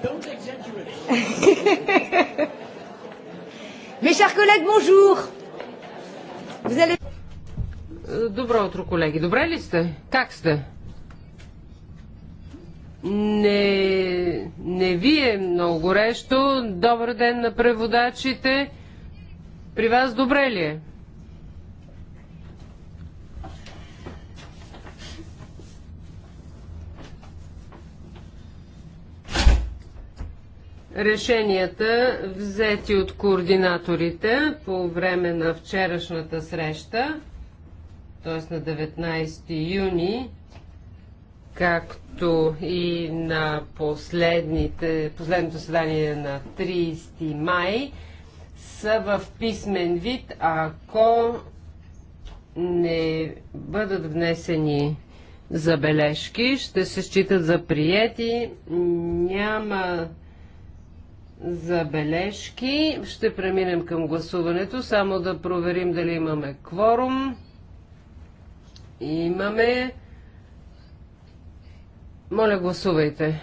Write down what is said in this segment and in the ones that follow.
Mes chers collègues, bonjour. Vous allez... Добро утро, колеги. Добре ли сте? Как сте? Не, не ви е много горещо. Добър ден на преводачите. При вас добре ли е? решенията, взети от координаторите по време на вчерашната среща, т.е. на 19 юни, както и на последните, последното съдание на 30 май, са в писмен вид, ако не бъдат внесени забележки, ще се считат за приети, няма забележки. Ще преминем към гласуването, само да проверим дали имаме кворум. Имаме. Моля, гласувайте,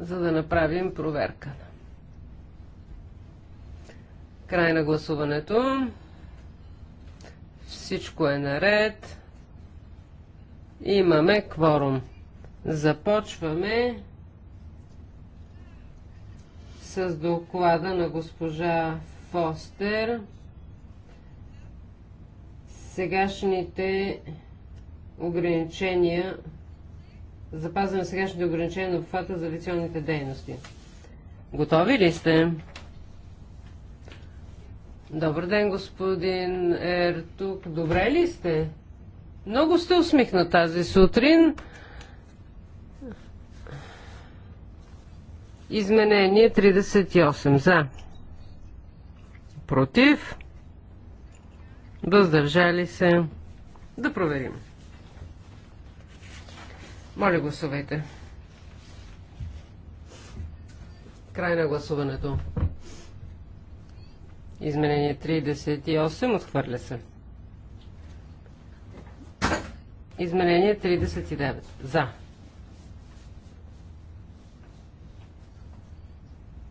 за да направим проверка. Край на гласуването. Всичко е наред. Имаме кворум. Започваме с доклада на госпожа Фостер. Сегашните ограничения, запазваме сегашните ограничения на обхвата за авиационните дейности. Готови ли сте? Добър ден, господин Ертук. Добре ли сте? Много сте усмихна тази сутрин. Изменение 38 за. Против. Въздържали се. Да проверим. Моля гласувайте. Край на гласуването. Изменение 38 отхвърля се. Изменение 39. За.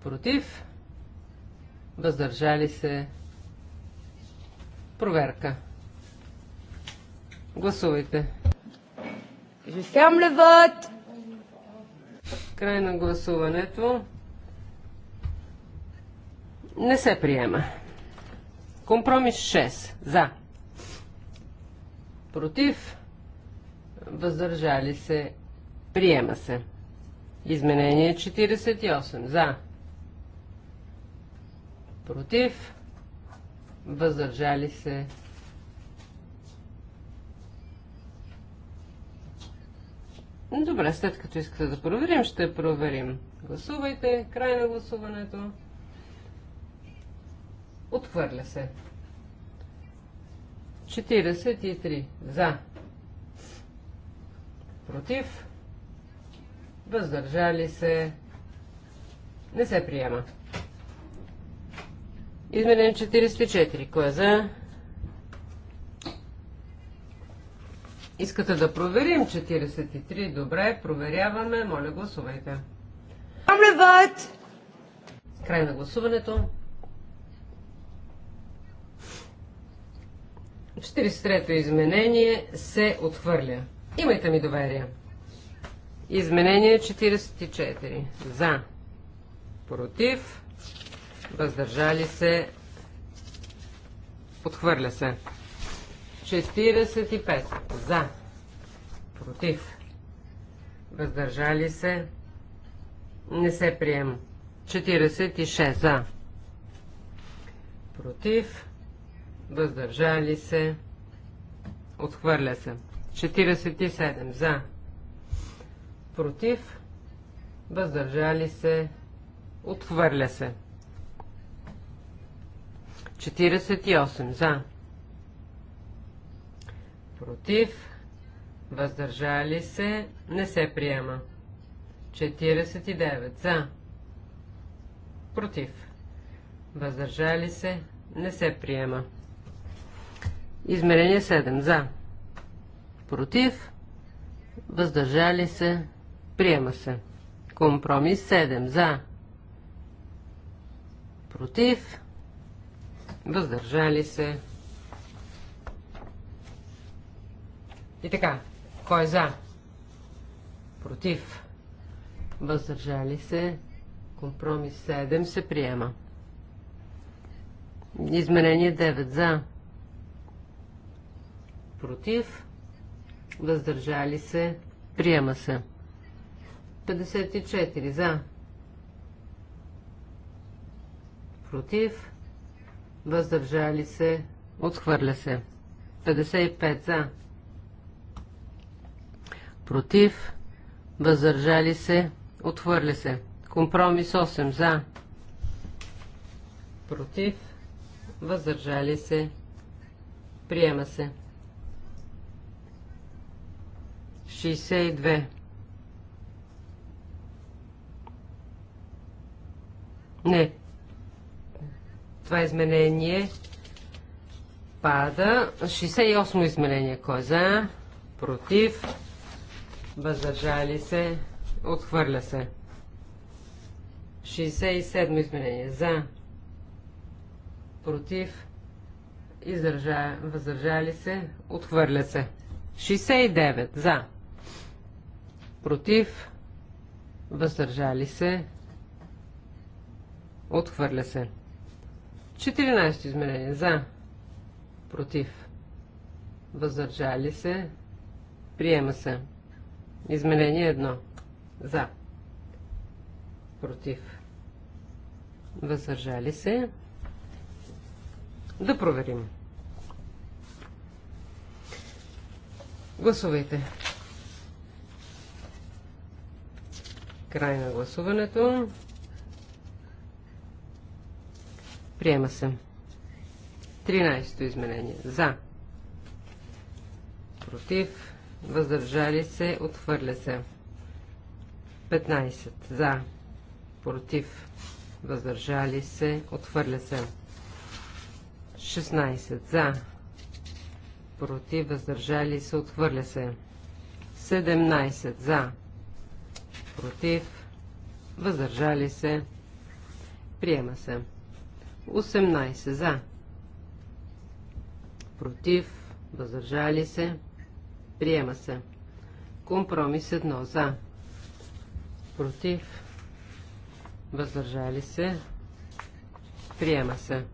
против, въздържали се, проверка. Гласувайте. Жестям левът! Край на гласуването. Не се приема. Компромис 6. За. Против. Въздържали се. Приема се. Изменение 48. За против, въздържали се. Добре, след като искате да проверим, ще проверим. Гласувайте, край на гласуването. Отхвърля се. 43 за. Против. Въздържали се. Не се приема. Изменение 44. Кое за? Искате да проверим 43. Добре, проверяваме. Моля, гласувайте. Край на гласуването. 43-то изменение се отхвърля. Имайте ми доверие. Изменение 44. За. Против въздържали се, подхвърля се. 45 за, против, въздържали се, не се приема. 46 за, против, въздържали се, отхвърля се. 47 за, против, въздържали се, отхвърля се. 48 за. Против. Въздържали се. Не се приема. 49 за. Против. Въздържали се. Не се приема. Измерение 7 за. Против. Въздържали се. Приема се. Компромис 7 за. Против въздържали се. И така, кой е за? Против. Въздържали се. Компромис 7 се приема. Изменение 9 за. Против. Въздържали се. Приема се. 54 за. Против въздържали се, отхвърля се. 55 за, против, въздържали се, отхвърля се. Компромис 8 за, против, въздържали се, приема се. 62 Не, това изменение пада. 68 изменение. Кой е за? Против? Въздържали се? Отхвърля се. 67 изменение. За? Против? Издържа, въздържали се? Отхвърля се. 69. За? Против? Въздържали се? Отхвърля се. 14 измерение. За. Против. Въздържали се. Приема се. Измерение 1. За. Против. Въздържали се. Да проверим. Гласувайте. Край на гласуването. Приема се. 13-то изменение. За. Против. Въздържали се. Отхвърля се. 15. За. Против. Въздържали се. Отхвърля се. 16. За. Против. Въздържали се. Отхвърля се. 17. За. Против. Въздържали се. Приема се. 18 за. Против. Въздържали се. Приема се. Компромис 1 за. Против. Въздържали се. Приема се.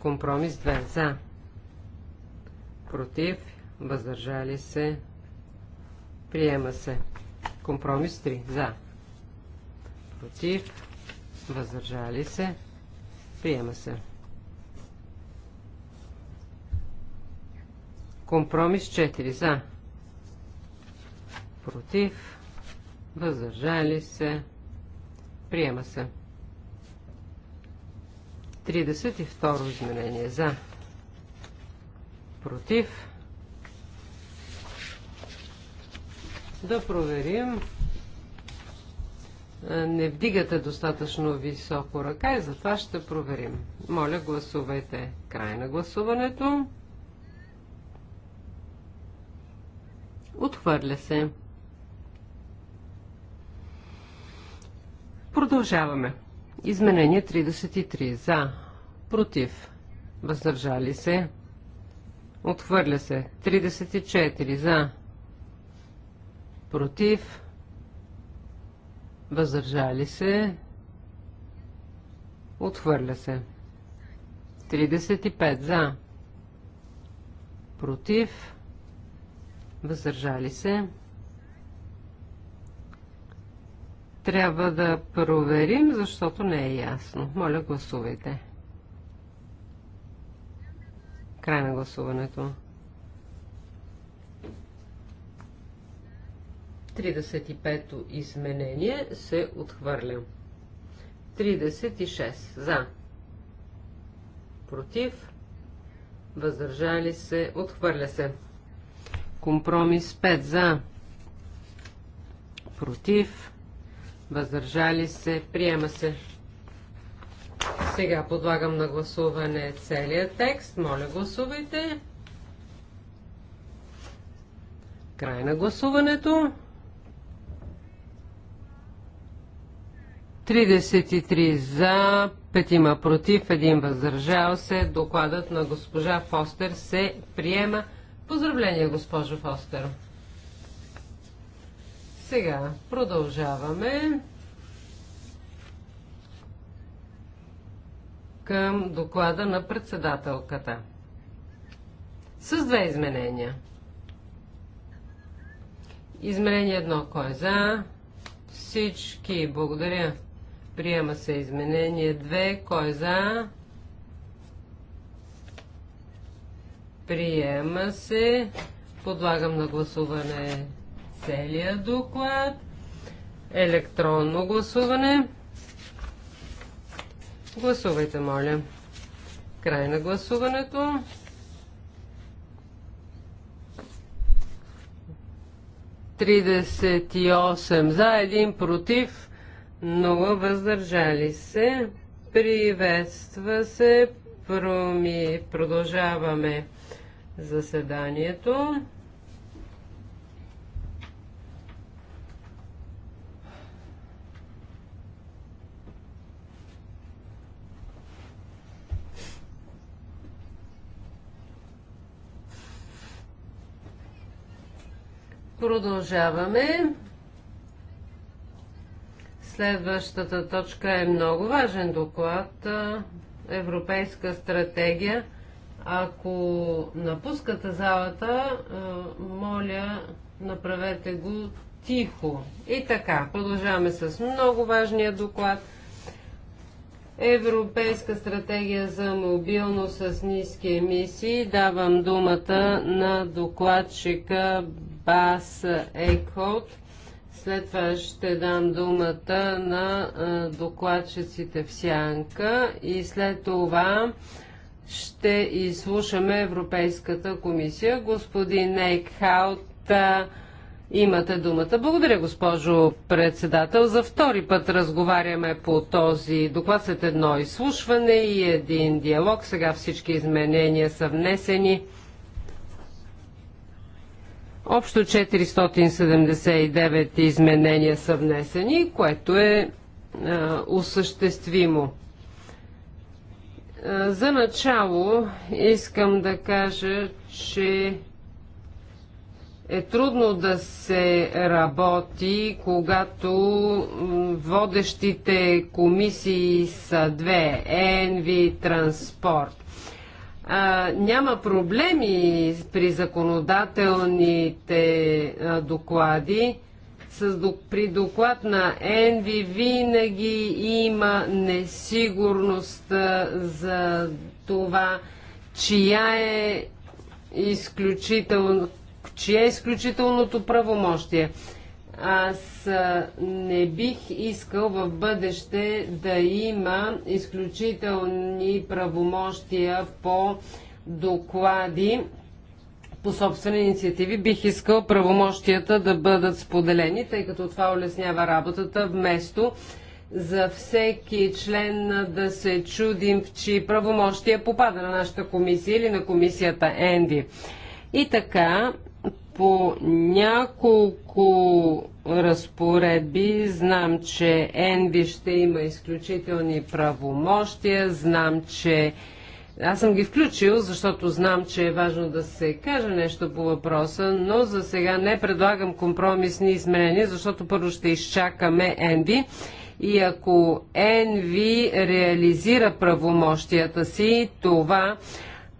Компромис 2 за. Против. Въздържали се. Приема се. Компромис 3 за. Против. Въздържали се. Приема се. Компромис 4 за. Против. Въздържали се. Приема се. 32 изменение за. Против. Да проверим не вдигате достатъчно високо ръка и затова ще проверим. Моля, гласувайте край на гласуването. Отхвърля се. Продължаваме. Изменение 33. За. Против. Въздържали се. Отхвърля се. 34. За. Против въздържали се, отхвърля се. 35 за, против, въздържали се. Трябва да проверим, защото не е ясно. Моля, гласувайте. Край на гласуването. 35-то изменение се отхвърля. 36. За. Против. Въздържали се. Отхвърля се. Компромис 5. За. Против. Въздържали се. Приема се. Сега подлагам на гласуване целият текст. Моля, гласувайте. Край на гласуването. 33 за, 5 против, 1 въздържал се. Докладът на госпожа Фостер се приема. Поздравление, госпожо Фостер! Сега продължаваме към доклада на председателката. С две изменения. Изменение едно, кой е за? Всички, благодаря. Приема се изменение 2. Кой е за? Приема се. Подлагам на гласуване целия доклад. Електронно гласуване. Гласувайте, моля. Край на гласуването. Тридесет и осем за, един против. Много. въздържали се. Приветства се. Проми... Продължаваме заседанието. Продължаваме. Следващата точка е много важен доклад. Европейска стратегия. Ако напускате залата, моля, направете го тихо. И така, продължаваме с много важния доклад. Европейска стратегия за мобилност с ниски емисии. Давам думата на докладчика Бас Екхолт. След това ще дам думата на докладчиците в Сянка и след това ще изслушаме Европейската комисия. Господин Ейкхаут, имате думата. Благодаря, госпожо председател. За втори път разговаряме по този доклад след едно изслушване и един диалог. Сега всички изменения са внесени. Общо 479 изменения са внесени, което е а, е, осъществимо. А, е, за начало искам да кажа, че е трудно да се работи, когато водещите комисии са две – ЕНВИ, транспорт а, няма проблеми при законодателните а, доклади. С, при доклад на Енви винаги има несигурност а, за това, чия е изключително, чия е изключителното правомощие. Аз не бих искал в бъдеще да има изключителни правомощия по доклади по собствени инициативи. Бих искал правомощията да бъдат споделени, тъй като това улеснява работата, вместо за всеки член да се чудим, в чии правомощия попада на нашата комисия или на комисията Енди. И така, по няколко разпоредби. Знам, че Енви ще има изключителни правомощия. Знам, че аз съм ги включил, защото знам, че е важно да се каже нещо по въпроса, но за сега не предлагам компромисни изменения, защото първо ще изчакаме Енви. И ако Енви реализира правомощията си, това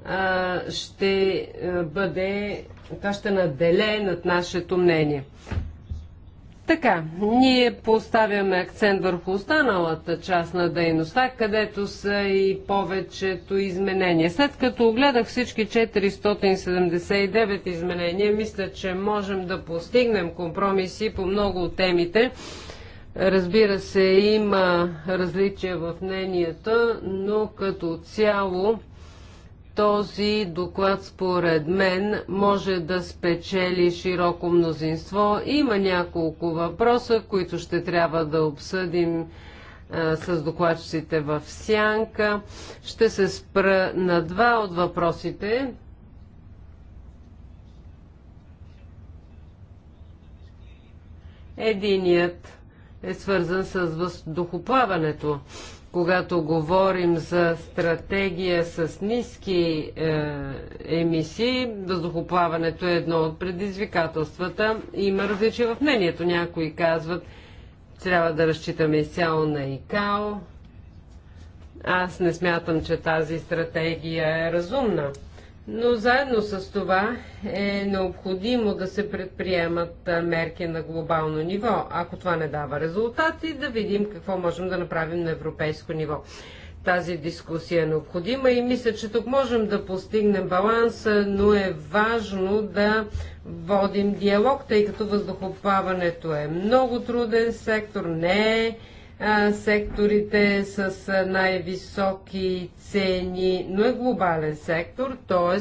а, ще бъде това ще наделее над нашето мнение. Така, ние поставяме акцент върху останалата част на дейността, където са и повечето изменения. След като огледах всички 479 изменения, мисля, че можем да постигнем компромиси по много от темите. Разбира се, има различия в мненията, но като цяло този доклад според мен може да спечели широко мнозинство. Има няколко въпроса, които ще трябва да обсъдим а, с докладчиците в сянка. Ще се спра на два от въпросите. Единият е свързан с въздухоплаването когато говорим за стратегия с ниски е, емисии, въздухоплаването е едно от предизвикателствата. Има различия в мнението. Някои казват, трябва да разчитаме изцяло на ИКАО. Аз не смятам, че тази стратегия е разумна. Но заедно с това е необходимо да се предприемат мерки на глобално ниво. Ако това не дава резултати, да видим какво можем да направим на европейско ниво. Тази дискусия е необходима и мисля, че тук можем да постигнем баланса, но е важно да водим диалог, тъй като въздухоплаването е много труден сектор, не е секторите с най-високи цени, но е глобален сектор, т.е.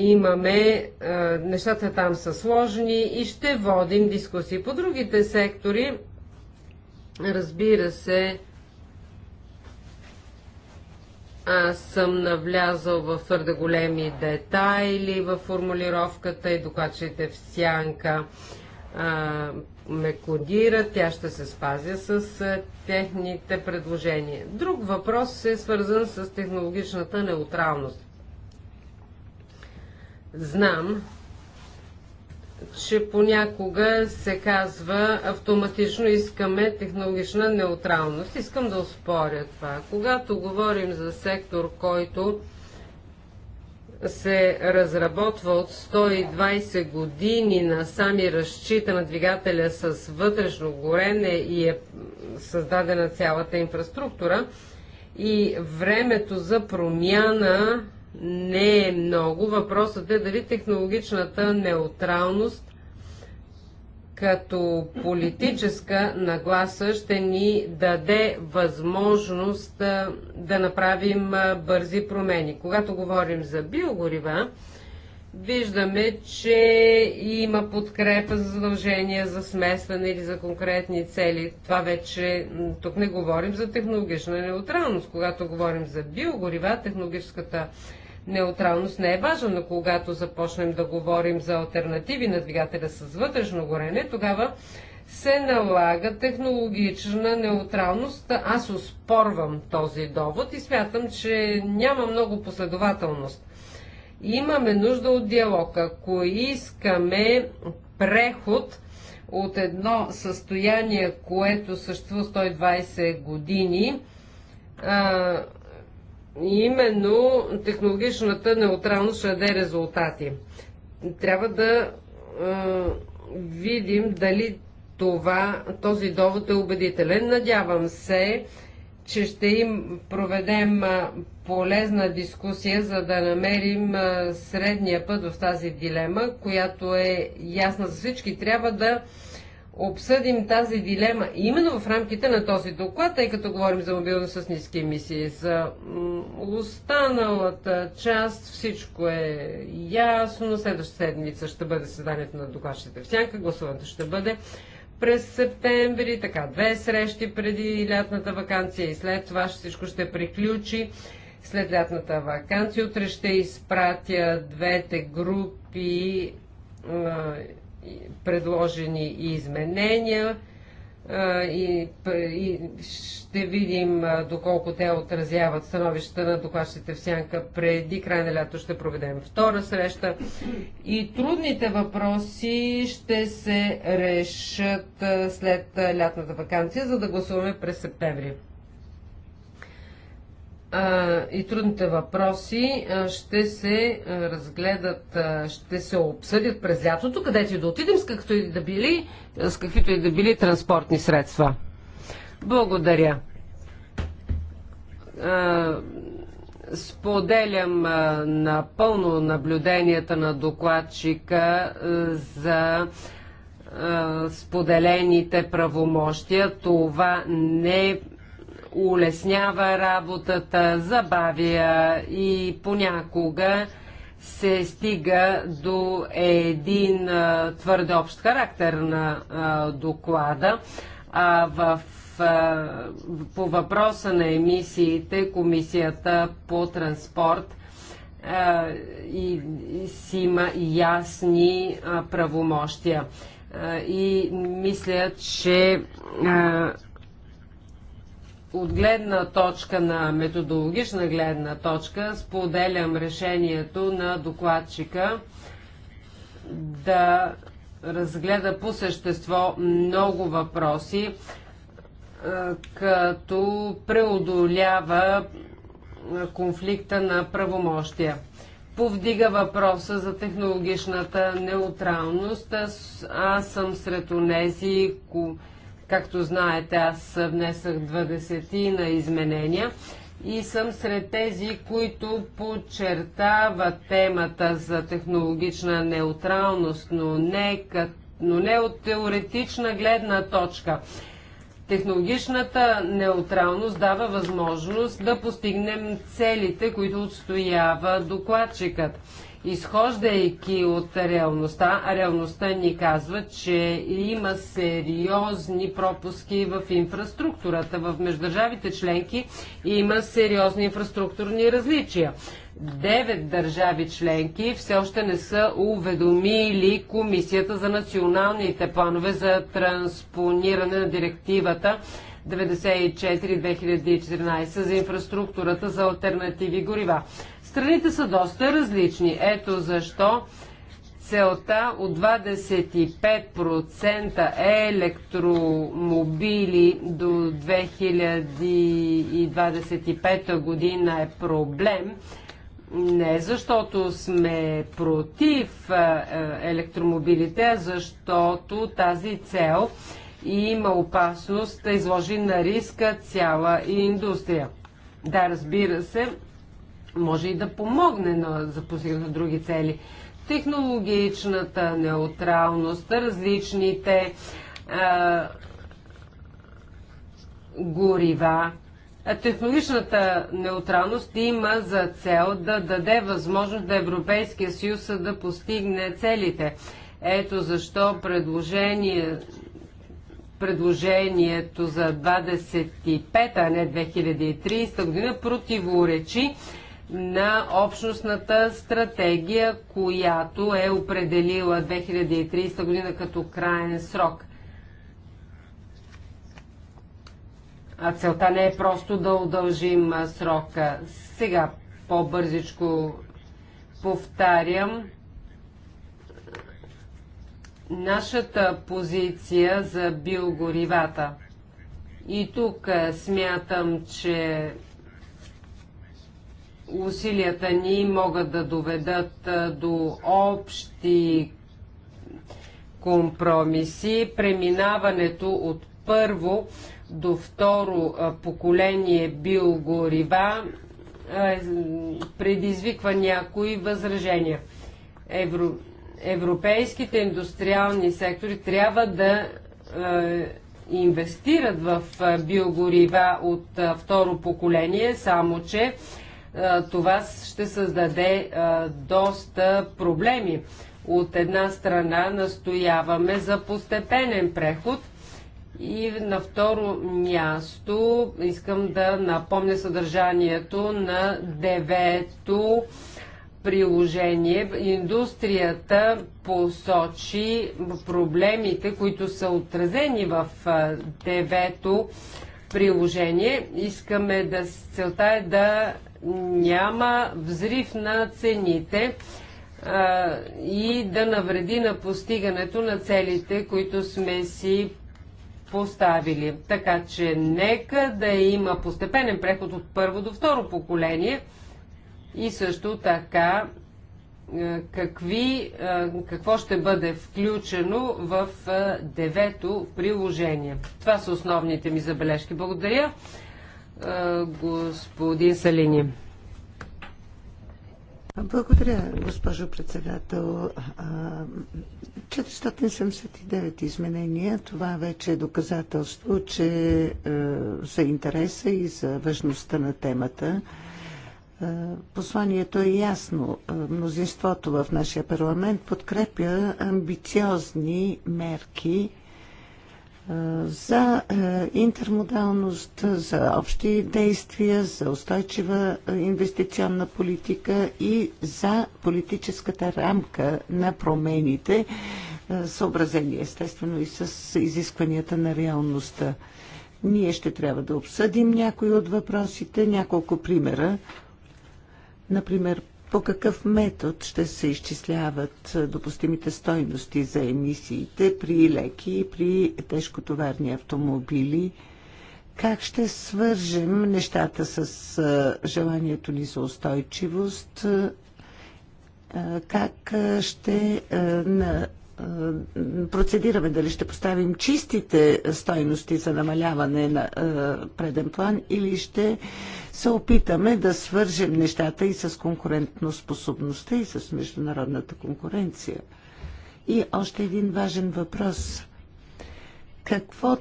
имаме, нещата там са сложни и ще водим дискусии. По другите сектори, разбира се, аз съм навлязал в твърде големи детайли в формулировката и докачайте в сянка ме кодира, тя ще се спазя с техните предложения. Друг въпрос е свързан с технологичната неутралност. Знам, че понякога се казва автоматично искаме технологична неутралност. Искам да успоря това. Когато говорим за сектор, който се разработва от 120 години на сами разчита на двигателя с вътрешно горене и е създадена цялата инфраструктура. И времето за промяна не е много. Въпросът е дали технологичната неутралност като политическа нагласа ще ни даде възможност да направим бързи промени. Когато говорим за биогорива, виждаме, че има подкрепа за задължения за смесване или за конкретни цели. Това вече тук не говорим за технологична неутралност. Когато говорим за биогорива, технологическата неутралност не е важна, но когато започнем да говорим за альтернативи на двигателя с вътрешно горене, тогава се налага технологична неутралност. Аз успорвам този довод и смятам, че няма много последователност. Имаме нужда от диалог. Ако искаме преход от едно състояние, което съществува 120 години, именно технологичната неутралност ще даде резултати. Трябва да е, видим дали това, този довод е убедителен. Надявам се, че ще им проведем полезна дискусия, за да намерим средния път в тази дилема, която е ясна за всички. Трябва да обсъдим тази дилема именно в рамките на този доклад, тъй като говорим за мобилност с ниски емисии. За останалата част всичко е ясно. Следващата седмица ще бъде създанието на докладчите в сянка. Гласуването ще бъде през септември, така две срещи преди лятната вакансия и след това всичко ще приключи. След лятната вакансия утре ще изпратя двете групи предложени изменения и, и ще видим доколко те отразяват становищата на докладчите в сянка. Преди край на лято ще проведем втора среща и трудните въпроси ще се решат след лятната вакансия, за да гласуваме през септември и трудните въпроси ще се разгледат, ще се обсъдят през лятото, където и да отидем, с каквито и да били, с каквито и да били транспортни средства. Благодаря. Споделям напълно наблюденията на докладчика за споделените правомощия. Това не е улеснява работата, забавя и понякога се стига до един а, твърде общ характер на а, доклада. А в, а, по въпроса на емисиите, Комисията по транспорт а, и, и си има ясни а, правомощия. А, и мисля, че а, от гледна точка на методологична гледна точка споделям решението на докладчика да разгледа по същество много въпроси, като преодолява конфликта на правомощия. Повдига въпроса за технологичната неутралност. Аз съм сред онези, които Както знаете, аз внесах 20 на изменения и съм сред тези, които подчертава темата за технологична неутралност, но не, кът, но не от теоретична гледна точка. Технологичната неутралност дава възможност да постигнем целите, които отстоява докладчикът изхождайки от реалността, а реалността ни казва, че има сериозни пропуски в инфраструктурата. В междържавите членки има сериозни инфраструктурни различия. Девет държави членки все още не са уведомили Комисията за националните планове за транспониране на директивата 94-2014 за инфраструктурата за альтернативи горива. Страните са доста различни. Ето защо целта от 25% е електромобили до 2025 година е проблем. Не защото сме против е, е, електромобилите, а защото тази цел има опасност да изложи на риска цяла индустрия. Да, разбира се, може и да помогне на, за постигане на други цели. Технологичната неутралност, различните а, горива. Технологичната неутралност има за цел да даде възможност да Европейския съюз да постигне целите. Ето защо предложение, предложението за 25, а не 2030 година противоречи на общностната стратегия, която е определила 2030 година като крайен срок. А целта не е просто да удължим срока. Сега по-бързичко повтарям. Нашата позиция за биогоривата. И тук смятам, че усилията ни могат да доведат до общи компромиси. Преминаването от първо до второ поколение биогорива предизвиква някои възражения. Евро... Европейските индустриални сектори трябва да инвестират в биогорива от второ поколение, само че това ще създаде доста проблеми. От една страна настояваме за постепенен преход и на второ място искам да напомня съдържанието на девето приложение. Индустрията посочи проблемите, които са отразени в девето приложение. Искаме да целта е да няма взрив на цените и да навреди на постигането на целите, които сме си поставили. Така че нека да има постепенен преход от първо до второ поколение и също така какви, какво ще бъде включено в девето приложение. Това са основните ми забележки. Благодаря господин Салини. Благодаря, госпожо председател. 479 изменения. Това вече е доказателство, че за интереса и за важността на темата. Посланието е ясно. Мнозинството в нашия парламент подкрепя амбициозни мерки за интермодалност, за общи действия, за устойчива инвестиционна политика и за политическата рамка на промените, съобразени естествено и с изискванията на реалността. Ние ще трябва да обсъдим някои от въпросите, няколко примера. Например, по какъв метод ще се изчисляват допустимите стойности за емисиите при леки и при тежкотоварни автомобили? Как ще свържем нещата с желанието ни за устойчивост? Как ще процедираме, дали ще поставим чистите стойности за намаляване на преден план или ще се опитаме да свържем нещата и с конкурентноспособността, и с международната конкуренция. И още един важен въпрос. Какво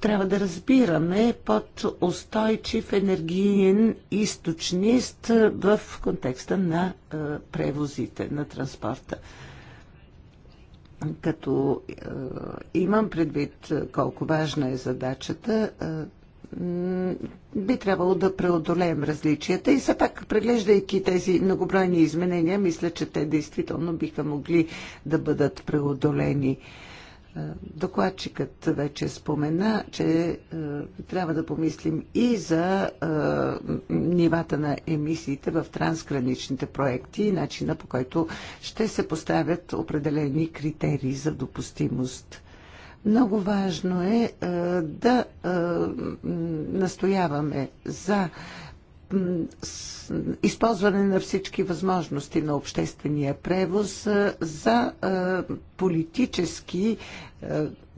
трябва да разбираме под устойчив енергиен източник в контекста на превозите, на транспорта? като е, имам предвид колко важна е задачата, е, би трябвало да преодолеем различията и все пак, преглеждайки тези многобройни изменения, мисля, че те действително биха могли да бъдат преодолени. Е, докладчикът вече спомена, че е, трябва да помислим и за е, нивата на емисиите в трансграничните проекти и начина по който ще се поставят определени критерии за допустимост. Много важно е, е да е, настояваме за използване на всички възможности на обществения превоз е, за политически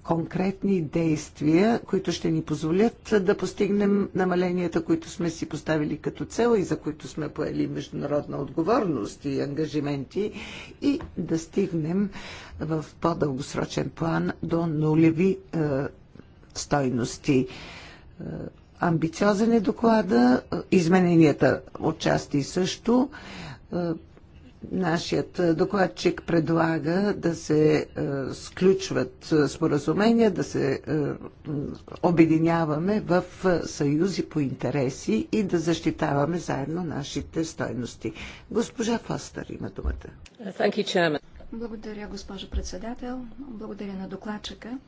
конкретни действия, които ще ни позволят да постигнем намаленията, които сме си поставили като цел и за които сме поели международна отговорност и ангажименти и да стигнем в по-дългосрочен план до нулеви е, стойности. Е, амбициозен е доклада, е, измененията отчасти също. Е, Нашият е, докладчик предлага да се е, сключват е, споразумения, да се е, обединяваме в е, съюзи по интереси и да защитаваме заедно нашите стойности. Госпожа Фостър има думата. Благодаря, госпожо председател. Благодаря на докладчика.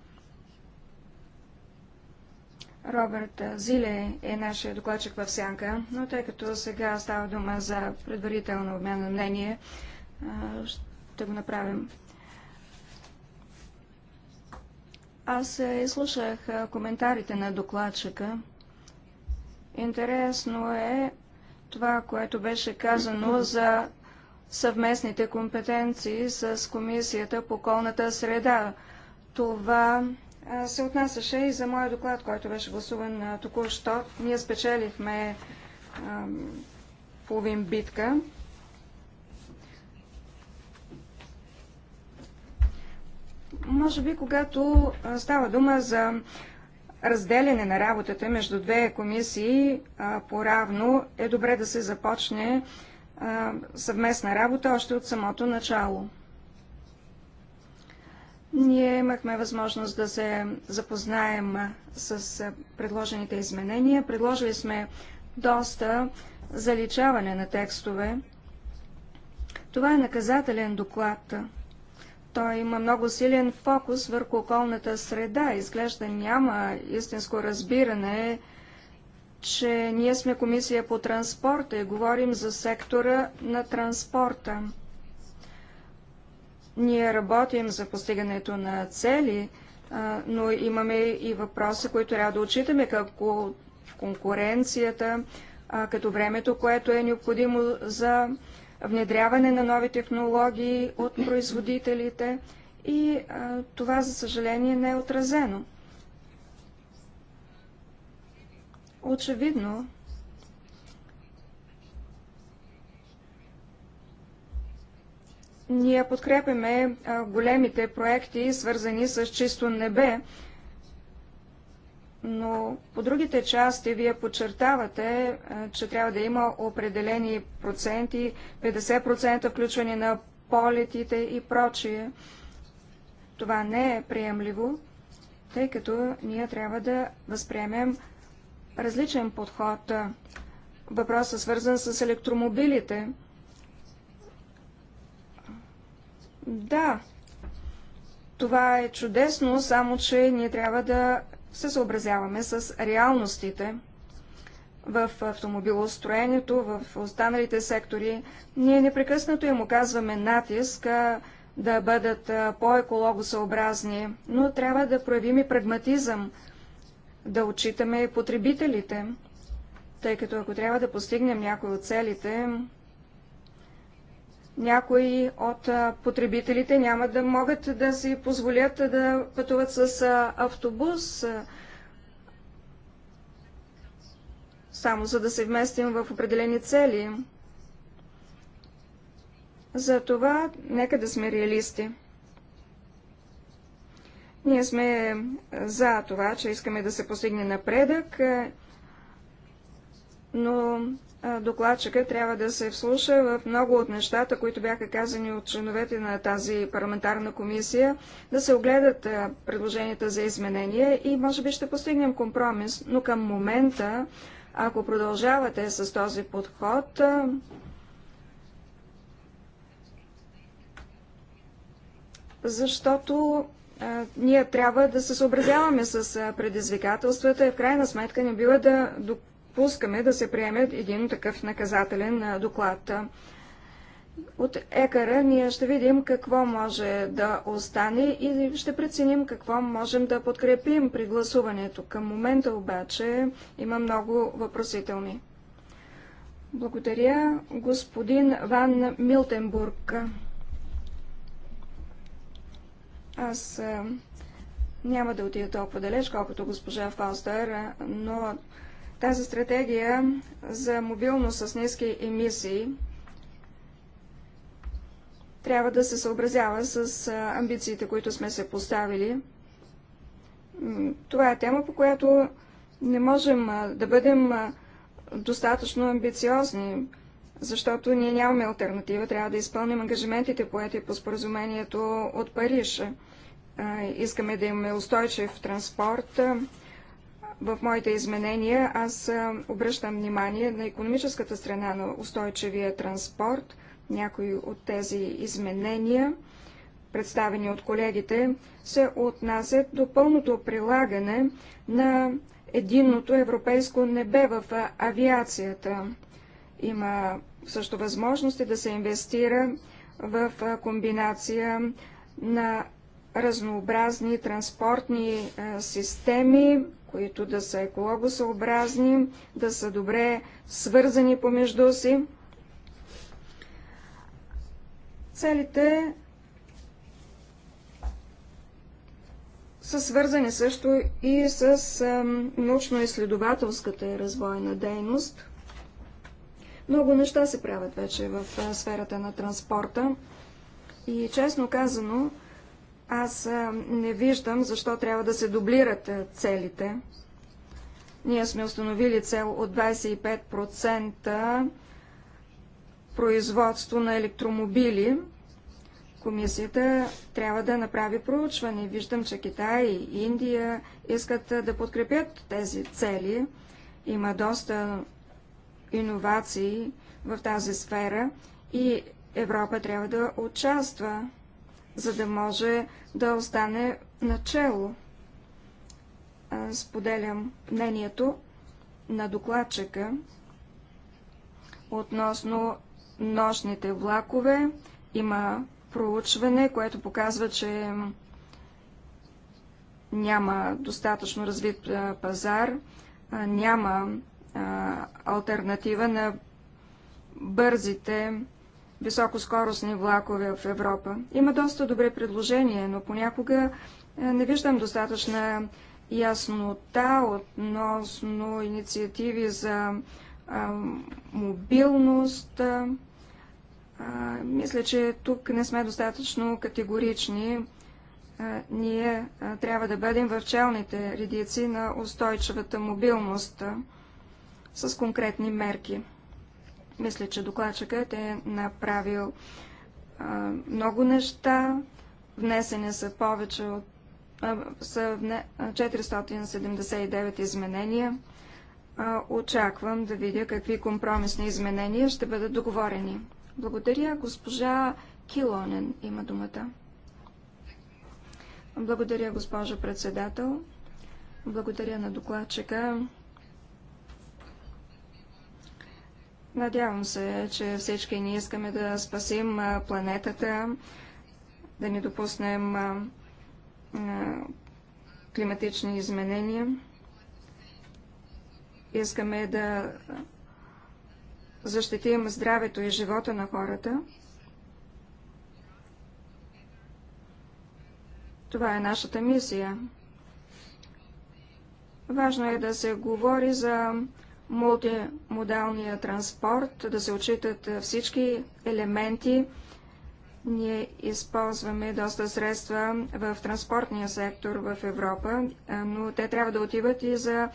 Роберт Зиле е нашия докладчик в сянка, но тъй като сега става дума за предварително обмен на мнение, ще го направим. Аз изслушах е, коментарите на докладчика. Интересно е това, което беше казано за съвместните компетенции с Комисията по околната среда. Това се отнасяше и за моя доклад, който беше гласуван току-що. Ние спечелихме половин битка. Може би, когато става дума за разделяне на работата между две комисии по-равно, е добре да се започне съвместна работа още от самото начало. Ние имахме възможност да се запознаем с предложените изменения. Предложили сме доста заличаване на текстове. Това е наказателен доклад. Той има много силен фокус върху околната среда. Изглежда няма истинско разбиране, че ние сме комисия по транспорта и говорим за сектора на транспорта. Ние работим за постигането на цели, но имаме и въпроси, които трябва да отчитаме, като конкуренцията, като времето, което е необходимо за внедряване на нови технологии от производителите и това, за съжаление, не е отразено. Очевидно, Ние подкрепяме големите проекти, свързани с чисто небе, но по другите части вие подчертавате, че трябва да има определени проценти, 50% включване на полетите и прочие. Това не е приемливо, тъй като ние трябва да възприемем различен подход. Въпросът свързан с електромобилите – Да, това е чудесно, само че ние трябва да се съобразяваме с реалностите в автомобилостроението, в останалите сектори. Ние непрекъснато им оказваме натиск да бъдат по-екологосъобразни, но трябва да проявим и прагматизъм, да отчитаме потребителите, тъй като ако трябва да постигнем някои от целите, някои от потребителите няма да могат да си позволят да пътуват с автобус, само за да се вместим в определени цели. Затова нека да сме реалисти. Ние сме за това, че искаме да се постигне напредък, но докладчика трябва да се вслуша в много от нещата, които бяха казани от членовете на тази парламентарна комисия, да се огледат предложенията за изменения и може би ще постигнем компромис, но към момента, ако продължавате с този подход, защото ние трябва да се съобразяваме с предизвикателствата и в крайна сметка не бива да допускаме да се приеме един такъв наказателен доклад. От екара ние ще видим какво може да остане и ще преценим какво можем да подкрепим при гласуването. Към момента обаче има много въпросителни. Благодаря, господин Ван Милтенбург. Аз няма да отида толкова далеч, колкото госпожа Фаустер, но тази стратегия за мобилност с ниски емисии трябва да се съобразява с амбициите, които сме се поставили. Това е тема, по която не можем да бъдем достатъчно амбициозни, защото ние нямаме альтернатива. Трябва да изпълним ангажиментите, поети по споразумението от Париж. Искаме да имаме устойчив транспорт, в моите изменения аз обръщам внимание на економическата страна на устойчивия транспорт. Някои от тези изменения, представени от колегите, се отнасят до пълното прилагане на единното европейско небе в авиацията. Има също възможности да се инвестира в комбинация на разнообразни транспортни системи, които да са екологосъобразни, да са добре свързани помежду си. Целите са свързани също и с научно-изследователската и развойна дейност. Много неща се правят вече в сферата на транспорта и честно казано, аз не виждам защо трябва да се дублират целите. Ние сме установили цел от 25% производство на електромобили. Комисията трябва да направи проучване. Виждам, че Китай и Индия искат да подкрепят тези цели. Има доста иновации в тази сфера и Европа трябва да участва за да може да остане начало. Споделям мнението на докладчика относно нощните влакове. Има проучване, което показва, че няма достатъчно развит пазар, няма альтернатива на бързите високоскоростни влакове в Европа. Има доста добри предложения, но понякога е, не виждам достатъчна яснота относно инициативи за а, е, мобилност. А, е, мисля, че тук не сме достатъчно категорични. А, ние а, трябва да бъдем в челните редици на устойчивата мобилност с конкретни мерки. Мисля, че докладчикът е направил а, много неща. Внесени са повече от а, са вне, 479 изменения. А, очаквам да видя какви компромисни изменения ще бъдат договорени. Благодаря. Госпожа Килонен има думата. Благодаря, госпожо председател. Благодаря на докладчика Надявам се, че всички ние искаме да спасим планетата, да не допуснем климатични изменения. Искаме да защитим здравето и живота на хората. Това е нашата мисия. Важно е да се говори за мултимодалния транспорт, да се отчитат всички елементи. Ние използваме доста средства в транспортния сектор в Европа, но те трябва да отиват и за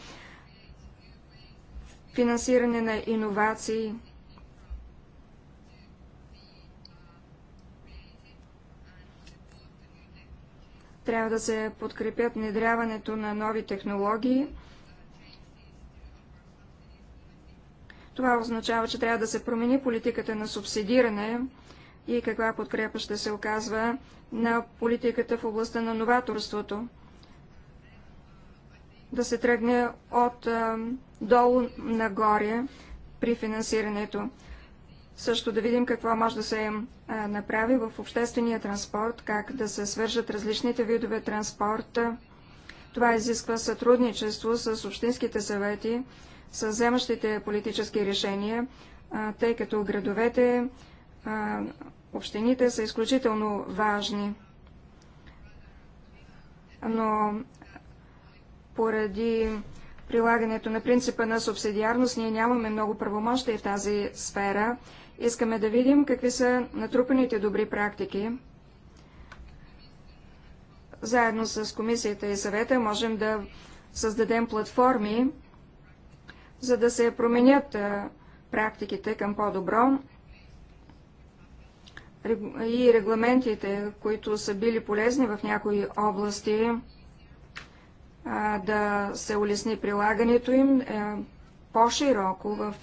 финансиране на иновации. Трябва да се подкрепят внедряването на нови технологии – Това означава, че трябва да се промени политиката на субсидиране и каква подкрепа ще се оказва на политиката в областта на новаторството. Да се тръгне от а, долу нагоре при финансирането. Също да видим какво може да се а, направи в обществения транспорт, как да се свържат различните видове транспорта. Това изисква сътрудничество с общинските съвети, с вземащите политически решения, тъй като градовете, общините са изключително важни. Но поради прилагането на принципа на субсидиарност ние нямаме много правомощи в тази сфера. Искаме да видим какви са натрупаните добри практики. Заедно с комисията и съвета можем да създадем платформи, за да се променят практиките към по-добро и регламентите, които са били полезни в някои области, да се улесни прилагането им е, по-широко в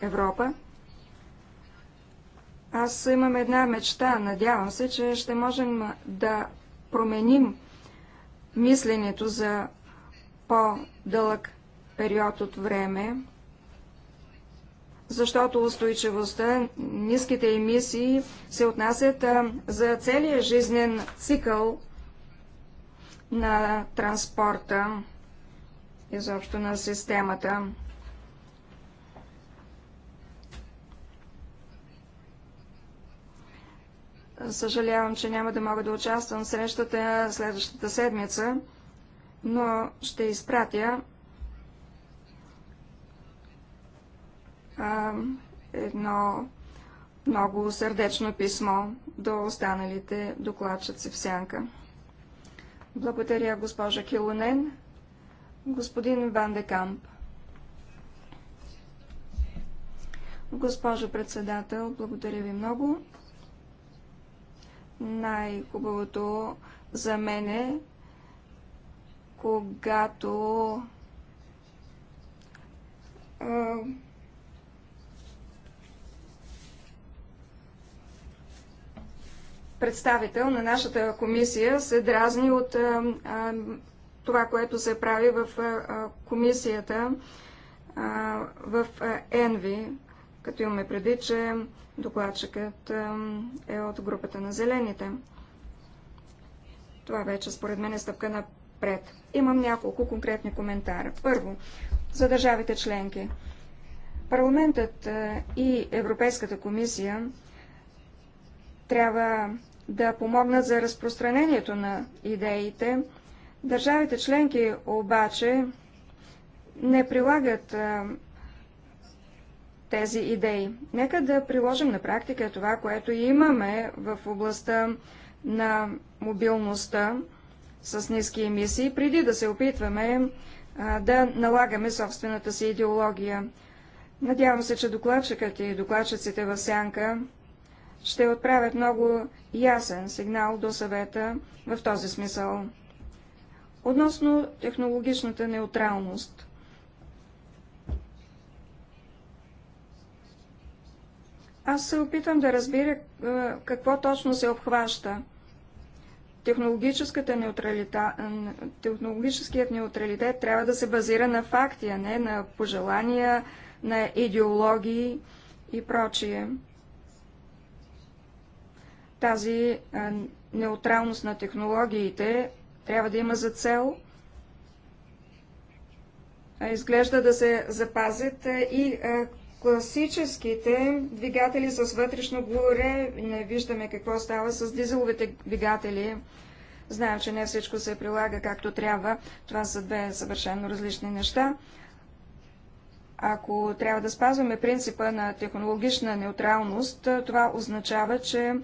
Европа. Аз имам една мечта. Надявам се, че ще можем да променим мисленето за по-дълъг период от време, защото устойчивостта, ниските емисии се отнасят за целия жизнен цикъл на транспорта, изобщо на системата. Съжалявам, че няма да мога да участвам в срещата следващата седмица, но ще изпратя едно много сърдечно писмо до останалите докладчици в сянка. Благодаря, госпожа Килонен. Господин Ван де Камп. Госпожо председател, благодаря ви много. Най-хубавото за мен е, когато представител на нашата комисия се дразни от а, а, това, което се прави в а, комисията а, в а, ЕНВИ, като имаме преди, че докладчикът а, е от групата на зелените. Това вече според мен е стъпка напред. Имам няколко конкретни коментара. Първо, за държавите членки. Парламентът и Европейската комисия трябва да помогнат за разпространението на идеите. Държавите членки обаче не прилагат а, тези идеи. Нека да приложим на практика това, което имаме в областта на мобилността с ниски емисии, преди да се опитваме а, да налагаме собствената си идеология. Надявам се, че докладчикът и докладчиците в Сянка ще отправят много ясен сигнал до съвета в този смисъл. Относно технологичната неутралност. Аз се опитвам да разбира е, какво точно се обхваща. Технологическият неутралитет трябва да се базира на факти, а не на пожелания, на идеологии и прочие. Тази неутралност на технологиите трябва да има за цел изглежда да се запазят и класическите двигатели с вътрешно горе. Не виждаме какво става с дизеловите двигатели. Знаем, че не всичко се прилага както трябва. Това са две съвършено различни неща. Ако трябва да спазваме принципа на технологична неутралност, това означава, че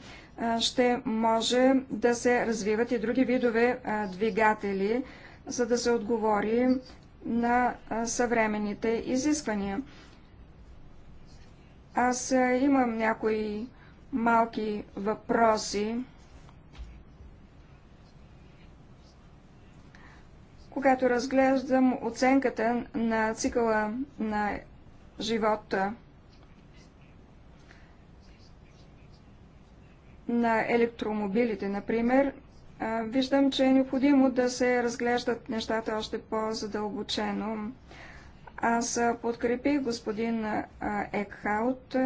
ще може да се развиват и други видове двигатели, за да се отговори на съвременните изисквания. Аз имам някои малки въпроси. Когато разглеждам оценката на цикъла на живота на електромобилите, например, виждам, че е необходимо да се разглеждат нещата още по-задълбочено. Аз подкрепих господин Екхаут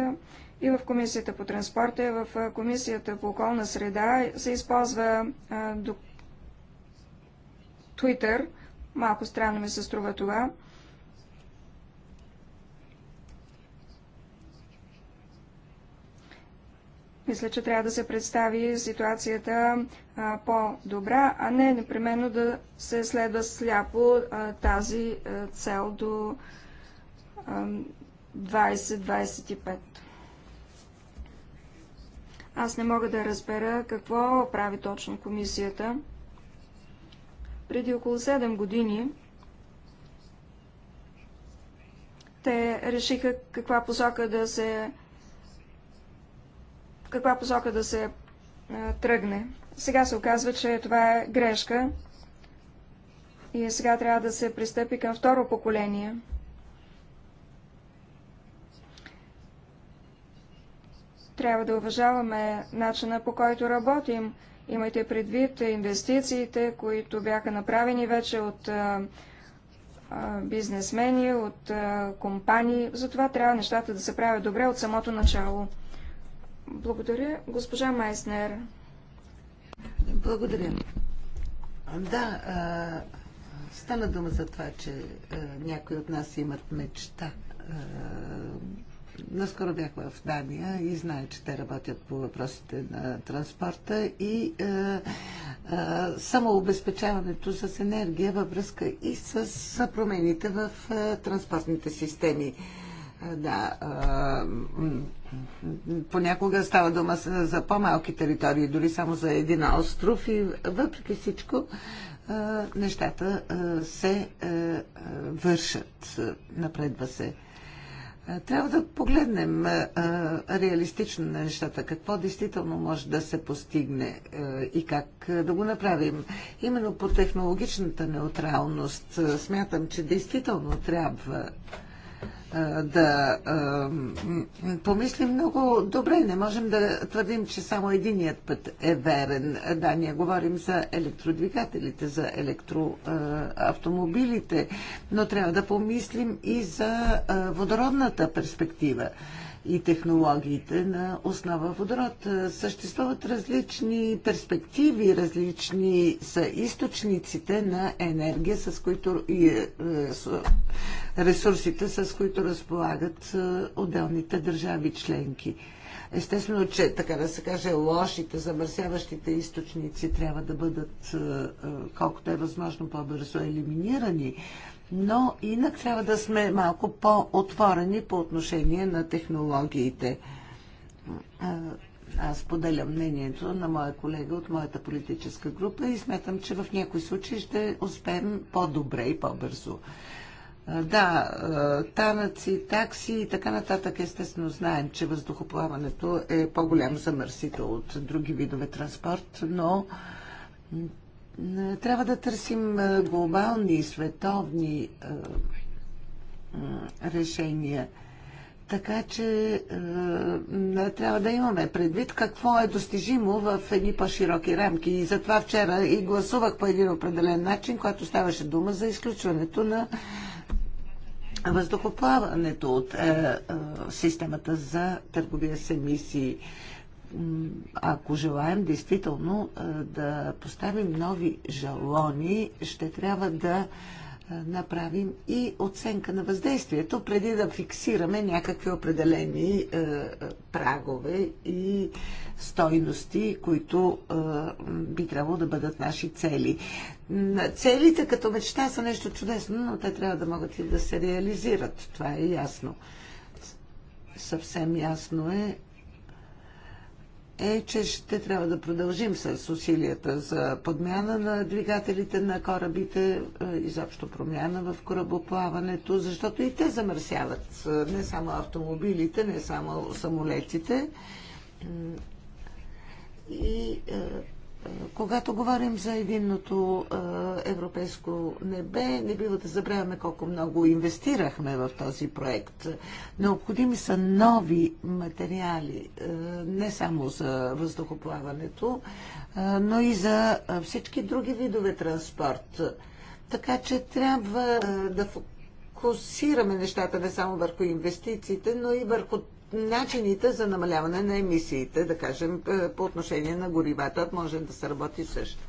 и в Комисията по транспорта, и в Комисията по околна среда се използва Twitter. Малко странно ми се струва това. Мисля, че трябва да се представи ситуацията по-добра, а не непременно да се следва сляпо а, тази а, цел до 20-25. Аз не мога да разбера какво прави точно комисията. Преди около 7 години те решиха каква посока да се каква посока да се а, тръгне. Сега се оказва, че това е грешка и сега трябва да се пристъпи към второ поколение. Трябва да уважаваме начина по който работим. Имайте предвид инвестициите, които бяха направени вече от а, бизнесмени, от а, компании. Затова трябва нещата да се правят добре от самото начало. Благодаря, госпожа Майснер. Благодаря. Да, а, стана дума за това, че а, някои от нас имат мечта. А, наскоро бях в Дания и знае, че те работят по въпросите на транспорта и а, а, самообезпечаването с енергия във връзка и с промените в а, транспортните системи. А, да, понякога става дума за по-малки територии, дори само за един остров и въпреки всичко нещата се вършат, напредва се. Трябва да погледнем реалистично на нещата, какво действително може да се постигне и как да го направим. Именно по технологичната неутралност смятам, че действително трябва да помислим много добре. Не можем да твърдим, че само единият път е верен. Да, ние говорим за електродвигателите, за електроавтомобилите, но трябва да помислим и за водородната перспектива и технологиите на основа водород. Съществуват различни перспективи, различни са източниците на енергия, с които и е, ресурсите, с които разполагат е, отделните държави членки. Естествено, че, така да се каже, лошите, замърсяващите източници трябва да бъдат е, колкото е възможно по-бързо елиминирани но инак трябва да сме малко по-отворени по отношение на технологиите. Аз поделям мнението на моя колега от моята политическа група и смятам, че в някои случаи ще успеем по-добре и по-бързо. Да, танъци, такси и така нататък, естествено знаем, че въздухоплаването е по-голям замърсител от други видове транспорт, но трябва да търсим глобални, световни решения. Така че е, трябва да имаме предвид какво е достижимо в едни по-широки рамки. И затова вчера и гласувах по един определен начин, когато ставаше дума за изключването на въздухоплаването от е, е, системата за търговия с емисии ако желаем действително да поставим нови жалони, ще трябва да направим и оценка на въздействието, преди да фиксираме някакви определени прагове и стойности, които би трябвало да бъдат наши цели. Целите като мечта са нещо чудесно, но те трябва да могат и да се реализират. Това е ясно. Съвсем ясно е, е, че ще трябва да продължим с усилията за подмяна на двигателите на корабите, е, изобщо промяна в корабоплаването, защото и те замърсяват е, не само автомобилите, не само самолетите. И е, когато говорим за единното европейско небе, не бива да забравяме колко много инвестирахме в този проект. Необходими са нови материали, не само за въздухоплаването, но и за всички други видове транспорт. Така че трябва да фокусираме нещата не само върху инвестициите, но и върху начините за намаляване на емисиите, да кажем, е, по отношение на горивата, може да се работи също.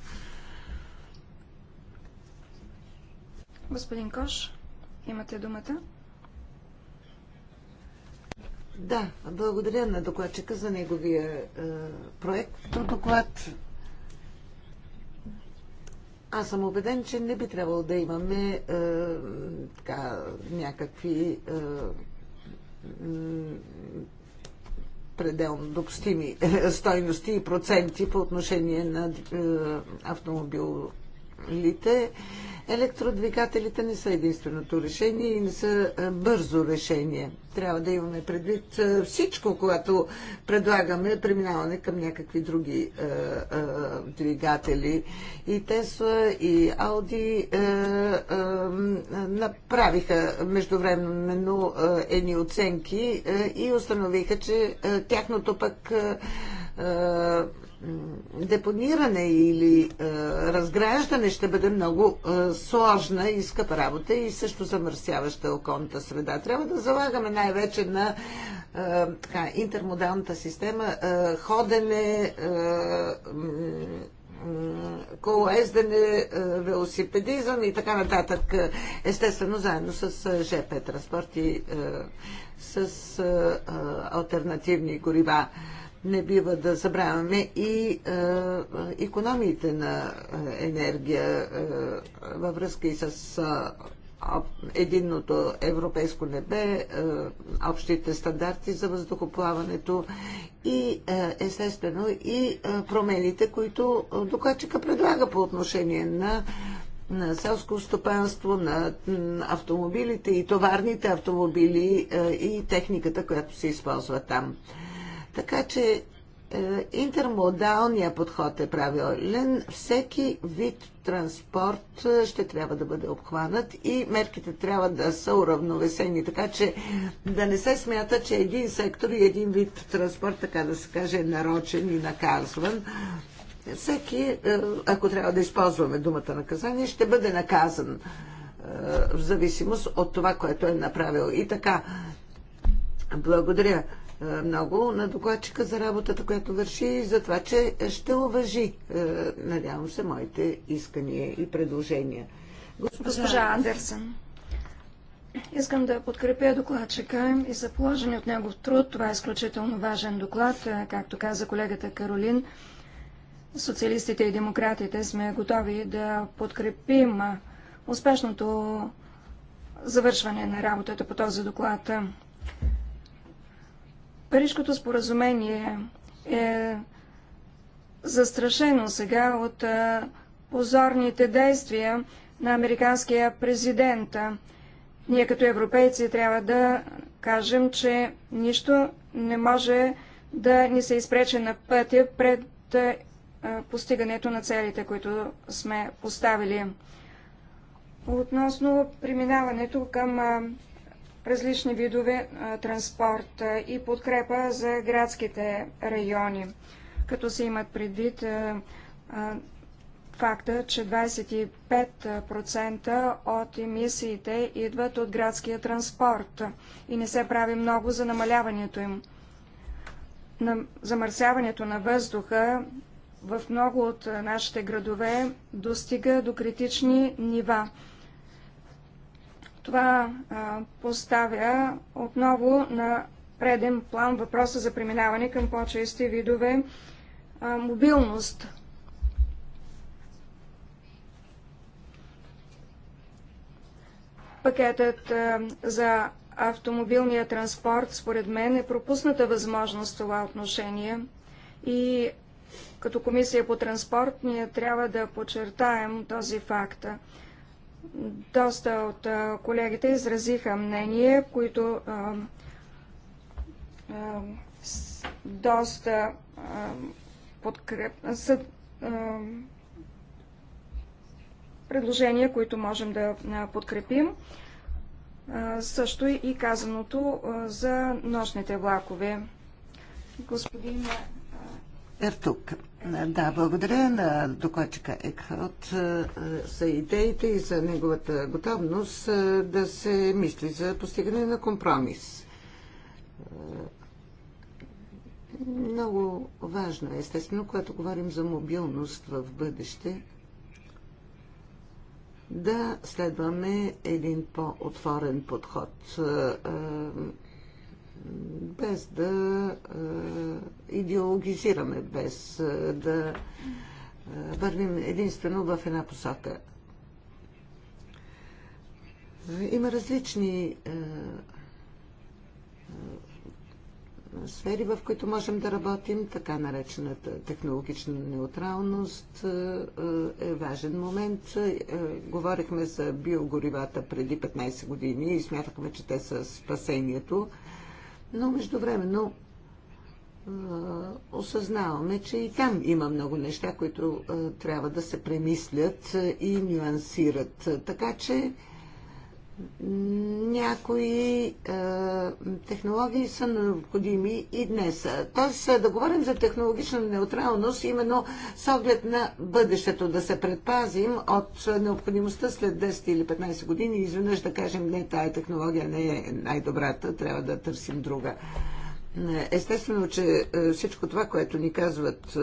Господин Кош, имате думата. Да, благодаря на докладчика за неговия е, проект. Доклад аз съм убеден, че не би трябвало да имаме е, така, някакви е, пределно допустими е, стойности и проценти по отношение на е, автомобил двигателите. Електродвигателите не са единственото решение и не са е, бързо решение. Трябва да имаме предвид е, всичко, когато предлагаме преминаване към някакви други е, е, двигатели. И Тесла, и Ауди е, е, направиха междувременно е, едни оценки е, и установиха, че е, тяхното пък е, депониране или а, е, разграждане ще бъде много а, е, сложна и скъпа работа и също замърсяваща околната среда. Трябва да залагаме най-вече на а, е, така, интермодалната система, а, ходене, а, колоездене, велосипедизъм и така нататък. Естествено, заедно с ЖП транспорт и с альтернативни горива не бива да забравяме и економиите е, на е, енергия е, във връзка и с единното европейско небе, общите стандарти за въздухоплаването и естествено и промените, които докладчика предлага по отношение на на селско стопанство, на автомобилите и товарните автомобили и техниката, която се използва там. Така че е, интермодалният подход е правилен. Всеки вид транспорт е, ще трябва да бъде обхванат и мерките трябва да са уравновесени, така че да не се смята, че един сектор и един вид транспорт, така да се каже, е нарочен и наказван. Всеки, е, ако трябва да използваме думата наказание, ще бъде наказан в зависимост от това, което е направил. И така, благодаря е, много на докладчика за работата, която върши и за това, че ще уважи, е, надявам се, моите искания и предложения. Госпожа, Госпожа Андерсен. Искам да подкрепя докладчика и за положен от него труд. Това е изключително важен доклад. Е, както каза колегата Каролин, социалистите и демократите сме готови да подкрепим успешното завършване на работата по този доклад. Парижкото споразумение е застрашено сега от позорните действия на американския президент. Ние като европейци трябва да кажем, че нищо не може да ни се изпрече на пътя пред постигането на целите, които сме поставили. Относно преминаването към различни видове транспорт и подкрепа за градските райони, като се имат предвид факта, че 25% от емисиите идват от градския транспорт и не се прави много за намаляването им. На замърсяването на въздуха в много от нашите градове достига до критични нива. Това а, поставя отново на преден план въпроса за преминаване към по-чести видове а, мобилност. Пакетът а, за автомобилния транспорт, според мен, е пропусната възможност в това отношение и като комисия по транспорт ние трябва да подчертаем този факт. Доста от колегите изразиха мнение, които доста са предложения, които можем да подкрепим. Също и казаното за нощните влакове. Господин Ертук. Да, благодаря на докладчика Екхалт е, за идеите и за неговата готовност е, да се мисли за постигане на компромис. Е, много важно е, естествено, когато говорим за мобилност в бъдеще, да следваме един по-отворен подход без да идеологизираме, без да вървим единствено в една посока. Има различни сфери, в които можем да работим. Така наречената технологична неутралност е важен момент. Говорихме за биогоривата преди 15 години и смятахме, че те са спасението но междувременно осъзнаваме, че и там има много неща, които трябва да се премислят и нюансират. Така че някои е, технологии са необходими и днес. Тоест е, да говорим за технологична неутралност, именно с оглед на бъдещето, да се предпазим от необходимостта след 10 или 15 години изведнъж да кажем не, тая технология не е най-добрата, трябва да търсим друга. Естествено, че е, всичко това, което ни казват е,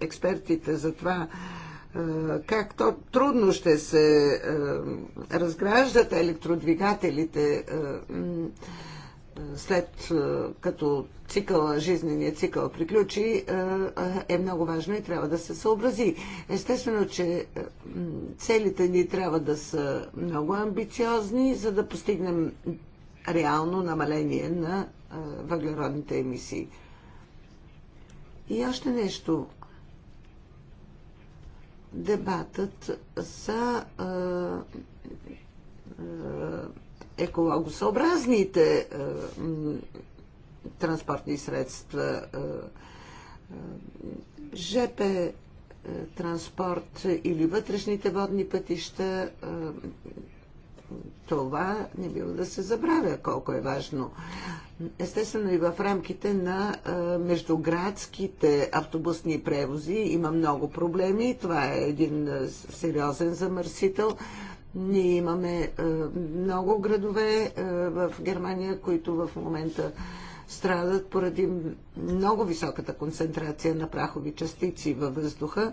експертите за това, как то трудно ще се разграждат електродвигателите след като цикъла, жизненият цикъл приключи, е много важно и трябва да се съобрази. Естествено, че целите ни трябва да са много амбициозни, за да постигнем реално намаление на въглеродните емисии. И още нещо – дебатът за а, а, екологосъобразните а, транспортни средства, а, а, ЖП транспорт или вътрешните водни пътища, това не било да се забравя колко е важно. Естествено и в рамките на междуградските автобусни превози има много проблеми. Това е един сериозен замърсител. Ние имаме много градове в Германия, които в момента страдат поради много високата концентрация на прахови частици във въздуха.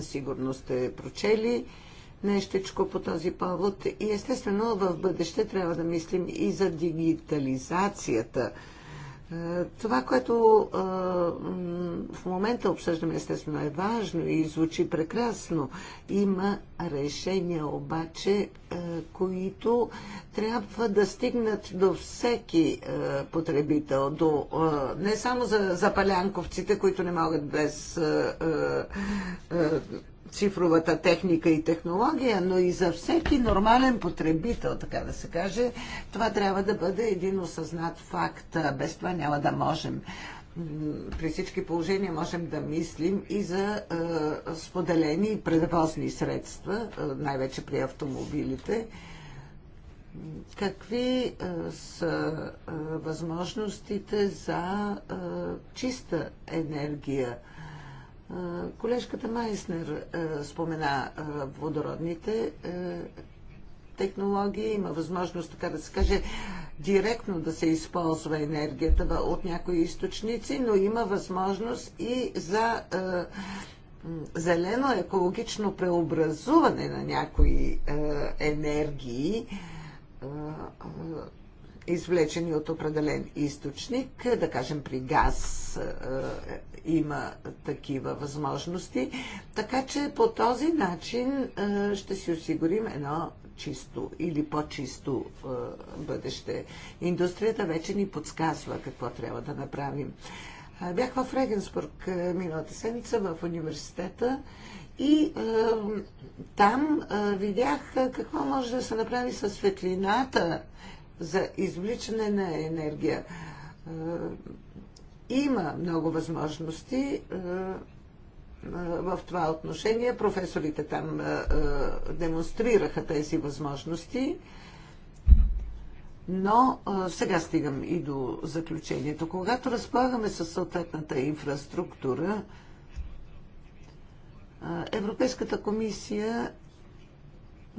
Сигурно сте прочели нещичко по този повод. И естествено в бъдеще трябва да мислим и за дигитализацията. Е, това, което е, в момента обсъждаме, естествено е важно и звучи прекрасно. Има решения обаче, е, които трябва да стигнат до всеки потребител, до, не само за запалянковците, които не могат без цифровата техника и технология, но и за всеки нормален потребител, така да се каже, това трябва да бъде един осъзнат факт. Без това няма да можем. При всички положения можем да мислим и за е, споделени предвозни средства, е, най-вече при автомобилите. Какви е, са е, възможностите за е, чиста енергия? Е, Колежката Майснер спомена водородните технологии, има възможност, така да се каже, директно да се използва енергията от някои източници, но има възможност и за зелено екологично преобразуване на някои енергии извлечени от определен източник, да кажем при газ е, има такива възможности, така че по този начин ще си осигурим едно чисто или по-чисто бъдеще. Индустрията вече ни подсказва какво трябва да направим. Бях в Регенсбург миналата седмица в университета и е, там е, видях какво може да се направи със светлината за извличане на енергия. Е, има много възможности е, е, в това отношение. Професорите там демонстрираха тези възможности. Но сега стигам и до заключението. Когато разполагаме със съответната инфраструктура, Европейската комисия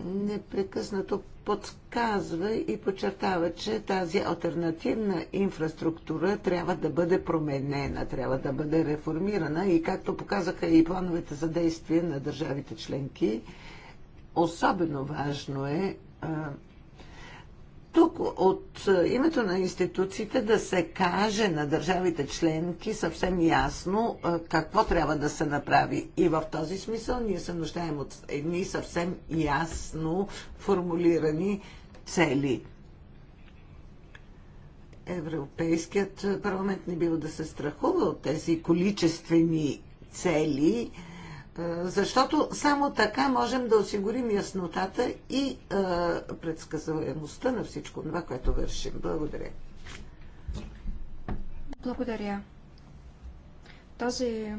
непрекъснато подсказва и подчертава, че тази альтернативна инфраструктура трябва да бъде променена, трябва да бъде реформирана и както показаха и плановете за действие на държавите членки, особено важно е тук от е, името на институциите да се каже на държавите членки съвсем ясно е, какво трябва да се направи. И в този смисъл ние се нуждаем от едни съвсем ясно формулирани цели. Европейският парламент не бива да се страхува от тези количествени цели, е, защото само така можем да осигурим яснотата и е, предсказуемостта на всичко това, което вършим. Благодаря. Благодаря. Този е,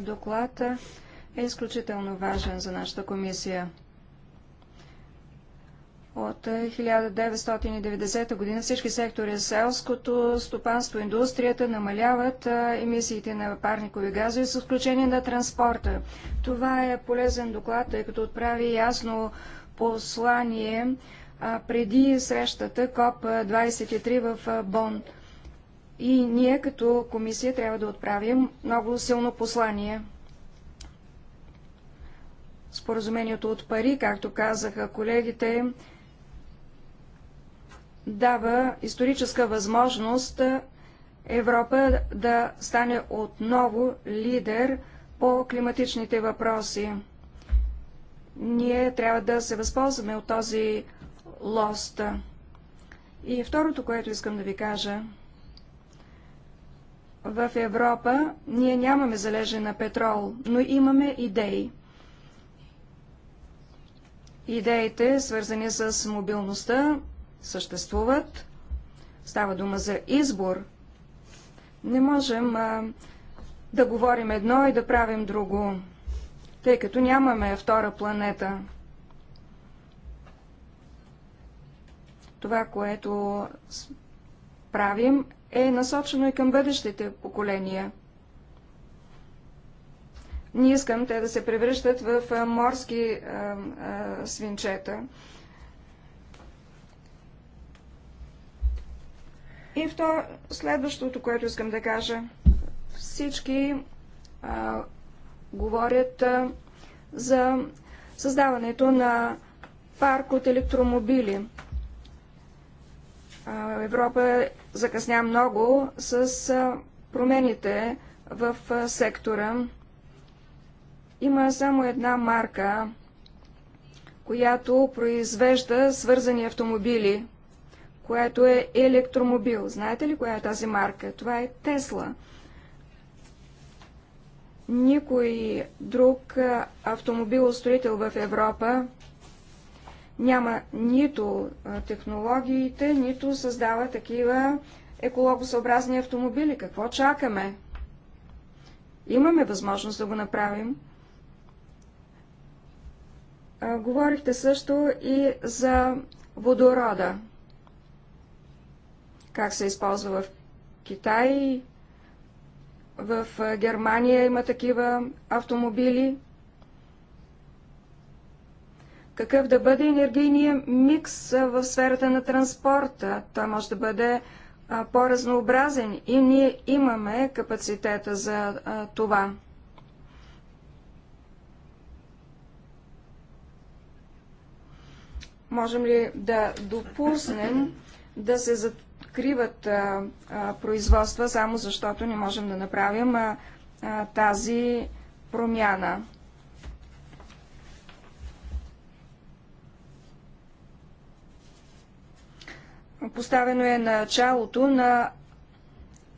доклад е изключително важен за нашата комисия. От 1990 година всички сектори, селското, стопанство, индустрията намаляват емисиите на парникови газове, с изключение на транспорта. Това е полезен доклад, тъй като отправи ясно послание преди срещата КОП-23 в Бон. И ние като комисия трябва да отправим много силно послание. Споразумението от пари, както казаха колегите, дава историческа възможност Европа да стане отново лидер по климатичните въпроси. Ние трябва да се възползваме от този лост. И второто, което искам да ви кажа. В Европа ние нямаме залежи на петрол, но имаме идеи. Идеите, свързани с мобилността, съществуват. Става дума за избор. Не можем а, да говорим едно и да правим друго, тъй като нямаме втора планета. Това, което правим, е насочено и към бъдещите поколения. Не искам те да се превръщат в морски а, а, свинчета. И второ, следващото, което искам да кажа. Всички а, говорят а, за създаването на парк от електромобили. А, Европа закъсня много с а, промените в а, сектора. Има само една марка, която произвежда свързани автомобили което е електромобил. Знаете ли коя е тази марка? Това е Тесла. Никой друг автомобилостроител в Европа няма нито технологиите, нито създава такива екологосъобразни автомобили. Какво чакаме? Имаме възможност да го направим. Говорихте също и за водорода как се използва в Китай. В Германия има такива автомобили. Какъв да бъде енергийния микс в сферата на транспорта? Той може да бъде по-разнообразен и ние имаме капацитета за това. Можем ли да допуснем да се откриват а, а, производства, само защото не можем да направим а, а, тази промяна. Поставено е началото на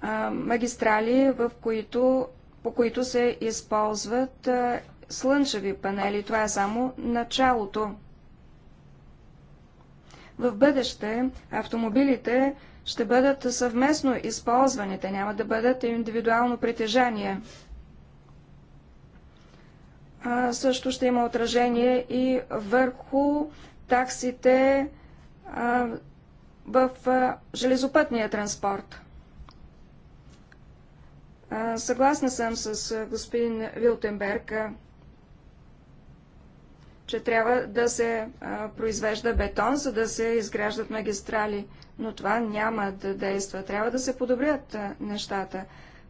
а, магистрали, в които, по които се използват а, слънчеви панели. Това е само началото. В бъдеще автомобилите ще бъдат съвместно използвани, те няма да бъдат индивидуално притежание. А, също ще има отражение и върху таксите а, в а, железопътния транспорт. А, съгласна съм с а, господин Вилтенберг, а, че трябва да се а, произвежда бетон, за да се изграждат магистрали но това няма да действа. Трябва да се подобрят нещата.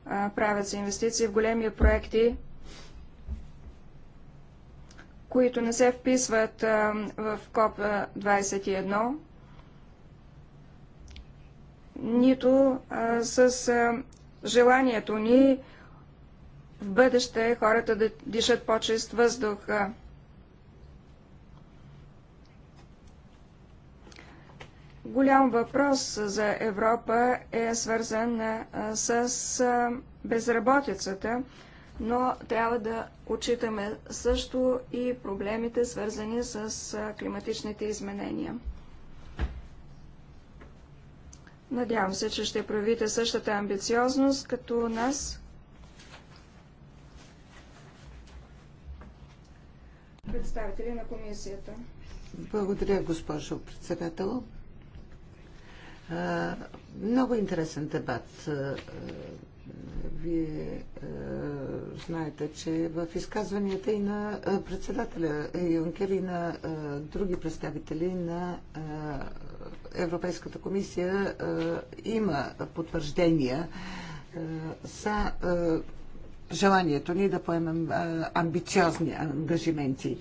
Правят се инвестиции в големи проекти, които не се вписват в КОП-21, нито с желанието ни в бъдеще хората да дишат по-чист въздух. Голям въпрос за Европа е свързан с безработицата, но трябва да отчитаме също и проблемите, свързани с климатичните изменения. Надявам се, че ще проявите същата амбициозност като нас. Представители на комисията. Благодаря, госпожо председател. Много интересен дебат. Вие знаете, че в изказванията и на председателя Юнкер и на други представители на Европейската комисия има потвърждения за желанието ни да поемем амбициозни ангажименти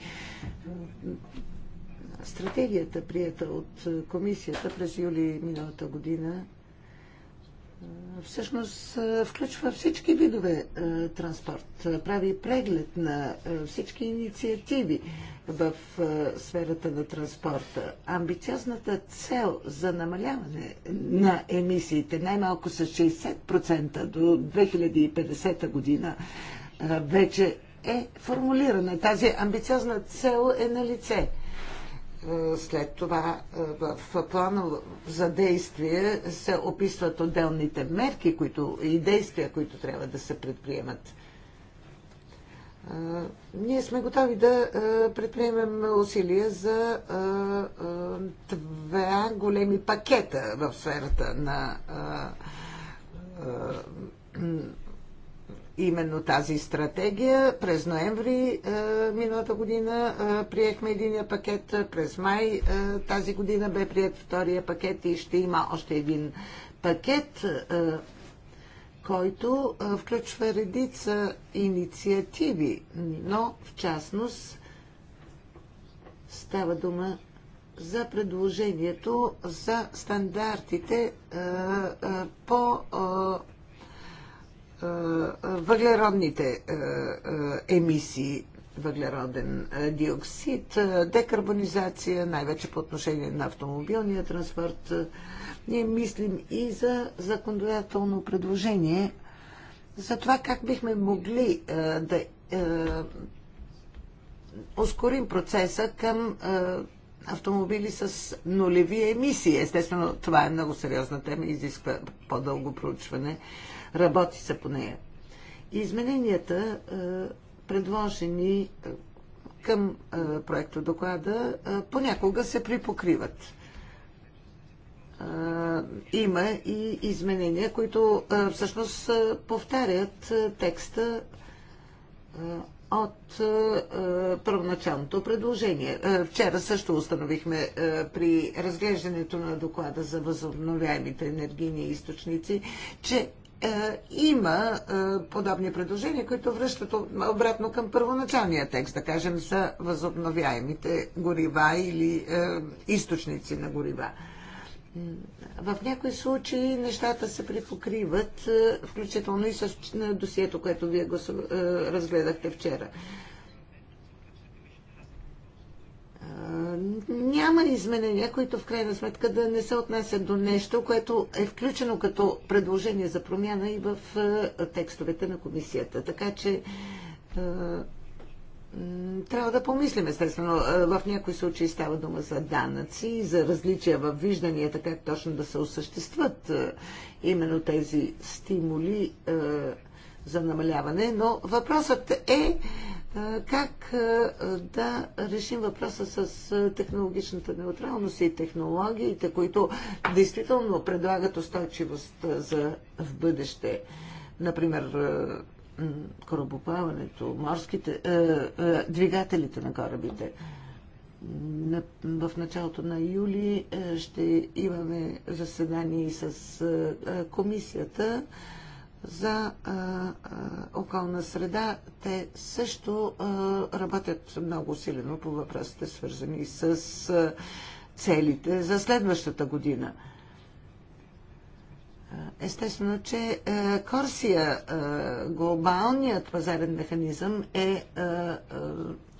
стратегията, прията от комисията през юли миналата година, всъщност включва всички видове транспорт, прави преглед на всички инициативи в сферата на транспорта. Амбициозната цел за намаляване на емисиите най-малко с 60% до 2050 година вече е формулирана. Тази амбициозна цел е на лице – е, след това е, в плана за действие се описват отделните мерки които, и действия, които трябва да се предприемат. Е, ние сме готови да предприемем усилия за два големи пакета в сферата на именно тази стратегия. През ноември е, миналата година е, приехме единия пакет, през май е, тази година бе прият втория пакет и ще има още един пакет, който включва редица инициативи, но в частност става дума за предложението за стандартите по е, е, въглеродните е, емисии, въглероден диоксид, декарбонизация, най-вече по отношение на автомобилния транспорт. Ние мислим и за законодателно предложение за това как бихме могли да ускорим процеса към автомобили с нулеви емисии. Естествено, това е много сериозна тема, изисква по-дълго проучване работи се по нея. Измененията, е, предложени е, към е, проекта доклада, понякога се припокриват. Има и изменения, които всъщност повтарят текста от първоначалното предложение. Вчера също установихме при разглеждането на доклада за възобновяемите енергийни източници, че е, има е, подобни предложения, които връщат обратно към първоначалния текст, да кажем, са възобновяемите горива или е, източници на горива. В някои случаи нещата се припокриват, включително и с досието, което вие го разгледахте вчера няма изменения, които в крайна сметка да не се отнасят до нещо, което е включено като предложение за промяна и в текстовете на комисията. Така че трябва да помислим, естествено. В някои случаи става дума за данъци и за различия в вижданията, как точно да се осъществят именно тези стимули за намаляване. Но въпросът е как да решим въпроса с технологичната неутралност и технологиите, които действително предлагат устойчивост за в бъдеще. Например, корабоплаването, морските, двигателите на корабите. В началото на юли ще имаме заседание с комисията за а, а, околна среда. Те също а, работят много усилено по въпросите, свързани с а, целите за следващата година. Естествено, че Корсия, глобалният пазарен механизъм е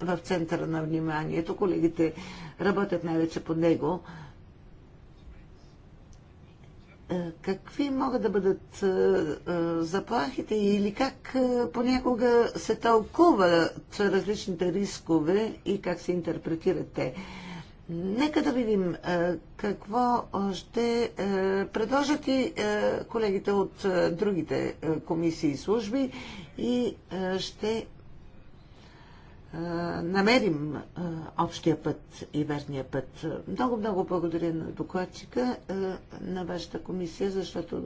в центъра на вниманието. Колегите работят най-вече по него. Е, какви могат да бъдат е, е, заплахите или как понякога се тълкуват различните рискове и как се интерпретират те. Нека да видим какво ще предложат и колегите от другите комисии и служби и ще намерим общия път и верния път. Много-много благодаря на докладчика, на вашата комисия, защото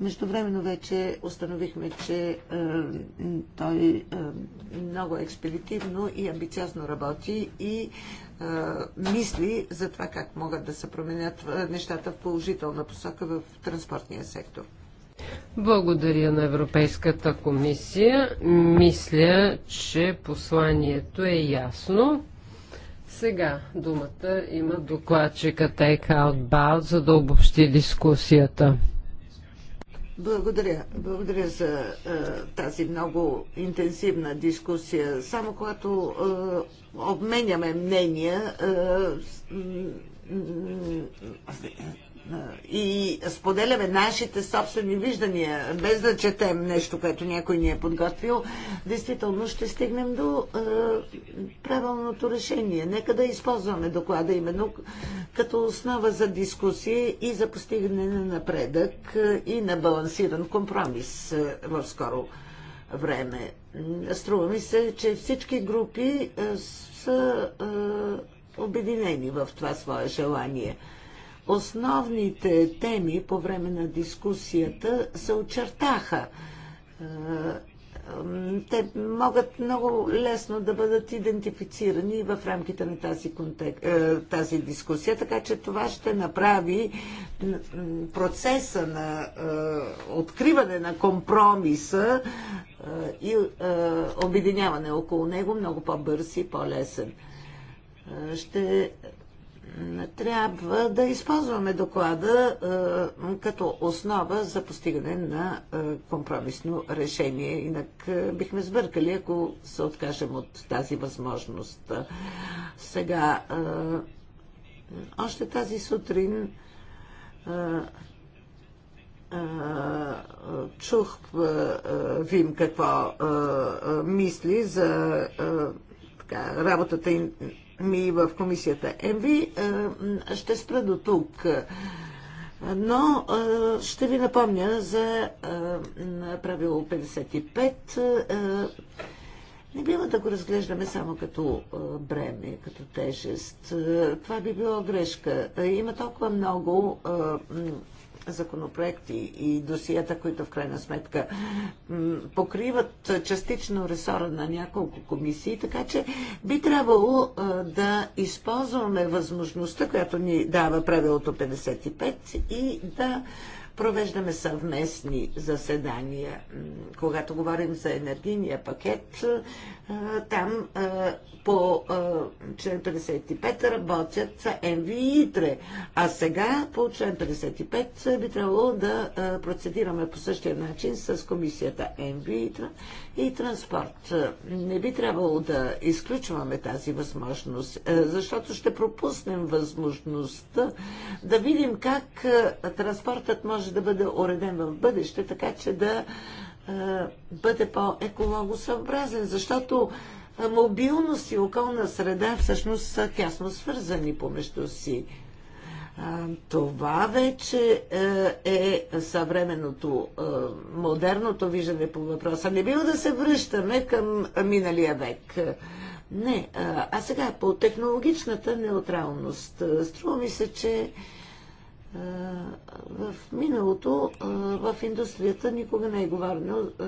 междувременно вече установихме, че той много експедитивно и амбициозно работи и мисли за това как могат да се променят нещата в положителна посока в транспортния сектор. Благодаря на Европейската комисия. Мисля, че посланието е ясно. Сега думата има докладчика Тейка от Бал, за да обобщи дискусията. Благодаря. Благодаря за е, тази много интенсивна дискусия. Само когато е, обменяме мнения, е, и споделяме нашите собствени виждания, без да четем нещо, което някой ни е подготвил, действително ще стигнем до е, правилното решение. Нека да използваме доклада именно като основа за дискусия и за постигане на напредък е, и на балансиран компромис е, в скоро време. Струва ми се, че всички групи е, са е, обединени в това свое желание. Основните теми по време на дискусията се очертаха. Е, те могат много лесно да бъдат идентифицирани в рамките на тази, контек... Е, тази дискусия, така че това ще направи процеса на е, откриване на компромиса и обединяване около него много по-бърз и по-лесен ще трябва да използваме доклада е, като основа за постигане на е, компромисно решение. Инак е, бихме сбъркали, ако се откажем от тази възможност. Сега, още тази сутрин чух Вим какво мисли за така, работата и ми в комисията МВ. Е, ще спра до тук. Но е, ще ви напомня за е, правило 55. Не бива да го разглеждаме само като бреме, като тежест. Това би било грешка. Има толкова много законопроекти и досията, които в крайна сметка покриват частично ресора на няколко комисии, така че би трябвало да използваме възможността, която ни дава правилото 55 и да Провеждаме съвместни заседания. Когато говорим за енергийния пакет, там по член 55 работят МВИ и ИТРЕ. А сега по член 55 би трябвало да процедираме по същия начин с комисията МВИ и транспорт. Не би трябвало да изключваме тази възможност, защото ще пропуснем възможността да видим как транспортът може може да бъде уреден в бъдеще, така че да е, бъде по-екологосъобразен, защото е, мобилност и околна среда всъщност са тясно свързани помежду си. Това вече е, е съвременното, модерното виждане по въпроса. Не било да се връщаме към миналия век. Не, а сега по технологичната неутралност. Струва ми се, че е, в миналото е, в индустрията никога не е говорено е,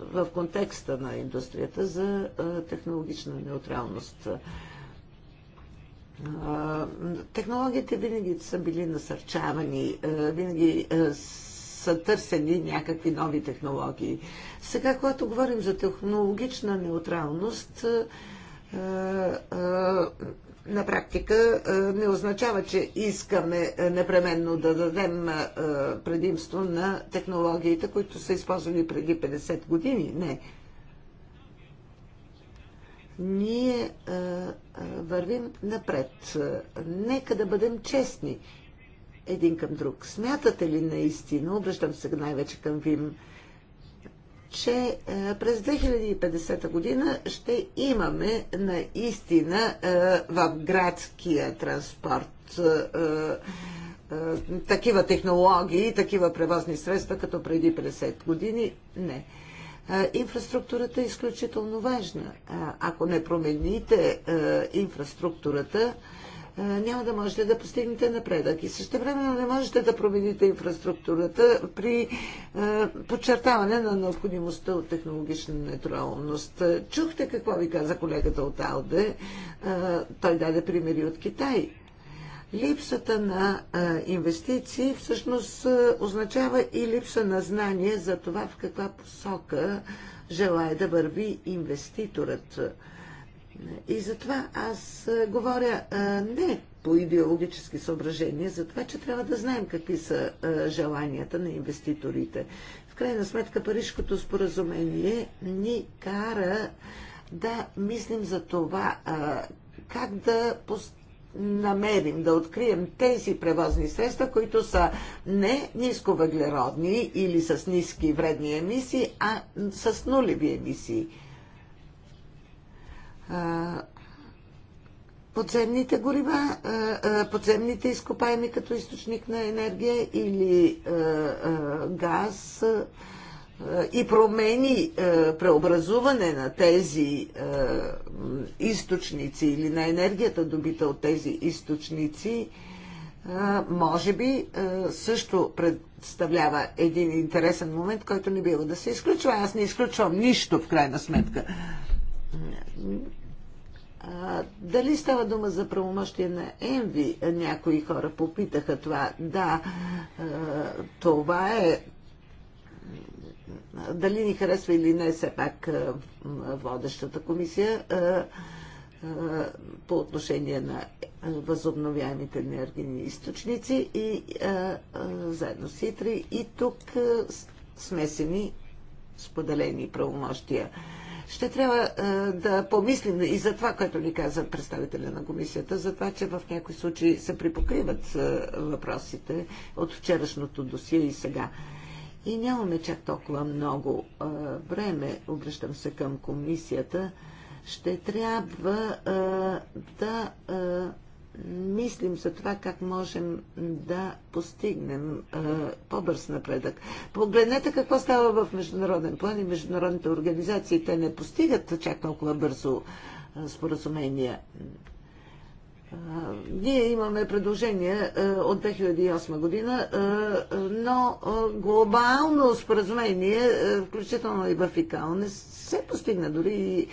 в контекста на индустрията за технологична неутралност. Технологиите винаги са били насърчавани, винаги са търсени някакви нови технологии. Сега, когато говорим за технологична неутралност, на практика е, не означава, че искаме е, непременно да дадем е, предимство на технологиите, които са използвани преди 50 години. Не. Ние вървим напред. Нека да бъдем честни един към друг. Смятате ли наистина, обръщам се най-вече към Вим, че е, през 2050 година ще имаме наистина е, в градския транспорт е, такива технологии, такива превозни средства, като преди 50 години. Не. Инфраструктурата е изключително важна. Ако не промените инфраструктурата, е, няма да можете да постигнете напредък. И също време не можете да промените инфраструктурата при е, подчертаване на необходимостта от технологична нейтралност. Е, чухте какво ви каза колегата от Алде. Той даде примери от Китай. Липсата на а, инвестиции всъщност а, означава и липса на знание за това в каква посока желая да върви инвеститорът. И затова аз говоря не по идеологически съображения, за това, че трябва да знаем какви са желанията на инвеститорите. В крайна сметка Парижкото споразумение ни кара да мислим за това как да намерим, да открием тези превозни средства, които са не нисковъглеродни или с ниски вредни емисии, а с нулеви емисии подземните горива, подземните изкопаеми като източник на енергия или газ и промени, преобразуване на тези източници или на енергията добита от тези източници, може би също представлява един интересен момент, който не бива да се изключва. Аз не изключвам нищо в крайна сметка. А, дали става дума за правомощие на Енви? Някои хора попитаха това. Да, а, това е. Дали ни харесва или не, все пак а, водещата комисия а, а, по отношение на възобновяемите енергийни източници и а, а, заедно с ИТРИ и тук а, смесени споделени правомощия ще трябва е, да помислим и за това, което ни каза представителя на комисията, за това, че в някои случаи се припокриват е, въпросите от вчерашното досие и сега. И нямаме чак толкова много е, време, обръщам се към комисията, ще трябва да мислим за това как можем да постигнем а, по-бърз напредък. Погледнете какво става в международен план и международните организации. Те не постигат чак толкова бързо а, споразумения. А, ние имаме предложение а, от 2008 година, а, но а, глобално споразумение, а, включително и в ИКАО, не се постигна дори и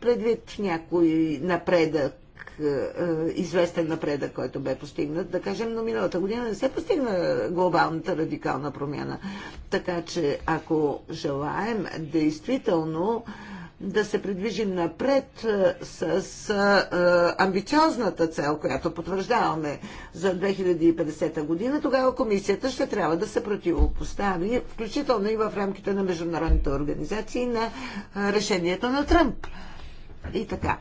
предвид някой напредък, е, е, известен напредък, който бе постигнат. Да кажем, но миналата година не се постигна глобалната радикална промяна. Така че, ако желаем действително да се придвижим напред е, с, с а, е, амбициозната цел, която потвърждаваме за 2050 година, тогава комисията ще трябва да се противопостави, включително и в рамките на международните организации, на е, решението на Тръмп. И така.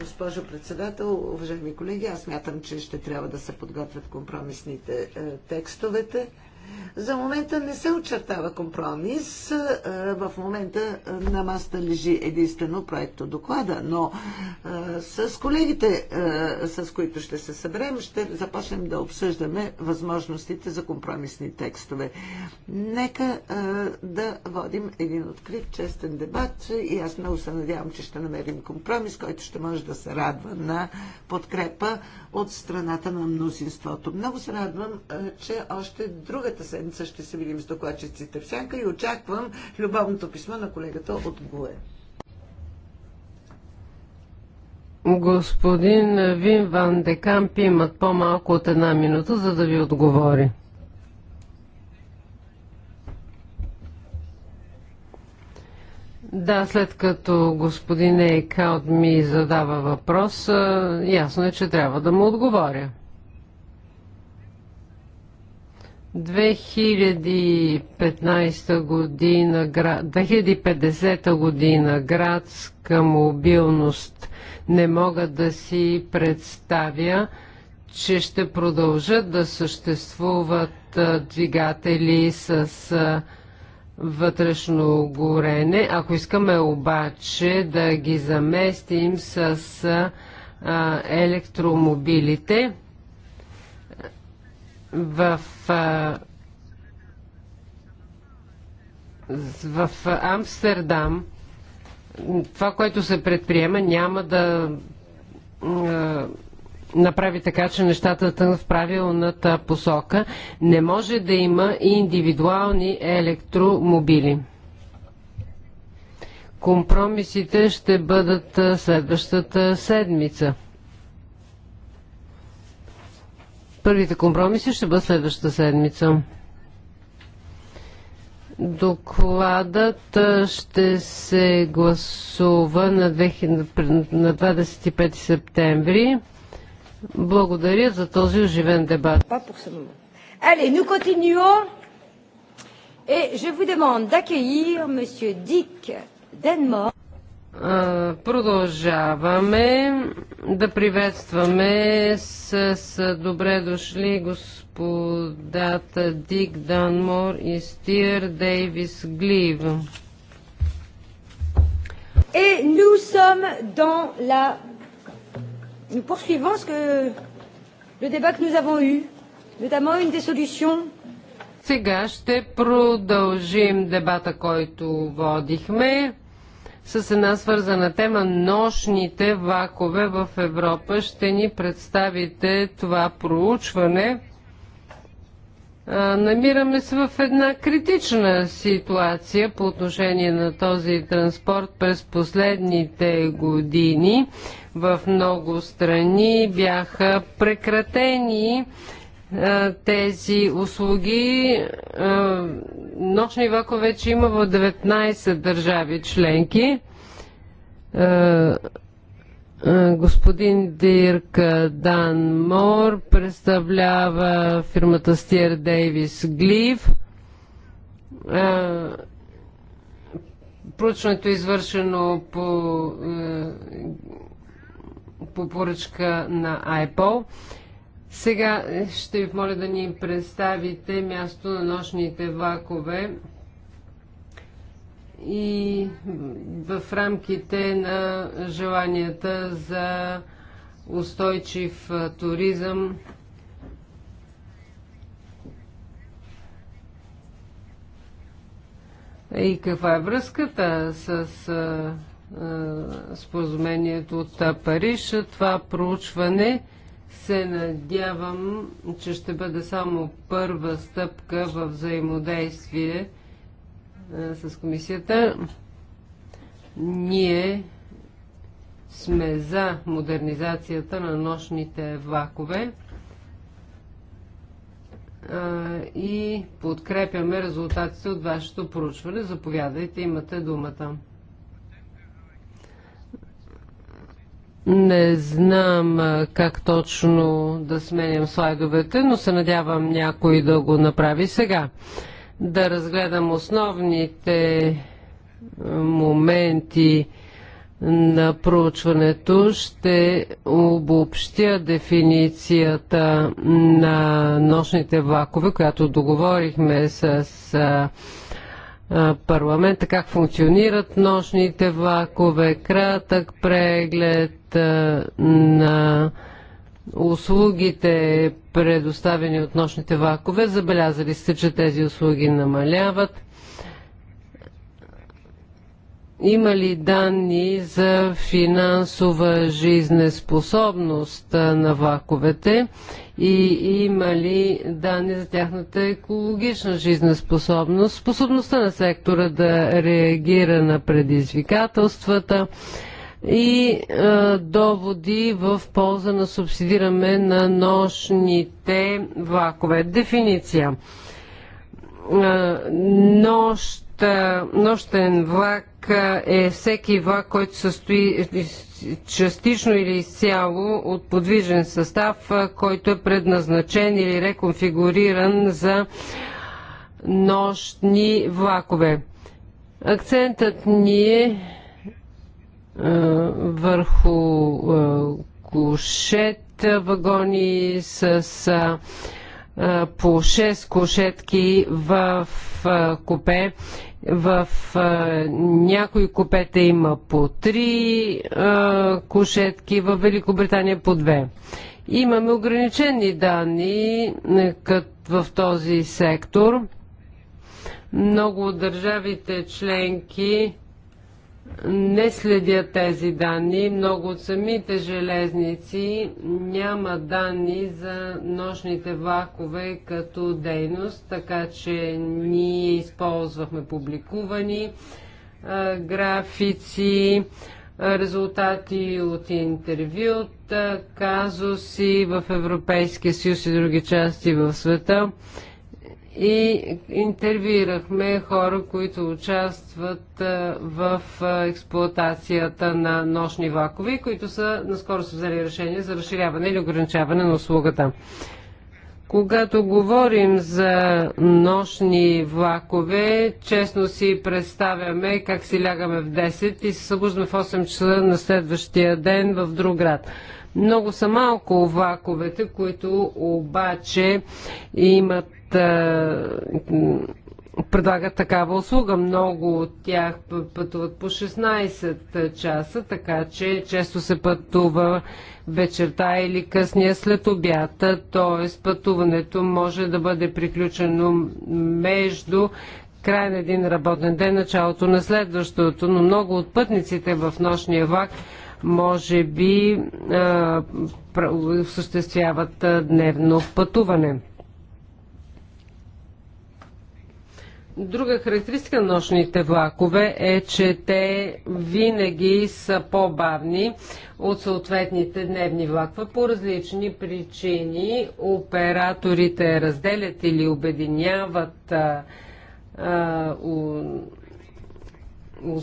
Госпожо председател, уважаеми колеги, аз мятам, че ще трябва да се подготвят компромисните текстовете. За момента не се очертава компромис. Е, в момента на маста лежи единствено проекто доклада, но е, с колегите, е, с които ще се съберем, ще започнем да обсъждаме възможностите за компромисни текстове. Нека да водим един открит, честен дебат и аз много се надявам, че ще намерим компромис, който ще може да се радва на подкрепа от страната на мнозинството. Много се радвам, че още другата Другата седмица ще се видим с докладчици Търсянка и очаквам любовното писмо на колегата от ГУЕ. Господин Вин Ван Декамп имат по-малко от една минута, за да ви отговори. Да, след като господин Ейкаут ми задава въпрос, ясно е, че трябва да му отговоря. 2015 година, 2050 година градска мобилност не мога да си представя, че ще продължат да съществуват двигатели с вътрешно горене. Ако искаме обаче да ги заместим с електромобилите, в в Амстердам това, което се предприема, няма да направи така, че нещата са в правилната посока. Не може да има и индивидуални електромобили. Компромисите ще бъдат следващата седмица. Първите компромиси ще бъдат следващата седмица. Докладът ще се гласува на 25 септември. Благодаря за този оживен дебат. Allez, nous continuons. Et je vous demande d'accueillir Monsieur Dick Denmore. Продължаваме да приветстваме с, с добре дошли господата Дик Данмор и Стир Дейвис Глив. И nous sommes dans la... Nous poursuivons ce que... le débat que nous avons eu, notamment une des solutions сега ще продължим дебата, който водихме с една свързана тема нощните влакове в Европа. Ще ни представите това проучване. Намираме се в една критична ситуация по отношение на този транспорт през последните години. В много страни бяха прекратени е, тези услуги. Е, нощни влакове вече има в 19 държави членки. Е, господин Дирк Дан Мор представлява фирмата Стиер Дейвис Глив. Проучването е извършено по, по поръчка на Apple. Сега ще ви моля да ни представите място на нощните влакове и в рамките на желанията за устойчив туризъм. И каква е връзката с споразумението от Париж? Това проучване се надявам, че ще бъде само първа стъпка в взаимодействие а, е, с комисията. Ние сме за модернизацията на нощните влакове а, е, и подкрепяме резултатите от вашето проучване. Заповядайте, имате думата. Не знам как точно да сменям слайдовете, но се надявам някой да го направи сега. Да разгледам основните моменти на проучването. Ще обобщя дефиницията на нощните влакове, която договорихме с парламента, как функционират нощните влакове, кратък преглед на услугите, предоставени от нощните влакове. Забелязали сте, че тези услуги намаляват. Има ли данни за финансова жизнеспособност на влаковете и има ли данни за тяхната екологична жизнеспособност, способността на сектора да реагира на предизвикателствата и а, доводи в полза на субсидиране на нощните влакове. Дефиниция нощ, нощен влак е всеки влак, който състои частично или изцяло от подвижен състав, който е предназначен или реконфигуриран за нощни влакове. Акцентът ни е върху кушет вагони с по 6 кошетки в купе. В някои купета има по 3 кошетки, в Великобритания по 2. Имаме ограничени данни в този сектор. Много от държавите членки не следя тези данни. Много от самите железници няма данни за нощните влакове като дейност, така че ние използвахме публикувани а, графици, резултати от интервюта, казуси в Европейския съюз и други части в света и интервюирахме хора, които участват в експлуатацията на нощни влакове, които са наскоро са взели решение за разширяване или ограничаване на услугата. Когато говорим за нощни влакове, честно си представяме как си лягаме в 10 и се събуждаме в 8 часа на следващия ден в друг град. Много са малко влаковете, които обаче имат предлагат такава услуга. Много от тях пътуват по 16 часа, така че често се пътува вечерта или късния след обята, т.е. пътуването може да бъде приключено между край на един работен ден, началото на следващото, но много от пътниците в нощния влак може би осъществяват дневно пътуване. Друга характеристика на нощните влакове е, че те винаги са по-бавни от съответните дневни влакове по различни причини. Операторите разделят или обединяват а, а, у, у,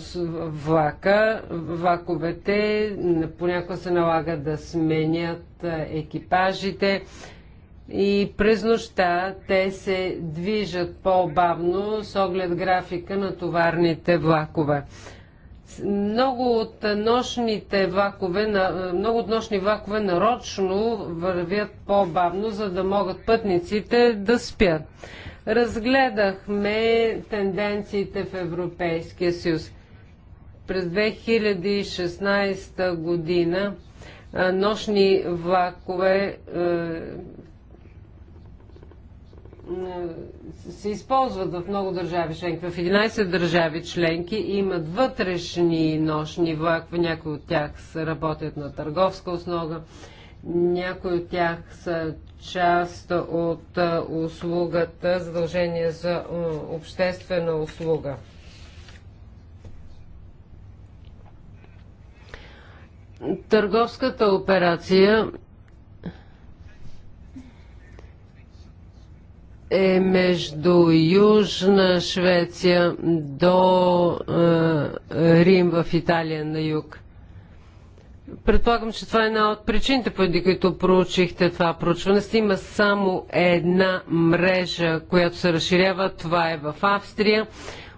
влака. Влаковете понякога се налага да сменят екипажите и през нощта те се движат по-бавно с оглед графика на товарните влакове. Много от нощните влакове, много от нощни влакове нарочно вървят по-бавно, за да могат пътниците да спят. Разгледахме тенденциите в Европейския съюз. През 2016 година нощни влакове се използват в много държави членки. В 11 държави членки имат вътрешни нощни влакове, някои от тях са работят на търговска основа, някои от тях са част от услугата, задължение за обществена услуга. Търговската операция е между Южна Швеция до е, Рим в Италия на юг. Предполагам, че това е една от причините, поради които проучихте това проучване. Има само една мрежа, която се разширява. Това е в Австрия.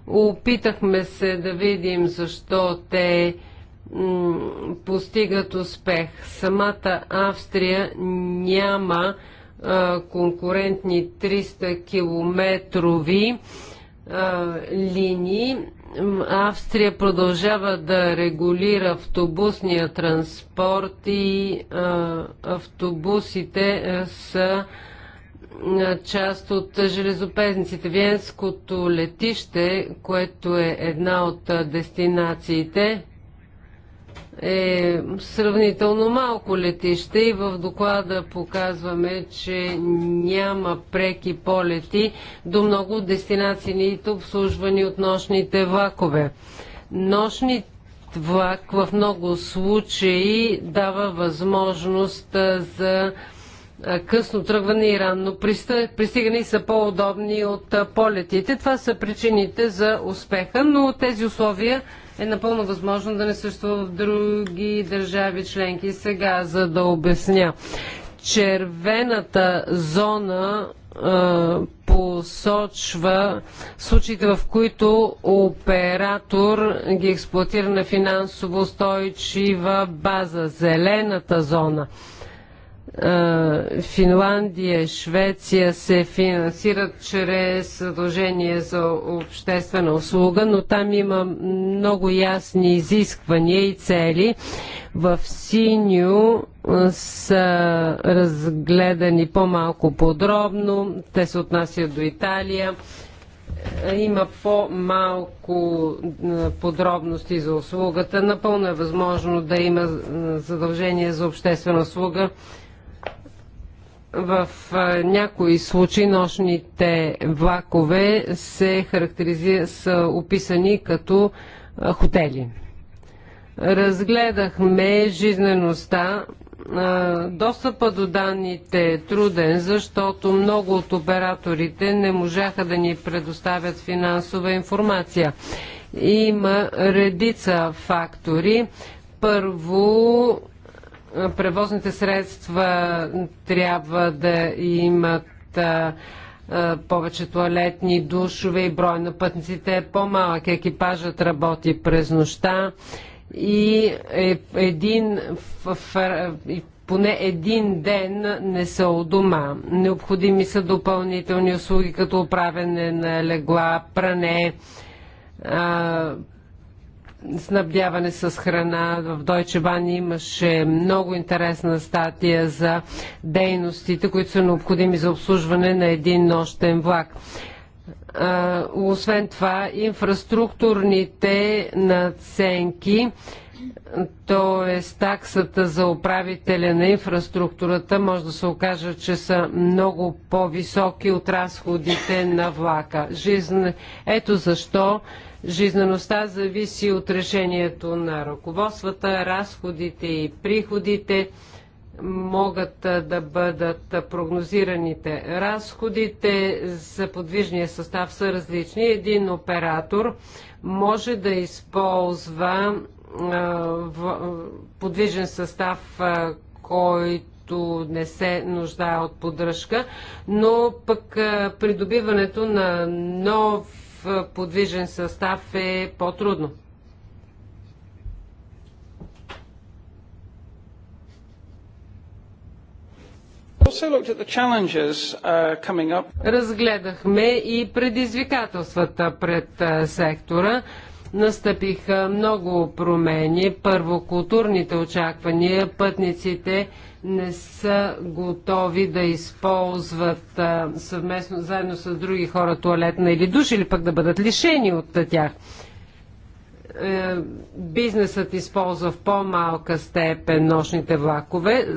Опитахме се да видим защо те постигат успех. Самата Австрия няма конкурентни 300 километрови линии. Австрия продължава да регулира автобусния транспорт и автобусите са част от железопезниците. Венското летище, което е една от дестинациите, е сравнително малко летище и в доклада показваме, че няма преки полети до много дестинации, нито обслужвани от нощните влакове. Нощният влак в много случаи дава възможност за късно тръгване и ранно пристигане са по-удобни от полетите. Това са причините за успеха, но тези условия е напълно възможно да не съществува в други държави членки. Сега, за да обясня, червената зона посочва случаите, в които оператор ги експлуатира на финансово устойчива база, зелената зона – е, Финландия, Швеция се финансират чрез задължение за обществена услуга, но там има много ясни изисквания и цели. В СИНю е, са разгледани по-малко подробно. Те се отнасят до Италия. Е, има по-малко подробности за услугата. Напълно е възможно да има задължение за обществена услуга в някои случаи нощните влакове се характеризира, са описани като хотели. Разгледахме жизнеността. Достъпа до данните е труден, защото много от операторите не можаха да ни предоставят финансова информация. Има редица фактори. Първо, превозните средства трябва да имат повече туалетни, душове и брой на пътниците е по-малък. Екипажът работи през нощта и е един в, в, поне един ден не са у дома. Необходими са допълнителни услуги, като управене на легла, пране, снабдяване с храна. В Deutsche Bahn имаше много интересна статия за дейностите, които са необходими за обслужване на един нощен влак. Освен това, инфраструктурните наценки т.е. таксата за управителя на инфраструктурата може да се окаже, че са много по-високи от разходите на влака. Жизнен. Ето защо Жизнеността зависи от решението на ръководствата, разходите и приходите могат да бъдат прогнозираните. Разходите за подвижния състав са различни. Един оператор може да използва подвижен състав, който не се нуждае от поддръжка, но пък придобиването на нов е, подвижен състав е по-трудно. Uh, Разгледахме и предизвикателствата пред е, сектора настъпиха много промени. Първо, културните очаквания. Пътниците не са готови да използват а, съвместно, заедно с други хора, туалетна или душ, или пък да бъдат лишени от тях. Е, бизнесът използва в по-малка степен нощните влакове.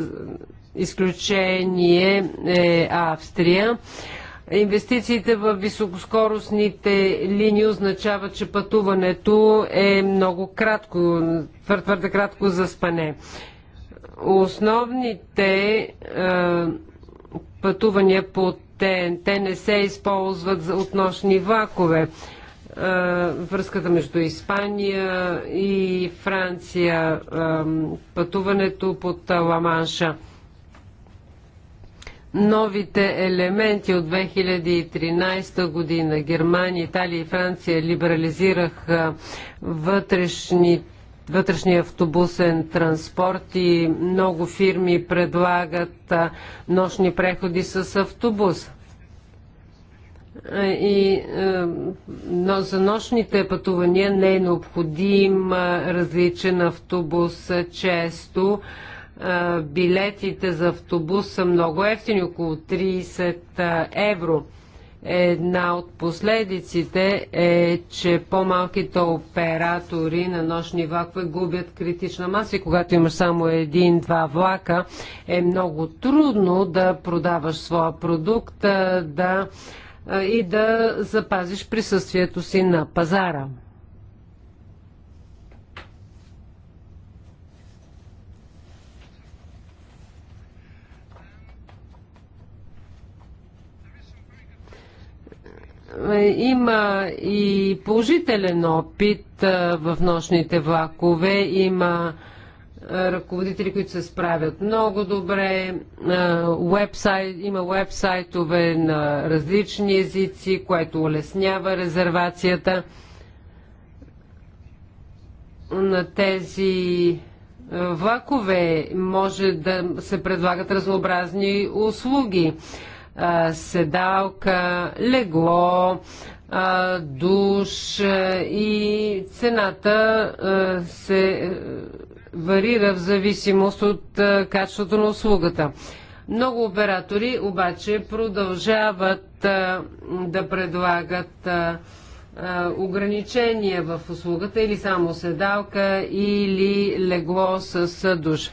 Изключение е Австрия Инвестициите в високоскоростните линии означават, че пътуването е много кратко, твърде кратко за спане. Основните а, пътувания по ТНТ не се използват за нощни влакове. А, връзката между Испания и Франция, а, пътуването под Ламанша новите елементи от 2013 година. Германия, Италия и Франция либерализираха вътрешни, вътрешния автобусен транспорт и много фирми предлагат нощни преходи с автобус. И но за нощните пътувания не е необходим различен автобус често билетите за автобус са много ефтини, около 30 евро. Една от последиците е, че по-малките оператори на нощни влакове губят критична маса и когато имаш само един-два влака, е много трудно да продаваш своя продукт да, и да запазиш присъствието си на пазара. Е, има и положителен опит е, в нощните влакове. Има е, ръководители, които се справят много добре. Уебсайт, има вебсайтове на различни езици, което улеснява резервацията на тези влакове може да се предлагат разнообразни услуги седалка, легло, душ и цената се варира в зависимост от качеството на услугата. Много оператори обаче продължават да предлагат ограничения в услугата или само седалка или легло с душ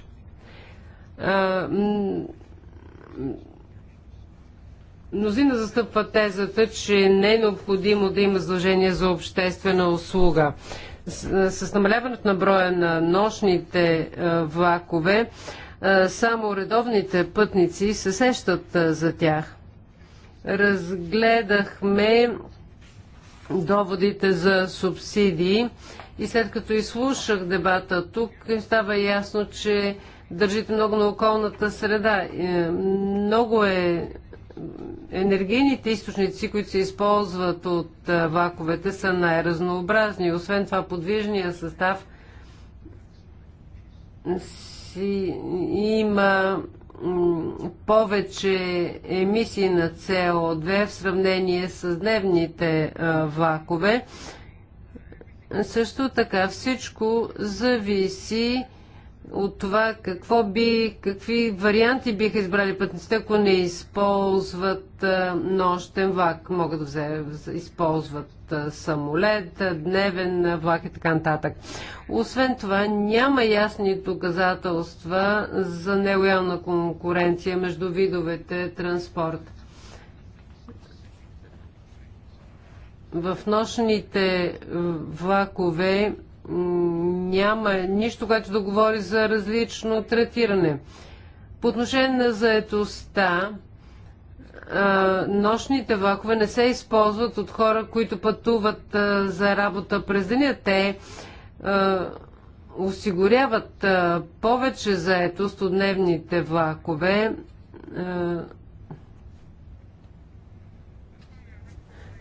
Мнозина застъпва тезата, че не е необходимо да има задължение за обществена услуга. С, с намаляването на броя на нощните е, влакове, е, само редовните пътници се сещат е, за тях. Разгледахме доводите за субсидии и след като изслушах дебата тук, става ясно, че държите много на околната среда. Много е енергийните източници, които се използват от влаковете, са най-разнообразни. Освен това, подвижния състав си има повече емисии на со 2 в сравнение с дневните влакове. Също така всичко зависи от това какво би, какви варианти биха избрали пътниците, ако не използват нощен влак. Могат да взе, използват самолет, дневен влак и така нататък. Освен това, няма ясни доказателства за нелоялна конкуренция между видовете транспорт. В нощните влакове няма нищо, което да говори за различно третиране. По отношение на заетостта, нощните влакове не се използват от хора, които пътуват за работа през деня. Те осигуряват повече заетост от дневните влакове.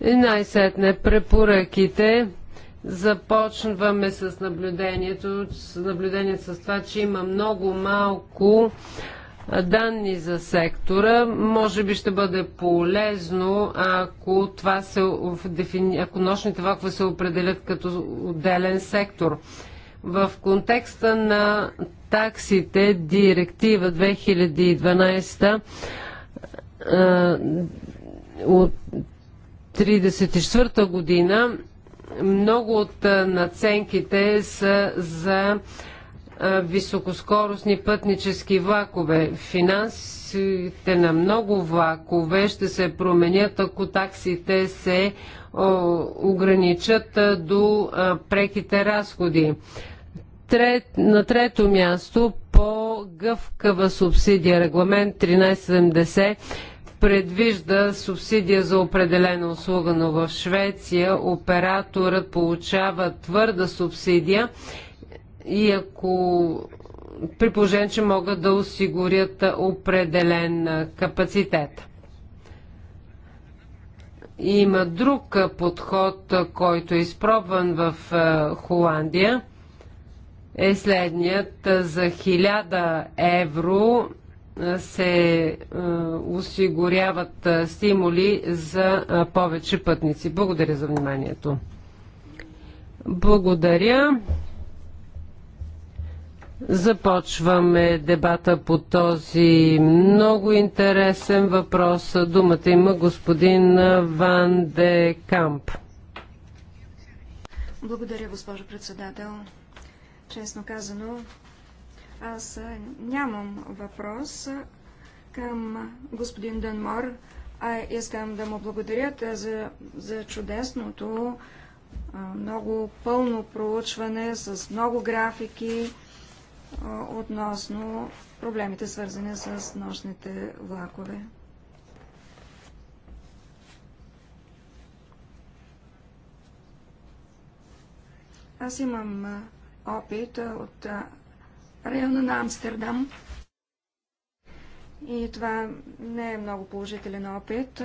И най-сетне препоръките. Започваме с наблюдението, с наблюдението с това, че има много малко данни за сектора. Може би ще бъде полезно, ако, това се, ако нощните влакове се определят като отделен сектор. В контекста на таксите, директива 2012 от 1934 година много от наценките са за високоскоростни пътнически влакове. Финансите на много влакове ще се променят, ако таксите се ограничат до преките разходи. Трет, на трето място по гъвкава субсидия регламент 1370 предвижда субсидия за определена услуга, но в Швеция операторът получава твърда субсидия и ако при положение, че могат да осигурят определен капацитет. Има друг подход, който е изпробван в е, Холандия. Е следният за 1000 евро се е, осигуряват е, стимули за е, повече пътници. Благодаря за вниманието. Благодаря. Започваме дебата по този много интересен въпрос. Думата има господин Ван де Камп. Благодаря, госпожо председател. Честно казано, аз нямам въпрос към господин Данмор, а искам да му благодаря за, за чудесното, много пълно проучване с много графики относно проблемите, свързани с нощните влакове. Аз имам опит от района на Амстердам. И това не е много положителен опит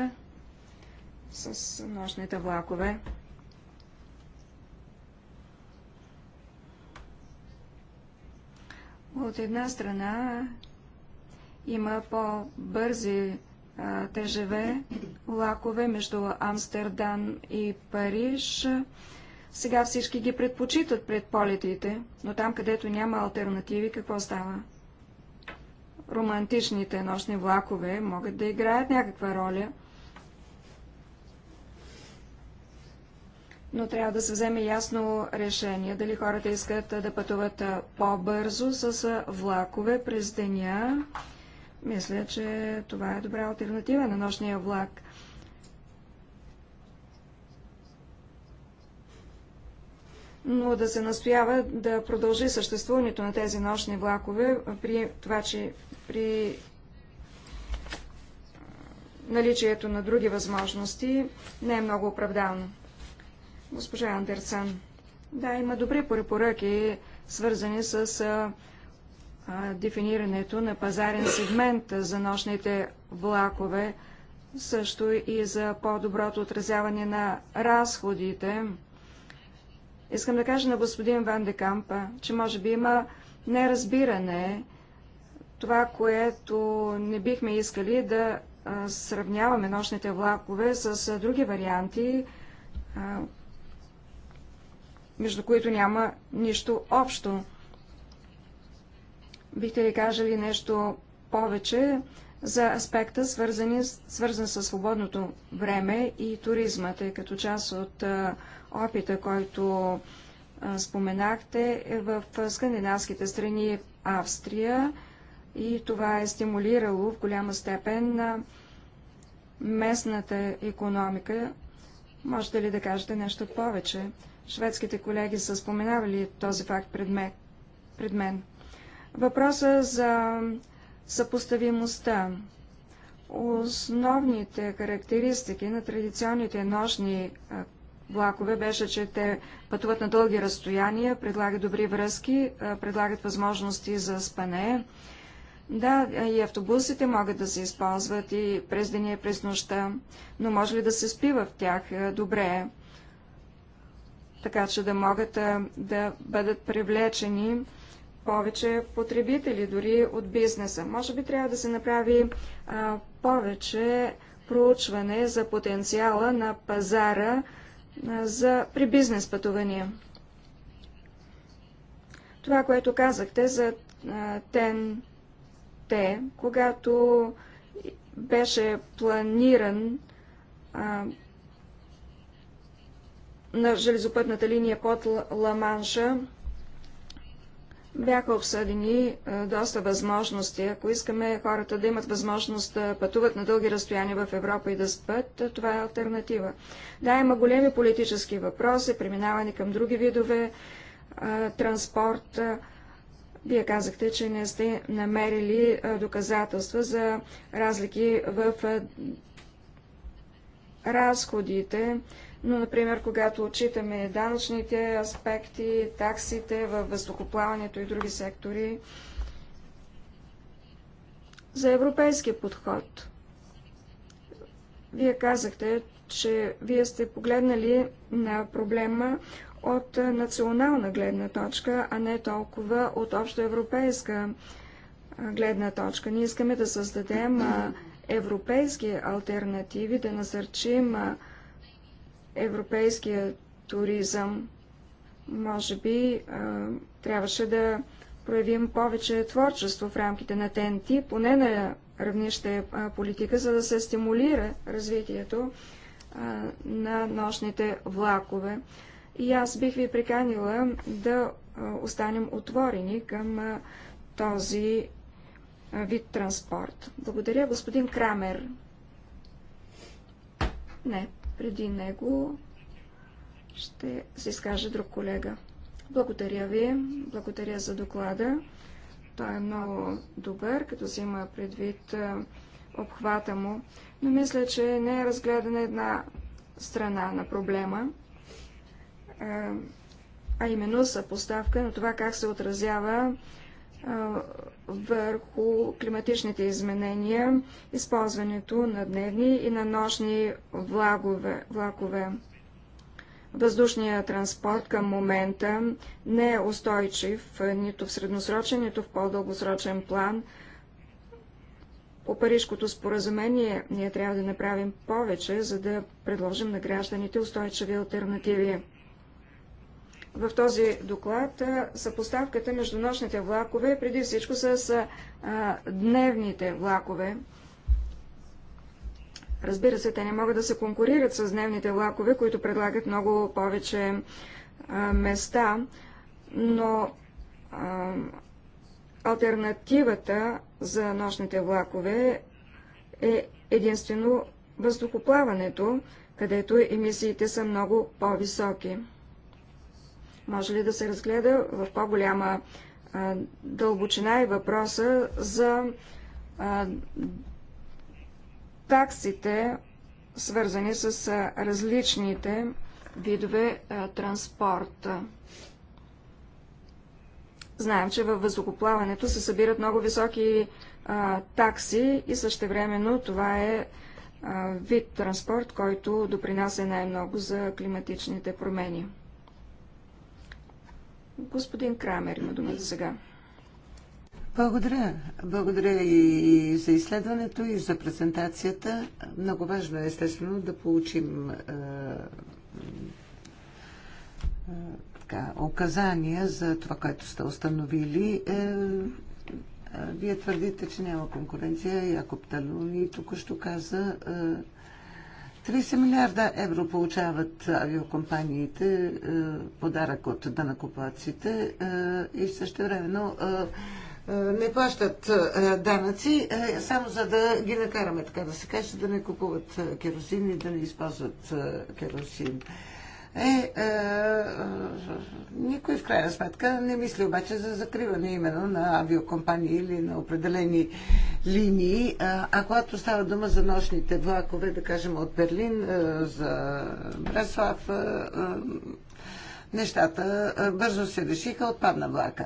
с нощните влакове. От една страна има по-бързи ТЖВ влакове между Амстердам и Париж. Сега всички ги предпочитат пред полетите, но там, където няма альтернативи, какво става? Романтичните нощни влакове могат да играят някаква роля, но трябва да се вземе ясно решение дали хората искат да пътуват по-бързо с влакове през деня. Мисля, че това е добра альтернатива на нощния влак. но да се настоява да продължи съществуването на тези нощни влакове при това, че при наличието на други възможности не е много оправдано. Госпожа Андерсън, да, има добри препоръки, свързани с а, а, дефинирането на пазарен сегмент за нощните влакове, също и за по-доброто отразяване на разходите Искам да кажа на господин Ван де Кампа, че може би има неразбиране това, което не бихме искали да сравняваме нощните влакове с други варианти, между които няма нищо общо. Бихте ли кажали нещо повече за аспекта, свързани, свързан с свободното време и туризма, тъй като част от Опита, който споменахте, е в скандинавските страни е Австрия и това е стимулирало в голяма степен на местната економика. Можете ли да кажете нещо повече? Шведските колеги са споменавали този факт пред мен. Пред мен. Въпроса за съпоставимостта. Основните характеристики на традиционните нощни влакове беше, че те пътуват на дълги разстояния, предлагат добри връзки, предлагат възможности за спане. Да, и автобусите могат да се използват и през деня, и през нощта, но може ли да се спи в тях добре, е. така че да могат да бъдат привлечени повече потребители, дори от бизнеса. Може би трябва да се направи а, повече проучване за потенциала на пазара за при бизнес пътувания. Това, което казахте за ТЕН, те, когато беше планиран а, на железопътната линия под Ла-Манша, бяха обсъдени е, доста възможности. Ако искаме хората да имат възможност да пътуват на дълги разстояния в Европа и да спят, е, това е альтернатива. Да, има големи политически въпроси, преминаване към други видове е, транспорт. Вие казахте, че не сте намерили доказателства за разлики в разходите но, например, когато отчитаме данъчните аспекти, таксите във въздухоплаването и други сектори, за европейския подход. Вие казахте, че вие сте погледнали на проблема от национална гледна точка, а не толкова от общоевропейска гледна точка. Ние искаме да създадем европейски альтернативи, да насърчим европейския туризъм. Може би трябваше да проявим повече творчество в рамките на ТНТ, поне на равнище политика, за да се стимулира развитието на нощните влакове. И аз бих ви приканила да останем отворени към този вид транспорт. Благодаря, господин Крамер. Не. Преди него ще се изкаже друг колега. Благодаря ви, благодаря за доклада. Той е много добър, като се има предвид обхвата му, но мисля, че не е разгледана една страна на проблема, а именно съпоставка на това как се отразява върху климатичните изменения, използването на дневни и на нощни влагове, влакове. Въздушният транспорт към момента не е устойчив нито в средносрочен, нито в по-дългосрочен план. По Парижкото споразумение ние трябва да направим повече, за да предложим на гражданите устойчиви альтернативи в този доклад съпоставката между нощните влакове, преди всичко с а, дневните влакове. Разбира се, те не могат да се конкурират с дневните влакове, които предлагат много повече а, места, но а, альтернативата за нощните влакове е единствено въздухоплаването, където емисиите са много по-високи. Може ли да се разгледа в по-голяма дълбочина и въпроса за таксите, свързани с различните видове транспорт. Знаем, че във въздухоплаването се събират много високи такси и същевременно това е вид транспорт, който допринася най-много за климатичните промени. Господин Крамер има думата сега. Благодаря. Благодаря и за изследването, и за презентацията. Много важно е, естествено, да получим е, е, указания за това, което сте установили. Е, вие твърдите, че няма конкуренция. Якоб Талуни тук ще каза. 30 милиарда евро получават авиокомпаниите е, подарък от данакоплаците е, и също времено е, не плащат данъци, само за да ги накараме, така да се каже, да не купуват керосин и да не използват керосин е, е, е, никой в крайна сметка не мисли обаче за закриване именно на авиокомпании или на определени линии. А когато става дума за нощните влакове, да кажем от Берлин е, за Бреслав, е, е, нещата е, бързо се решиха, отпадна влака.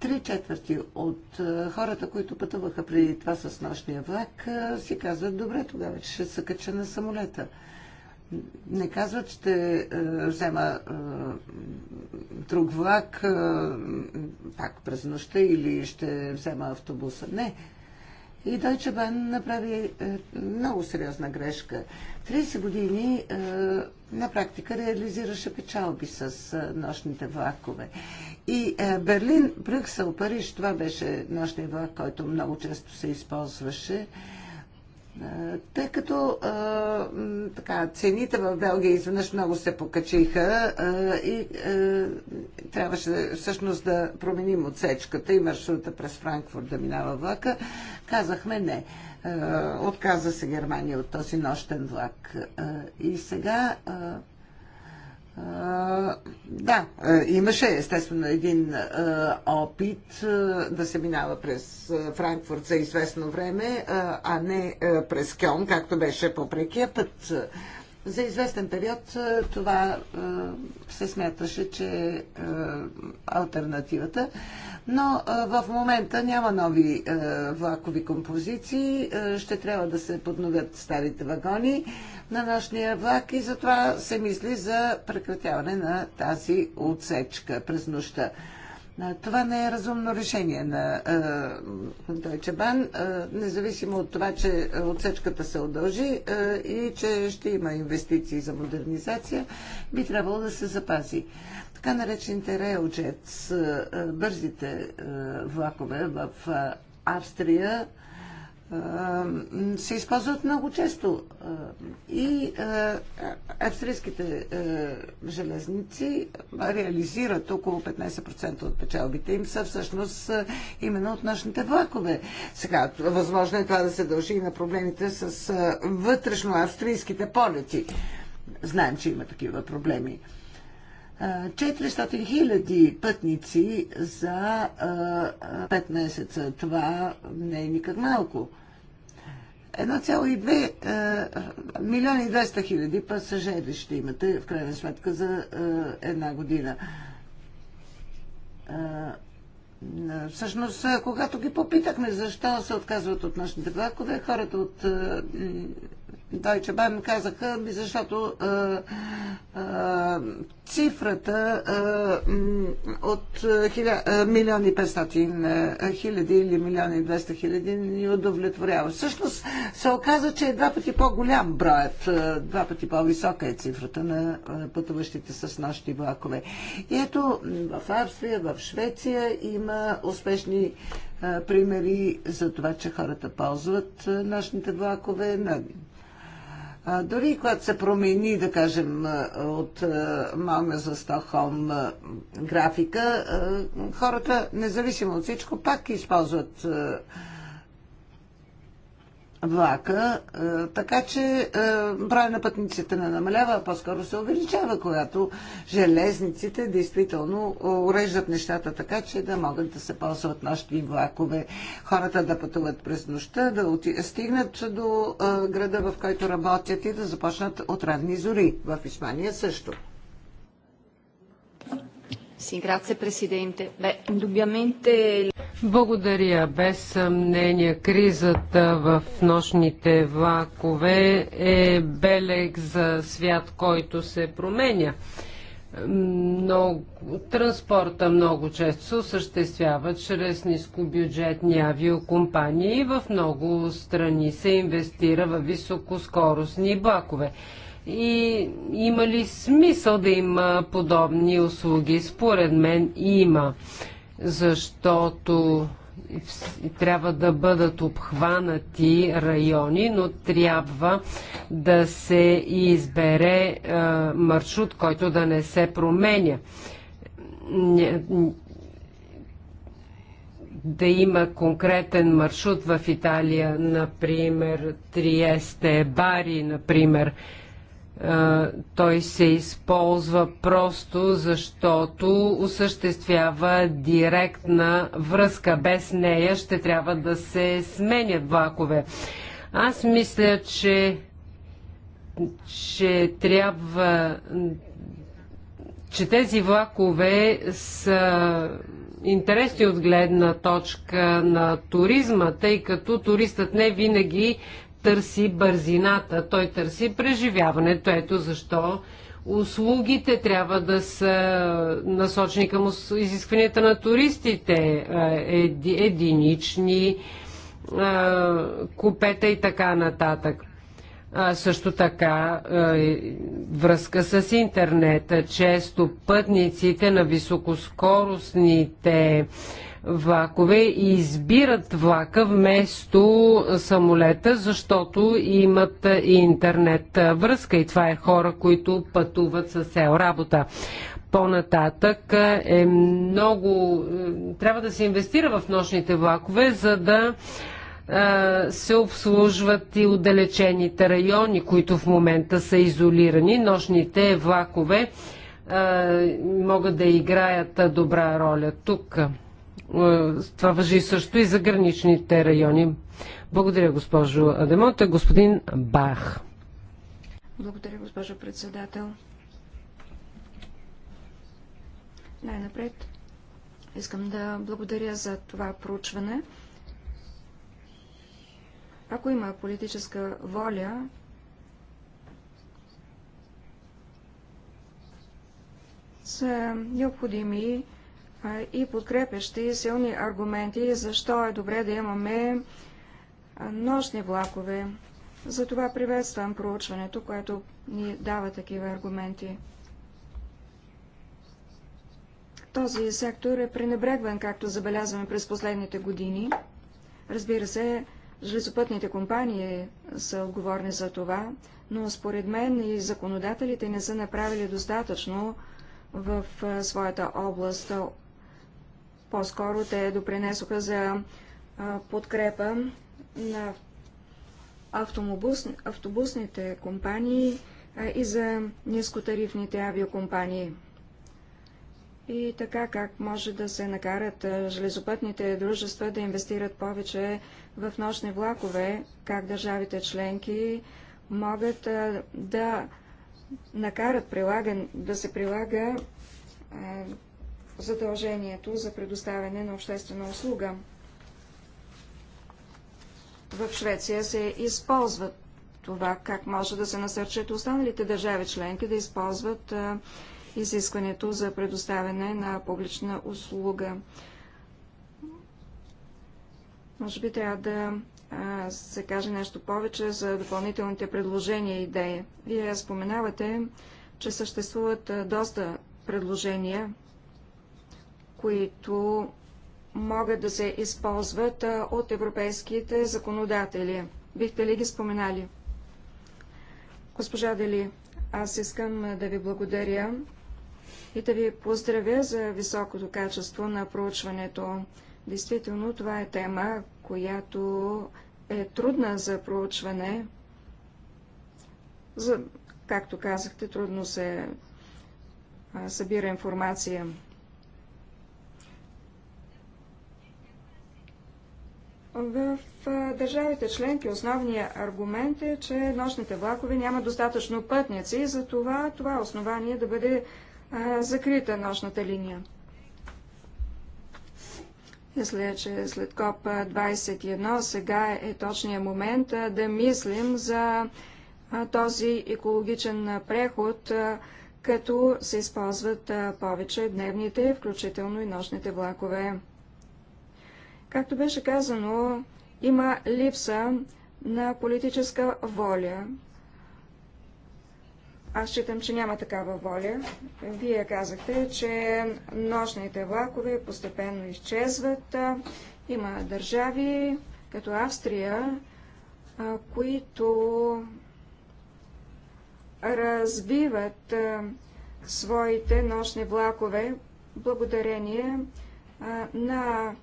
Три четвърти от е, хората, които пътуваха преди това с нощния влак, е, си казват, добре, тогава ще се кача на самолета не казват, ще е, взема е, друг влак е, пак през нощта или ще взема автобуса. Не. И Deutsche Bahn направи много сериозна грешка. 30 години на практика реализираше печалби с нощните влакове. И Берлин, Брюксел, Париж, това беше нощния влак, който много често се използваше. Тъй като а, така, цените в Белгия изведнъж много се покачиха а, и а, трябваше всъщност да променим отсечката и маршрута през Франкфурт да минава влака, казахме не. А, отказа се Германия от този нощен влак. А, и сега а, да, имаше естествено един опит да се минава през Франкфурт за известно време, а не през Кьон, както беше по прекия път. За известен период това се смяташе, че е альтернативата. Но в момента няма нови влакови композиции. Ще трябва да се подновят старите вагони на нощния влак и затова се мисли за прекратяване на тази отсечка през нощта. Това не е разумно решение на е, Deutsche Bahn, е, независимо от това, че отсечката се удължи е, и че ще има инвестиции за модернизация, би трябвало да се запази. Така наречените рейлджетс, е, бързите е, влакове в е, Австрия се използват много често. И австрийските железници реализират около 15% от печалбите им са всъщност именно от нашните влакове. Сега, възможно е това да се дължи и на проблемите с вътрешно австрийските полети. Знаем, че има такива проблеми. 400 хиляди пътници за 5 месеца. Това не е никак малко. 1,2 милиона и 200 хиляди пасажери ще имате в крайна сметка за една година. Всъщност, когато ги попитахме защо се отказват от нашите влакове, хората от той че Bank казаха, защото а, а, цифрата а, от милиони 500 хиляди или милиони 200 хиляди ни удовлетворява. Всъщност се оказа, че е два пъти по-голям броят, два пъти по-висока е цифрата на пътуващите с нашите влакове. И ето в Австрия, в Швеция има успешни примери за това, че хората ползват нощните влакове на дори когато се промени, да кажем, от Малме за Стокхолм графика, хората, независимо от всичко, пак използват влака, е, така че е, броя на пътниците не намалява, а по-скоро се увеличава, когато железниците действително е, уреждат нещата така, че да могат да се ползват нощни влакове, хората да пътуват през нощта, да стигнат до града, в който работят и да започнат от ранни зори. В Испания също. Благодаря. Без съмнение, кризата в нощните влакове е белег за свят, който се променя. Но транспорта много често се осъществява чрез нискобюджетни авиокомпании и в много страни се инвестира в високоскоростни влакове и има ли смисъл да има подобни услуги? Според мен има, защото трябва да бъдат обхванати райони, но трябва да се избере маршрут, който да не се променя. Да има конкретен маршрут в Италия, например, Триесте, Бари, например, той се използва просто защото осъществява директна връзка. Без нея ще трябва да се сменят влакове. Аз мисля, че, че трябва че тези влакове са интересни от гледна точка на туризма, тъй като туристът не винаги търси бързината, той търси преживяването. Ето защо услугите трябва да са насочени към изискванията на туристите, е, еди, единични е, купета и така нататък. А, също така е, връзка с интернета. Често пътниците на високоскоростните влакове и избират влака вместо самолета, защото имат интернет връзка и това е хора, които пътуват с сел работа. По-нататък е много... Е, трябва да се инвестира в нощните влакове, за да е, се обслужват и отдалечените райони, които в момента са изолирани. Нощните влакове е, могат да играят добра роля тук. Е, това въжи също и за граничните райони. Благодаря, госпожо Адемонта. Господин Бах. Благодаря, госпожо председател. Най-напред искам да благодаря за това проучване. Ако има политическа воля, са необходими и подкрепящи силни аргументи, защо е добре да имаме нощни влакове. Затова приветствам проучването, което ни дава такива аргументи. Този сектор е пренебрегван, както забелязваме през последните години. Разбира се, железопътните компании са отговорни за това, но според мен и законодателите не са направили достатъчно в своята област по-скоро те допринесоха за подкрепа на автобус, автобусните компании и за нискотарифните авиокомпании. И така как може да се накарат железопътните дружества да инвестират повече в нощни влакове, как държавите членки могат да накарат прилаган, да се прилага задължението за предоставяне на обществена услуга. В Швеция се използват това, как може да се насърчат останалите държави членки да използват а, изискването за предоставяне на публична услуга. Може би трябва да а, се каже нещо повече за допълнителните предложения и идеи. Вие споменавате, че съществуват а, доста предложения които могат да се използват от европейските законодатели. Бихте ли ги споменали? Госпожа Дели, аз искам да ви благодаря и да ви поздравя за високото качество на проучването. Действително, това е тема, която е трудна за проучване. За, както казахте, трудно се събира информация. В държавите членки основният аргумент е, че нощните влакове няма достатъчно пътници и за това това е основание да бъде а, закрита нощната линия. Мисля, че след КОП 21 сега е точният момент а, да мислим за а, този екологичен преход, като се използват повече дневните, включително и нощните влакове. Както беше казано, има липса на политическа воля. Аз считам, че няма такава воля. Вие казахте, че нощните влакове постепенно изчезват. Има държави, като Австрия, които развиват своите нощни влакове благодарение на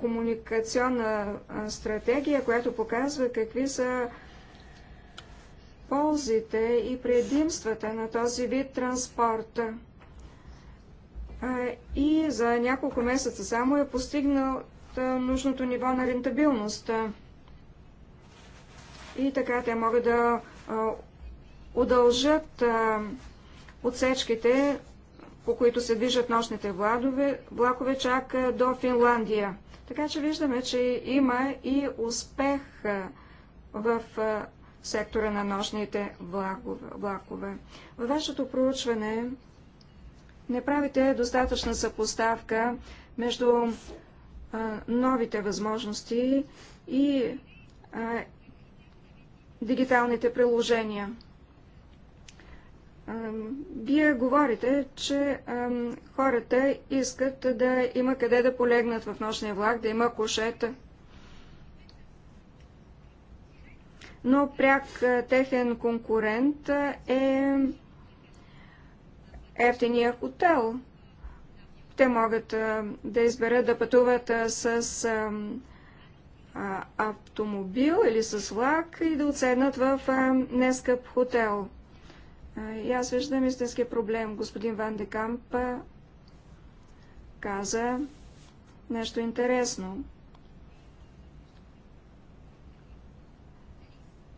комуникационна стратегия, която показва какви са ползите и предимствата на този вид транспорт. И за няколко месеца само е постигнал нужното ниво на рентабилност. И така те могат да удължат отсечките по които се движат нощните владове, влакове чак до Финландия. Така че виждаме, че има и успех в сектора на нощните влакове. Във вашето проучване не правите достатъчна съпоставка между новите възможности и дигиталните приложения. Вие говорите, че хората искат да има къде да полегнат в нощния влак, да има кошета. Но пряк техен конкурент е ефтиния хотел. Те могат да изберат да пътуват с автомобил или с влак и да отседнат в нескъп хотел. И аз виждам истинския проблем. Господин Ван де Камп каза нещо интересно.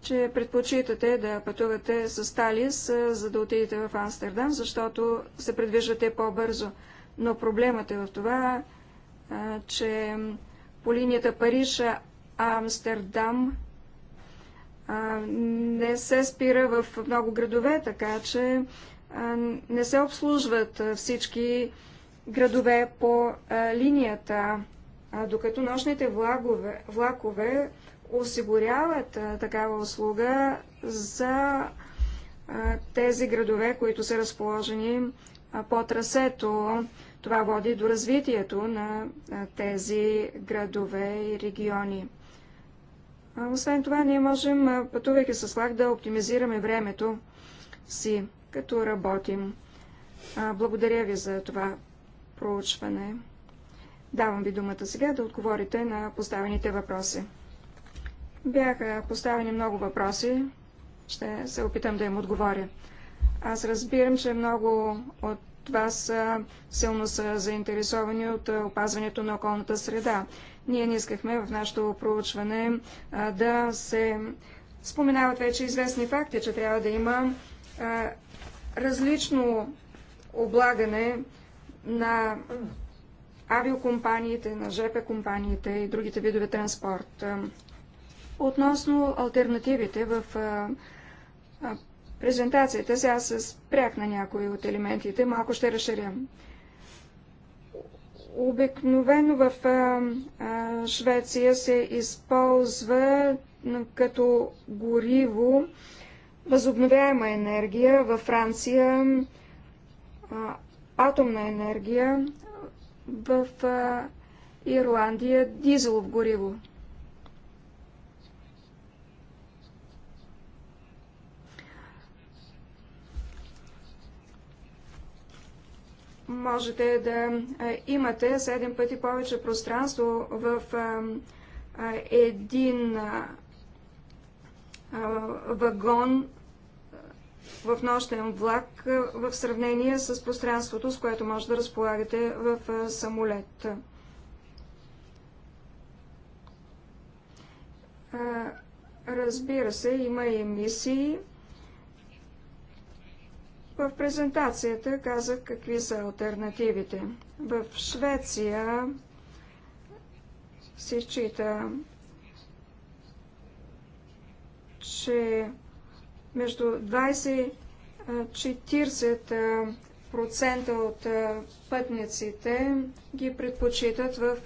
че предпочитате да пътувате с Талис, за да отидете в Амстердам, защото се предвиждате по-бързо. Но проблемът е в това, че по линията Париж-Амстердам не се спира в много градове, така че не се обслужват всички градове по линията, докато нощните влагове, влакове осигуряват такава услуга за тези градове, които са разположени по трасето. Това води до развитието на тези градове и региони. Освен това, ние можем, пътувайки с лак, да оптимизираме времето си, като работим. Благодаря ви за това проучване. Давам ви думата сега да отговорите на поставените въпроси. Бяха поставени много въпроси. Ще се опитам да им отговоря. Аз разбирам, че много от вас силно са заинтересовани от опазването на околната среда. Ние не искахме в нашето проучване да се споменават вече известни факти, че трябва да има различно облагане на авиокомпаниите, на ЖП компаниите и другите видове транспорт. Относно альтернативите в презентацията, сега се спрях на някои от елементите, малко ще разширям. Обикновено в Швеция се използва като гориво възобновяема енергия, във Франция атомна енергия, в Ирландия дизелов гориво. можете да имате 7 пъти повече пространство в един вагон в нощен влак в сравнение с пространството, с което може да разполагате в самолет. Разбира се, има и емисии, в презентацията казах какви са альтернативите. В Швеция се счита, че между 20 40% от пътниците ги предпочитат в,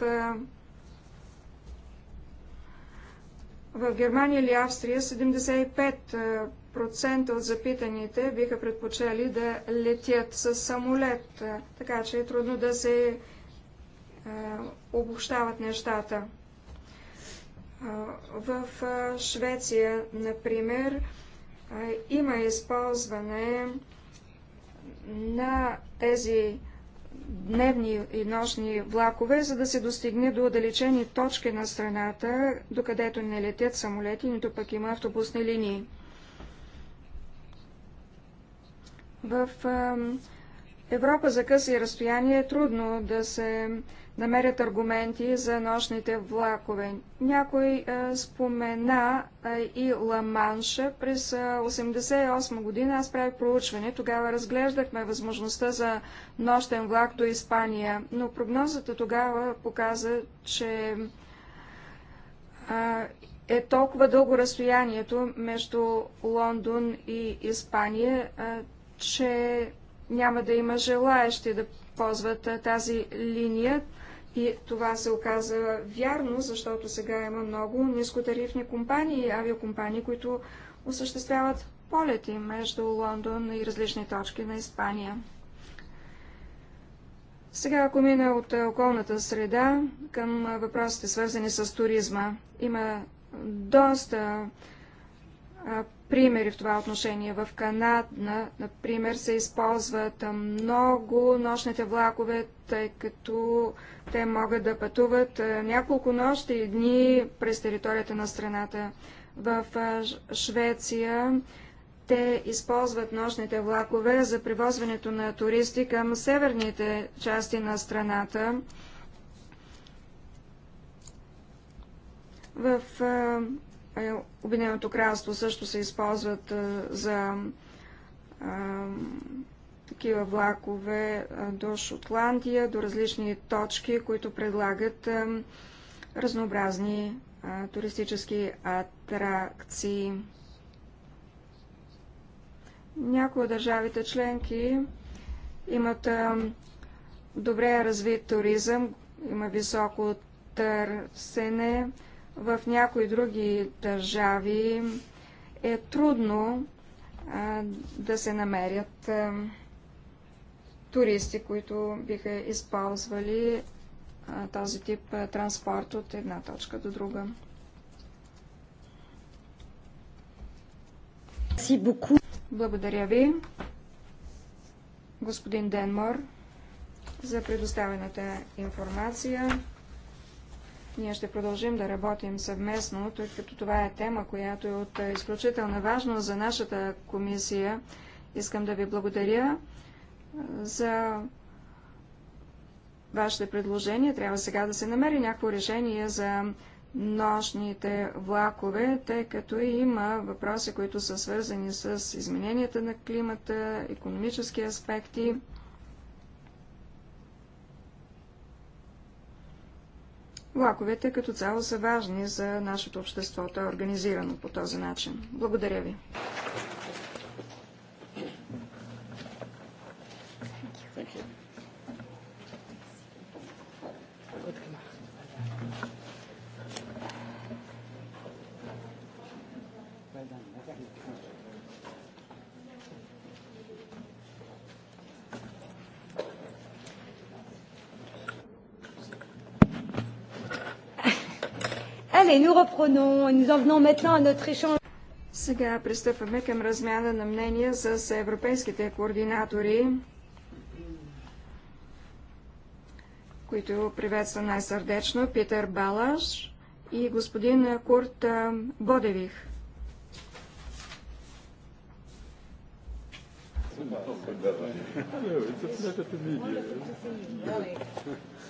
в Германия или Австрия 75% процента от запитаните биха предпочели да летят с самолет, така че е трудно да се е, обобщават нещата. В Швеция, например, има използване на тези дневни и нощни влакове, за да се достигне до отдалечени точки на страната, докъдето не летят самолети, нито пък има автобусни линии. В Европа за къси разстояния е трудно да се намерят аргументи за нощните влакове. Някой спомена и Ламанша. През 1988 година аз правих проучване. Тогава разглеждахме възможността за нощен влак до Испания, но прогнозата тогава показа, че е толкова дълго разстоянието между Лондон и Испания, че няма да има желаящи да ползват тази линия. И това се оказа вярно, защото сега има много нискотарифни компании и авиокомпании, които осъществяват полети между Лондон и различни точки на Испания. Сега, ако мина от околната среда към въпросите свързани с туризма, има доста примери в това отношение. В Канада, например, се използват много нощните влакове, тъй като те могат да пътуват е, няколко нощи и дни през територията на страната. В е, Швеция те използват нощните влакове за привозването на туристи към северните части на страната. В е, е, Обединеното кралство също се използват е, за е, такива влакове до Шотландия, до различни точки, които предлагат разнообразни туристически атракции. Някои от държавите членки имат добре развит туризъм, има високо търсене, в някои други държави е трудно а, да се намерят а, туристи, които биха използвали а, този тип а, транспорт от една точка до друга. Благодаря ви, господин Денмор, за предоставената информация. Ние ще продължим да работим съвместно, тъй като това е тема, която е от е, изключителна важност за нашата комисия. Искам да ви благодаря е, за вашите предложения. Трябва сега да се намери някакво решение за нощните влакове, тъй като има въпроси, които са свързани с измененията на климата, економически аспекти. Влаковете като цяло са важни за нашето общество. То е организирано по този начин. Благодаря ви. Сега пристъпваме към размяна на мнения с европейските координатори, които приветства най-сърдечно, Питер Балаш и господин Курт Бодевих.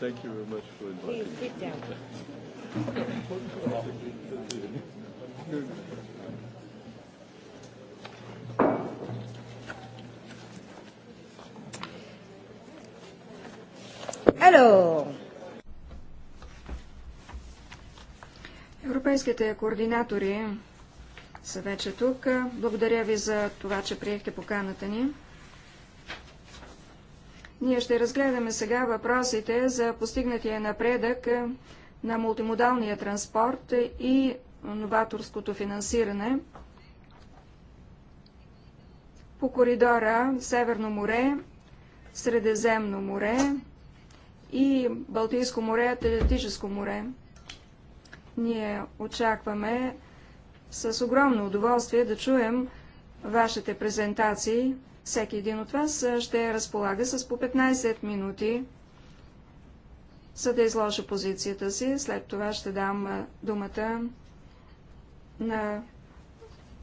Thank you very much for inviting me. Alors, Европейските координатори са вече тук. Благодаря ви за това, че приехте поканата ни. Ние ще разгледаме сега въпросите за постигнатия напредък на мултимодалния транспорт и новаторското финансиране по коридора Северно море, Средиземно море и Балтийско море, Атлантическо море. Ние очакваме с огромно удоволствие да чуем вашите презентации. Всеки един от вас ще разполага с по 15 минути за да изложа позицията си. След това ще дам думата на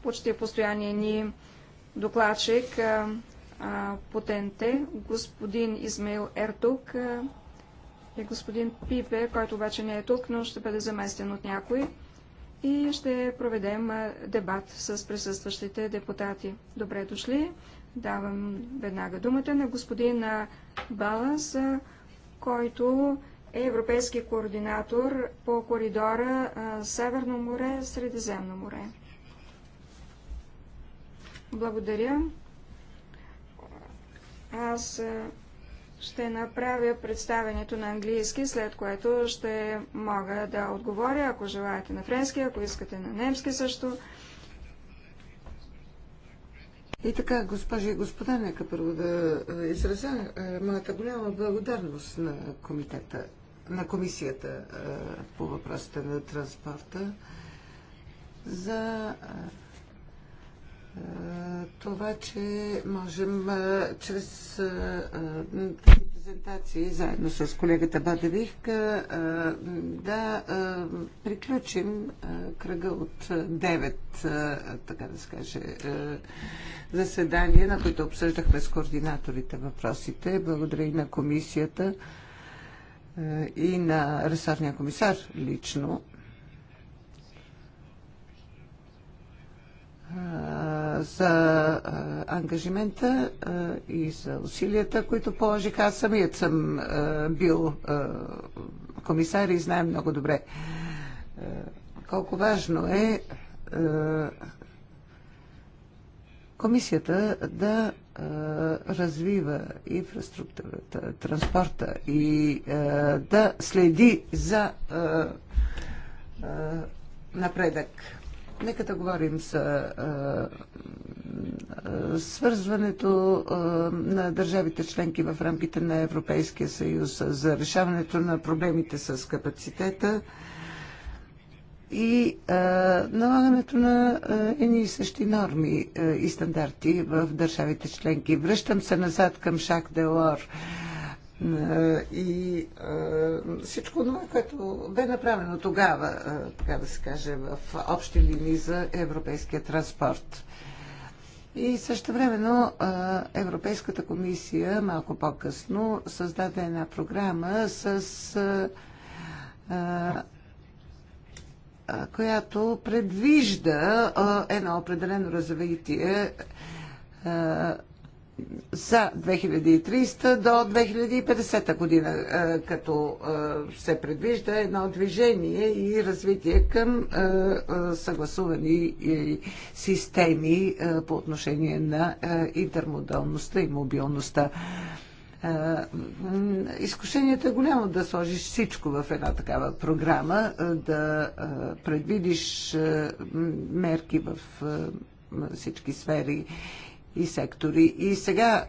почти постоянния ни докладчик Потенте, господин Измаил Ертук и господин Пипе, който обаче не е тук, но ще бъде заместен от някой и ще проведем дебат с присъстващите депутати. Добре дошли. Давам веднага думата на господин Балас, който е европейски координатор по коридора Северно море, Средиземно море. Благодаря. Аз ще направя представенето на английски, след което ще мога да отговоря, ако желаете на френски, ако искате на немски също. И така, госпожи и господа, нека първо да изразя моята голяма благодарност на комитета на комисията по въпросите на транспорта за това, че можем чрез тази презентации, заедно с колегата Бадевих, да приключим кръга от 9, така да се каже, заседания, на които обсъждахме с координаторите въпросите. Благодаря и на комисията. Е, и на ресорния комисар лично. Е, за е, ангажимента и за усилията, които положих. Аз самият съм бил комисар и знаем много добре колко важно е комисията да развива инфраструктурата, транспорта и да следи за напредък. Нека да говорим за свързването на държавите членки в рамките на Европейския съюз, за решаването на проблемите с капацитета и а, налагането на едни и същи норми а, и стандарти в държавите членки. Връщам се назад към Шак Делор. И а, всичко това, което бе направено тогава, а, така да се каже, в общи линии за европейския транспорт. И също времено Европейската комисия малко по-късно създаде една програма с а, която предвижда едно определено развитие за 2300 до 2050 година, като се предвижда едно движение и развитие към съгласувани системи по отношение на интермодалността и мобилността. Изкушението е голямо да сложиш всичко в една такава програма, да предвидиш мерки в всички сфери и сектори. И сега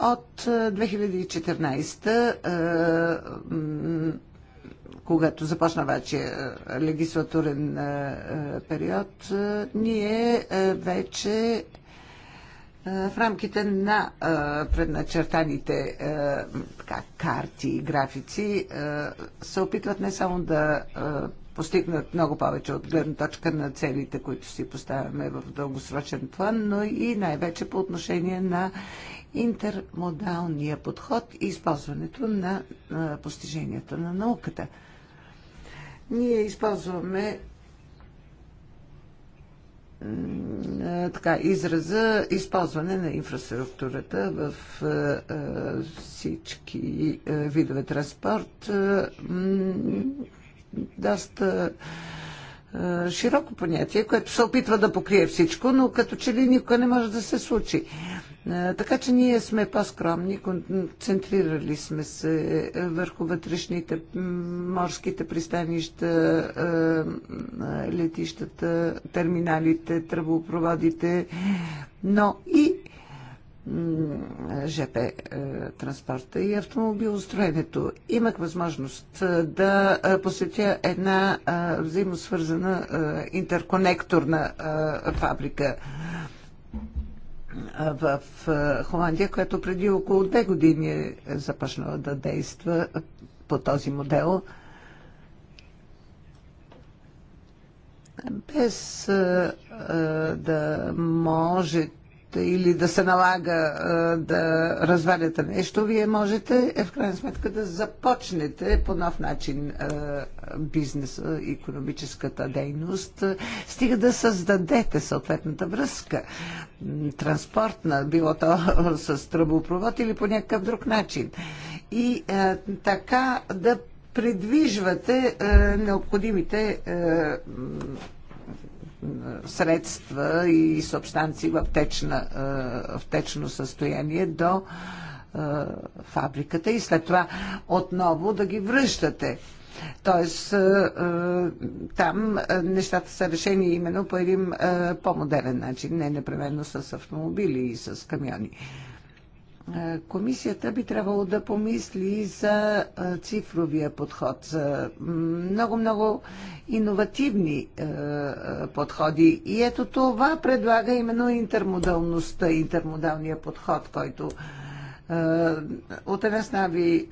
от 2014 когато започна вече легислатурен период, ние вече в рамките на предначертаните така, карти и графици се опитват не само да постигнат много повече от гледна точка на целите, които си поставяме в дългосрочен план, но и най-вече по отношение на интермодалния подход и използването на постиженията на науката. Ние използваме така, израза използване на инфраструктурата в всички видове транспорт. Доста е, широко понятие, което се опитва да покрие всичко, но като че ли никога не може да се случи. Е, така че ние сме по-скромни, концентрирали сме се върху вътрешните морските пристанища, е, летищата, терминалите, тръбопроводите, но и ЖП е, транспорта и автомобилостроенето. Имах възможност е, да е, посетя една взаимосвързана интерконекторна фабрика в Холандия, която преди около две години е започнала да действа по този модел. без да може е, или да се налага е, да разваляте нещо, вие можете е, в крайна сметка да започнете по нов начин бизнеса, економическата дейност, стига да създадете съответната връзка, транспортна, било то с тръбопровод или по някакъв друг начин. И така да придвижвате необходимите средства и субстанции в, течна, е, в течно състояние до е, фабриката и след това отново да ги връщате. Тоест, е, там нещата са решени именно по един по-модерен начин, не непременно с автомобили и с камиони. Е, комисията би трябвало да помисли за е, цифровия подход, за много-много иновативни е, подходи. И ето това предлага именно интермодалността, интермодалния подход, който от една страна ви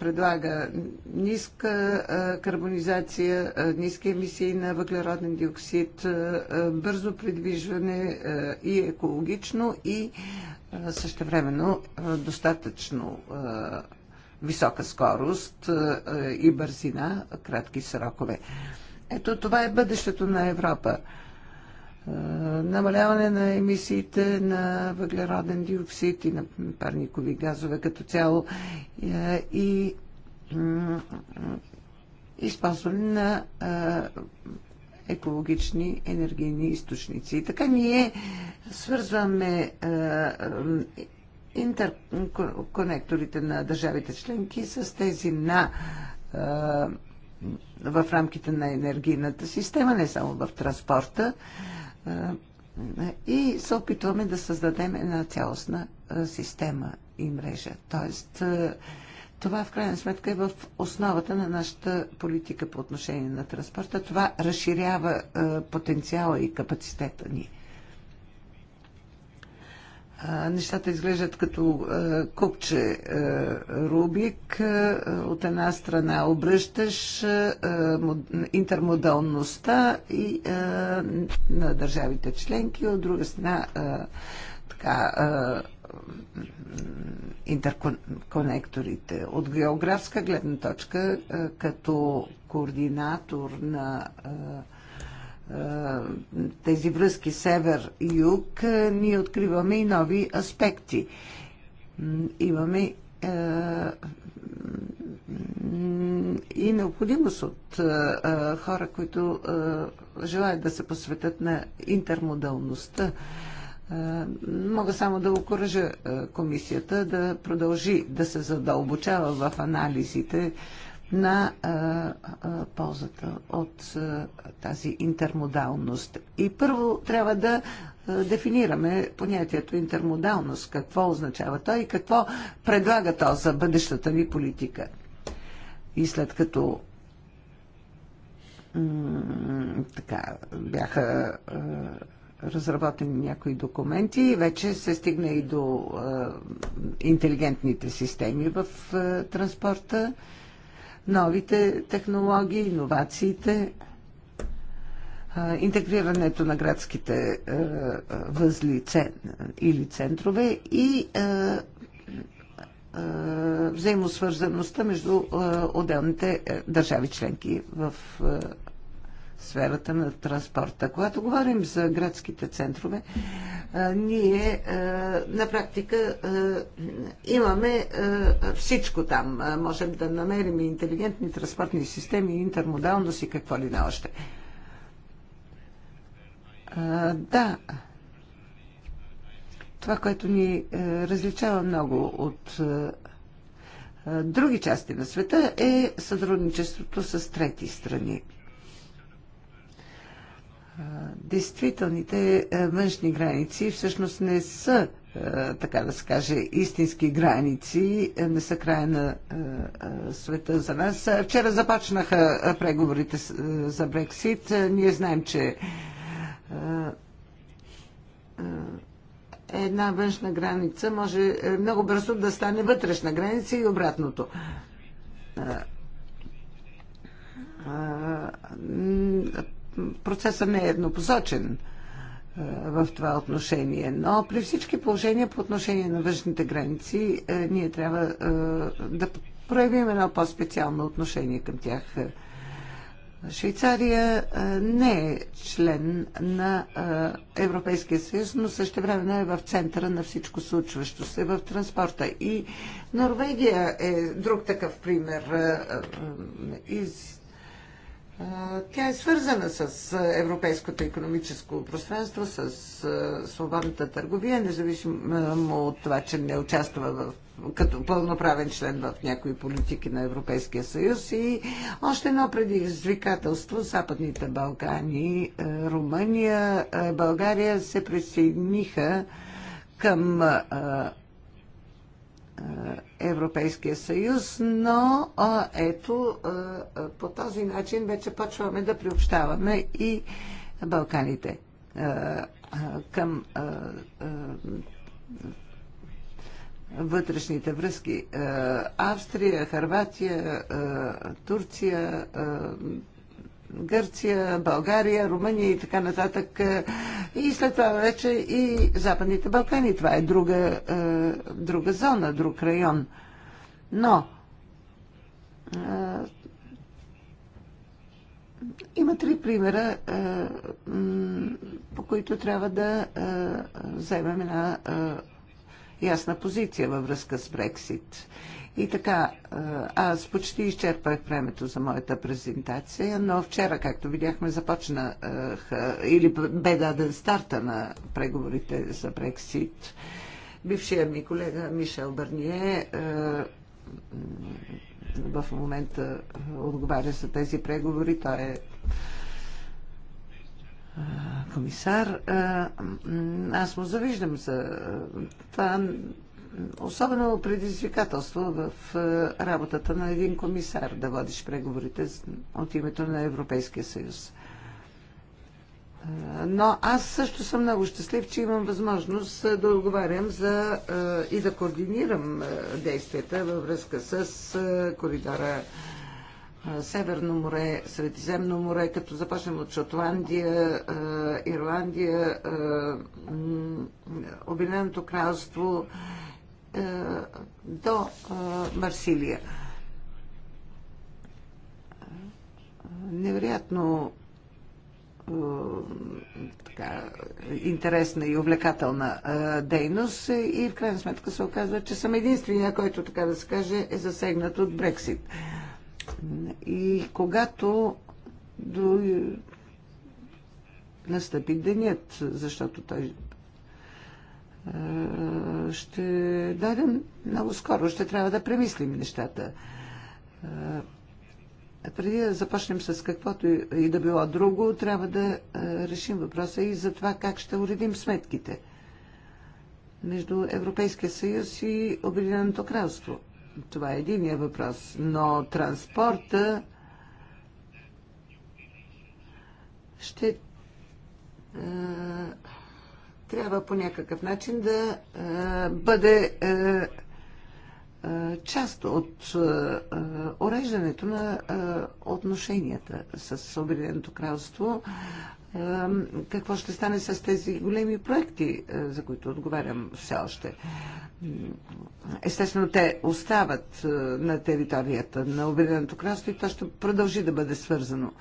предлага ниска карбонизация, ниски емисии на въглероден диоксид, бързо придвижване и екологично и също времено достатъчно висока скорост и бързина, кратки срокове. Ето това е бъдещето на Европа. Намаляване на емисиите на въглероден диоксид и на парникови газове като цяло и използване на екологични енергийни източници. И така ние свързваме е, е, интерконекторите на държавите членки с тези на е, в рамките на енергийната система, не само в транспорта. И се опитваме да създадем една цялостна система и мрежа. Тоест, това в крайна сметка е в основата на нашата политика по отношение на транспорта. Това разширява е, потенциала и капацитета ни нещата изглеждат като е, купче е, Рубик. От една страна обръщаш интермодалността и на държавите членки, от друга страна така интерконекторите. От географска гледна точка, като координатор на тези връзки север-юг, ние откриваме и нови аспекти. Имаме и необходимост от хора, които желаят да се посветят на интермодалността Мога само да окоръжа комисията да продължи да се задълбочава в анализите на ползата от тази интермодалност. И първо трябва да дефинираме понятието интермодалност, какво означава той и какво предлага то за бъдещата ни политика. И след като така бяха разработим някои документи. Вече се стигна и до а, интелигентните системи в а, транспорта, новите технологии, иновациите, интегрирането на градските а, възли цен, или центрове и а, а, взаимосвързаността между а, отделните държави членки в а, сферата на транспорта. Когато говорим за градските центрове, ние на практика имаме всичко там. Можем да намерим интелигентни транспортни системи, интермодалност и какво ли не още. Да, това, което ни е, различава много от е, е, други части на света е сътрудничеството с трети страни действителните външни граници всъщност не са, така да се каже, истински граници, не са края на света за нас. Вчера започнаха преговорите за Брексит. Ние знаем, че една външна граница може е, много бързо да стане вътрешна граница и обратното процесът не е еднопосочен е, в това отношение. Но при всички положения по отношение на външните граници е, ние трябва е, да проявим едно по-специално отношение към тях. Швейцария не е член на Европейския съюз, но също време е в центъра на всичко случващо се в транспорта. И Норвегия е друг такъв пример. и. Тя е свързана с европейското економическо пространство, с свободната търговия, независимо от това, че не участва в, като пълноправен член в някои политики на Европейския съюз. И още едно предизвикателство Западните Балкани, Румъния, България се присъединиха към Европейския съюз, но а, ето а, по този начин вече почваме да приобщаваме и Балканите а, към а, а, вътрешните връзки. Австрия, Харватия, Турция, Гърция, България, Румъния и така нататък. И след това вече и Западните Балкани. Това е друга, е, друга зона, друг район. Но е, има три примера, е, по които трябва да вземем една ясна позиция във връзка с Брексит. И така, аз почти изчерпах времето за моята презентация, но вчера, както видяхме, започна или бе даден старта на преговорите за Брексит. Бившия ми колега Мишел Бърние в момента отговаря за тези преговори. Той е комисар. Аз му завиждам за това особено предизвикателство в е, работата на един комисар да водиш преговорите от името на Европейския съюз. Е, но аз също съм много щастлив, че имам възможност да отговарям за, е, и да координирам действията във връзка с коридора Северно море, Средиземно море, като започнем от Шотландия, Ирландия, Обединеното кралство, е, до е, Марсилия. Невероятно е, така, интересна и увлекателна дейност и в крайна сметка се оказва, че съм единствения, който, така да се каже, е засегнат от Брексит. И когато до... настъпи денят, защото той е, ще дадем много скоро. Ще трябва да премислим нещата. Е, преди да започнем с каквото и да било друго, трябва да е, решим въпроса и за това как ще уредим сметките между Европейския съюз и Обединеното кралство. Това е единия въпрос. Но транспорта ще трябва по някакъв начин да а, е, бъде а, е, е, част от уреждането на а, отношенията с Обединеното кралство. А, какво ще стане с тези големи проекти, а, за които отговарям все още? Естествено, те остават а, на територията на Обединеното кралство и то ще продължи да бъде свързано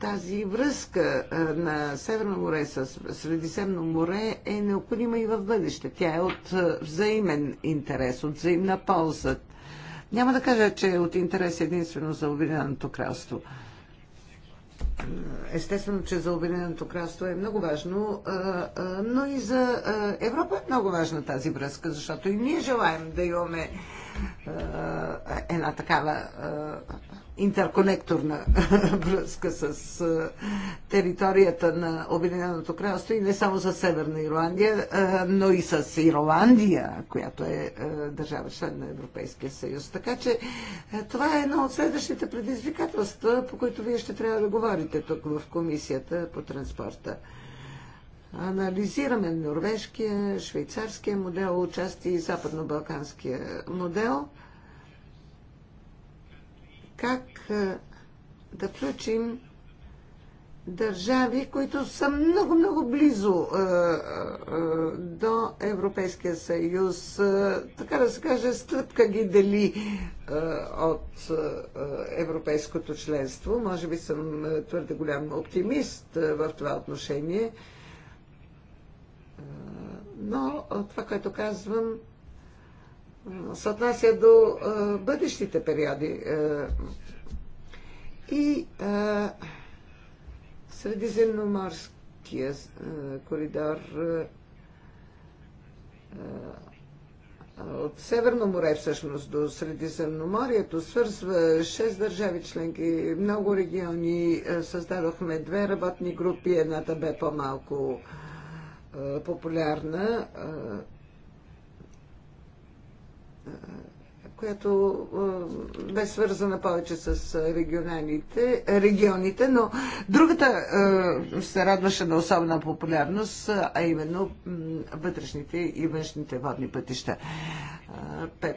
тази връзка на Северно море с Средиземно море е необходима и в бъдеще. Тя е от взаимен интерес, от взаимна полза. Няма да кажа, че е от интерес единствено за Обединеното кралство. Естествено, че за Обединеното кралство е много важно, но и за Европа е много важна тази връзка, защото и ние желаем да имаме една такава интерконекторна връзка с територията на Обединеното кралство и не само за Северна Ирландия, но и с Ирландия, която е държава член на Европейския съюз. Така че това е едно от следващите предизвикателства, по които вие ще трябва да говорите тук в Комисията по транспорта. Анализираме норвежкия, швейцарския модел, участие и западно-балканския модел – как да включим държави, които са много-много близо е, е, до Европейския съюз. Е, така да се каже, стъпка ги дели от европейското членство. Може би съм твърде голям оптимист в това отношение. но това, което казвам, се отнася до бъдещите периоди. И Средиземноморския коридор от Северно море всъщност до Средиземноморието свързва 6 държави членки, много региони. Създадохме две работни групи, едната бе по-малко популярна която бе свързана повече с регионалните, регионите, но другата се радваше на особена популярност, а именно вътрешните и външните водни пътища. Пет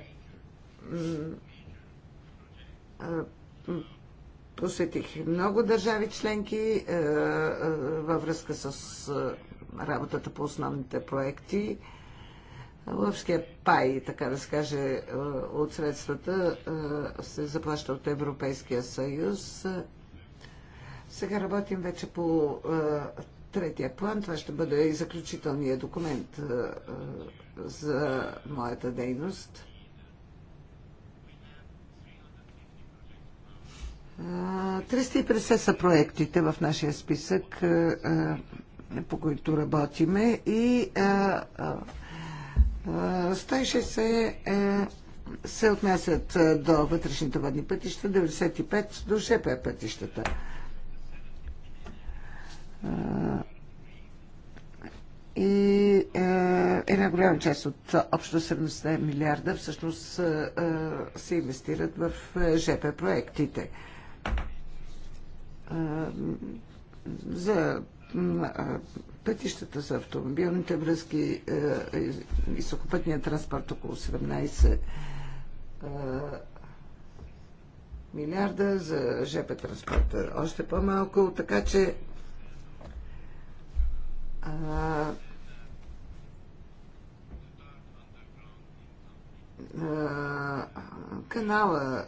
посетих много държави членки във връзка с работата по основните проекти лъвския пай, така да скаже, е, от средствата е, се заплаща от Европейския съюз. Сега работим вече по е, третия план. Това ще бъде и заключителният документ за моята дейност. Uh, 350 са проектите в нашия списък, uh, uh, по които работиме и 160 е, се отнасят е, до вътрешните водни пътища, 95 до ЖП пътищата. Е, и една голяма част от общо 70 милиарда всъщност се инвестират в ЖП проектите. за пътищата за автомобилните връзки, е, е, високопътния транспорт около 17 е, милиарда, за ЖП транспорта още по-малко, така че канала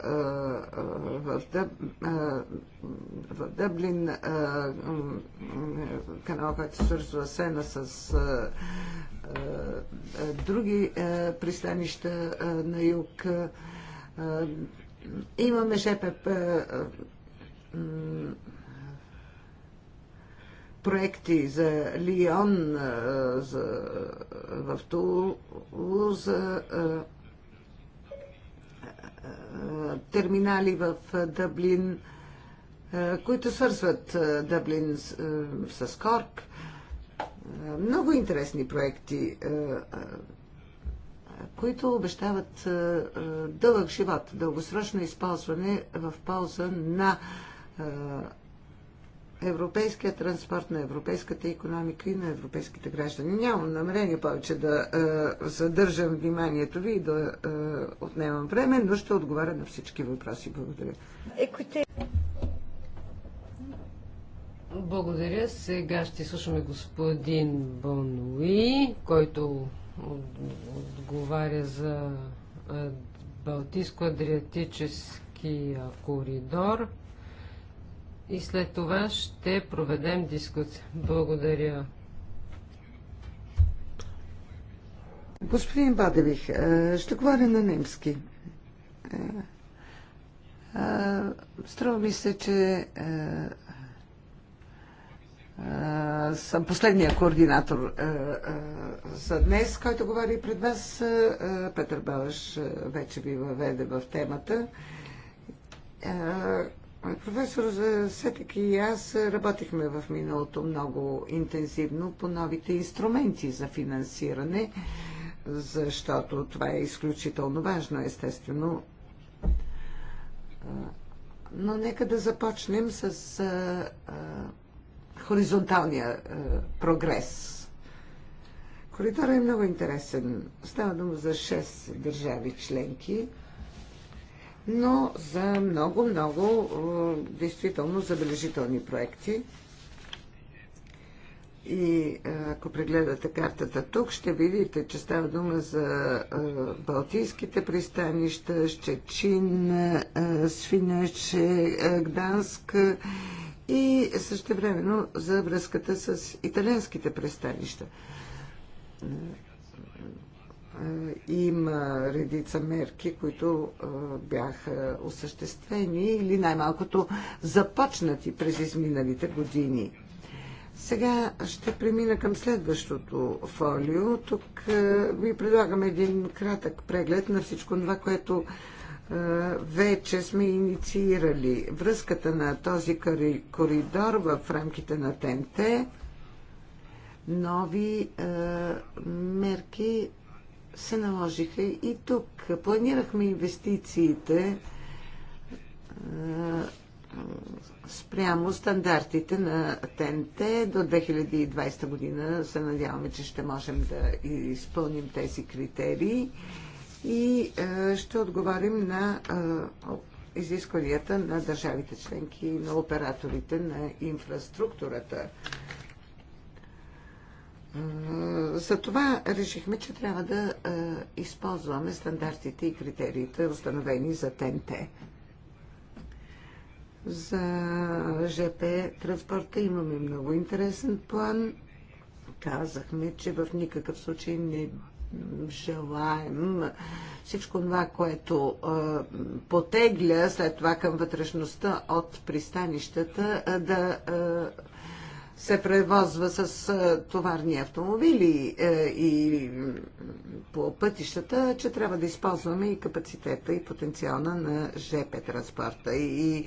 в, Дъблин, канал, който свързва Сена с други пристанища на юг. Имаме ЖПП проекти за Лион, за, в Тулуза, терминали в Дъблин, които свързват Дъблин с Корк. Много интересни проекти, които обещават дълъг живот, дългосрочно използване в полза на европейския транспорт, на европейската економика и на европейските граждани. Нямам намерение повече да е, задържам вниманието ви и да е, отнемам време, но ще отговаря на всички въпроси. Благодаря. Благодаря. Сега ще слушаме господин Бонуи, който отговаря за е, Балтийско-Адриатическия коридор и след това ще проведем дискусия. Благодаря. Господин Бадевих, е, ще говоря на немски. Е, е, струва ми се, че съм последния координатор за днес, който говори пред вас. Петър Балаш вече ви въведе в темата Професор Сетък и аз работихме в миналото много интензивно по новите инструменти за финансиране, защото това е изключително важно, естествено. Но нека да започнем с хоризонталния прогрес. Коридорът е много интересен. Става дума за 6 държави членки – но за много-много е, действително забележителни проекти. И е, ако прегледате картата тук, ще видите, че става дума за е, Балтийските пристанища, Щечин, свинече, Гданск и също времено за връзката с италианските пристанища. Е, има редица мерки, които е, бяха осъществени или най-малкото започнати през изминалите години. Сега ще премина към следващото фолио. Тук е, ви предлагам един кратък преглед на всичко това, което вече сме инициирали. Връзката на този коридор в рамките на ТНТ, нови мерки се наложиха и тук. Планирахме инвестициите е, спрямо стандартите на ТНТ до 2020 година. Се надяваме, че ще можем да изпълним тези критерии и е, ще отговорим на е, изискванията на държавите членки и на операторите на инфраструктурата затова решихме, че трябва да използваме стандартите и критериите, установени за ТНТ. За ЖП транспорта имаме много интересен план. Казахме, че в никакъв случай не желаем всичко това, което а, потегля след това към вътрешността от пристанищата, а, да а, се превозва с е, товарни автомобили е, и по пътищата, че трябва да използваме и капацитета и потенциална на ЖП транспорта. И е,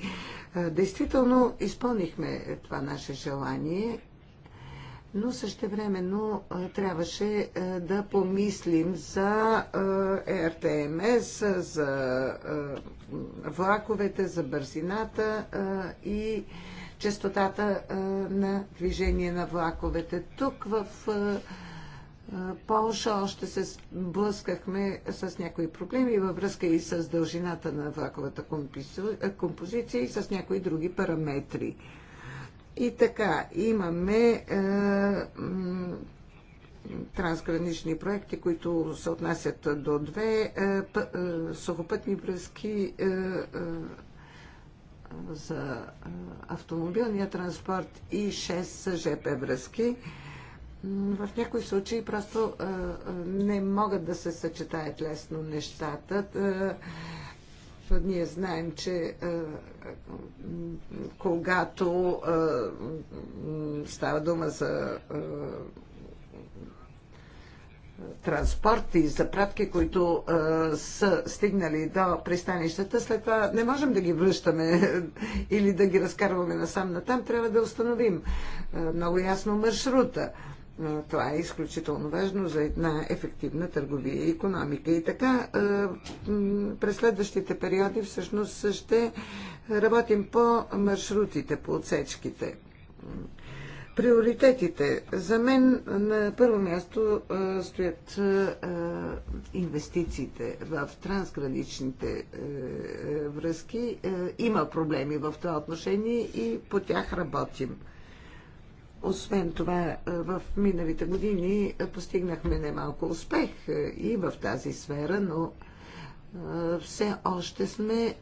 действително изпълнихме това наше желание, но същевременно трябваше да помислим за РТМС, за влаковете, за бързината и частотата на движение на влаковете. Тук в Полша още се блъскахме с някои проблеми във връзка и с дължината на влаковата композиция и с някои други параметри. И така, имаме м, трансгранични проекти, които се отнасят до две п, а, сухопътни връзки, А, а, за автомобилния транспорт и 6 са ЖП връзки. В някои случаи просто не могат да се съчетаят лесно нещата. Ние знаем, че когато става дума за транспорт и заправки, които а, са стигнали до пристанищата, след това не можем да ги връщаме или да ги разкарваме насам натам, трябва да установим а, много ясно маршрута. А, това е изключително важно за една ефективна търговия и економика. И така, а, през следващите периоди всъщност ще работим по маршрутите, по отсечките Приоритетите. За мен на първо място стоят инвестициите в трансграничните връзки. Има проблеми в това отношение и по тях работим. Освен това, в миналите години постигнахме немалко успех и в тази сфера, но все още сме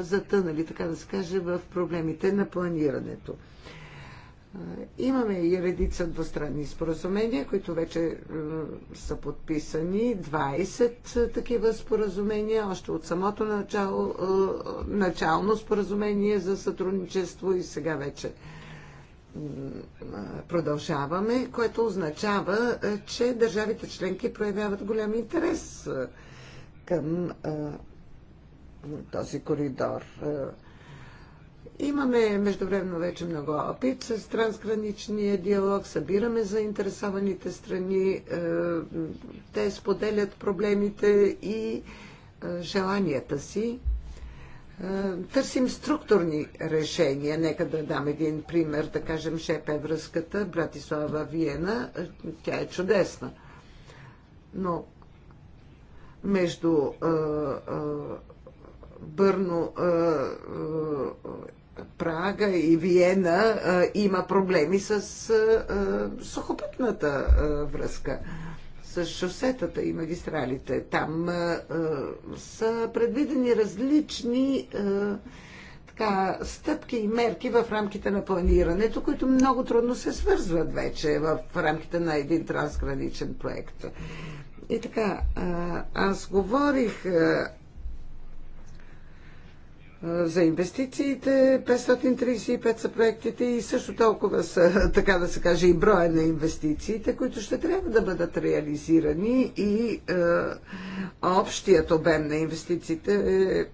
затънали, така да се каже, в проблемите на планирането. Имаме и редица двустранни споразумения, които вече е, са подписани. 20 е, такива споразумения, още от самото начало, е, начално споразумение за сътрудничество и сега вече продължаваме, което означава, че държавите членки проявяват голям интерес към този коридор. Имаме междувременно вече много опит с трансграничния диалог, събираме заинтересованите страни, е, те споделят проблемите и е, желанията си. Е, търсим структурни решения. Нека да дам един пример, да кажем ШЕПЕ връзката Братислава Виена. Тя е чудесна. Но между Бърно Прага и Виена има проблеми с сухопътната връзка с шосетата и магистралите. Там а, са предвидени различни а, така, стъпки и мерки в рамките на планирането, които много трудно се свързват вече в рамките на един трансграничен проект. И така, а, аз говорих а, за инвестициите, 535 са проектите и също толкова са, така да се каже, и броя на инвестициите, които ще трябва да бъдат реализирани и е, общият обем на инвестициите е, е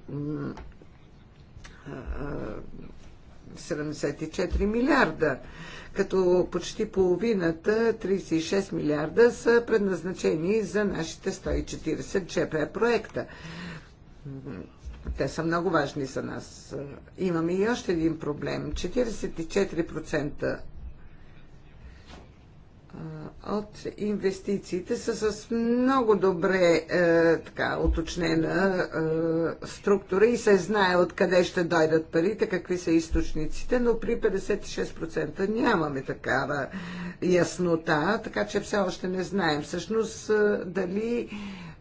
74 милиарда, като почти половината, 36 милиарда, са предназначени за нашите 140 ЧП проекта. Те са много важни за нас. Имаме и още един проблем. 44% от инвестициите са с много добре е, така, уточнена е, структура и се знае откъде ще дойдат парите, какви са източниците, но при 56% нямаме такава яснота, така че все още не знаем всъщност е, дали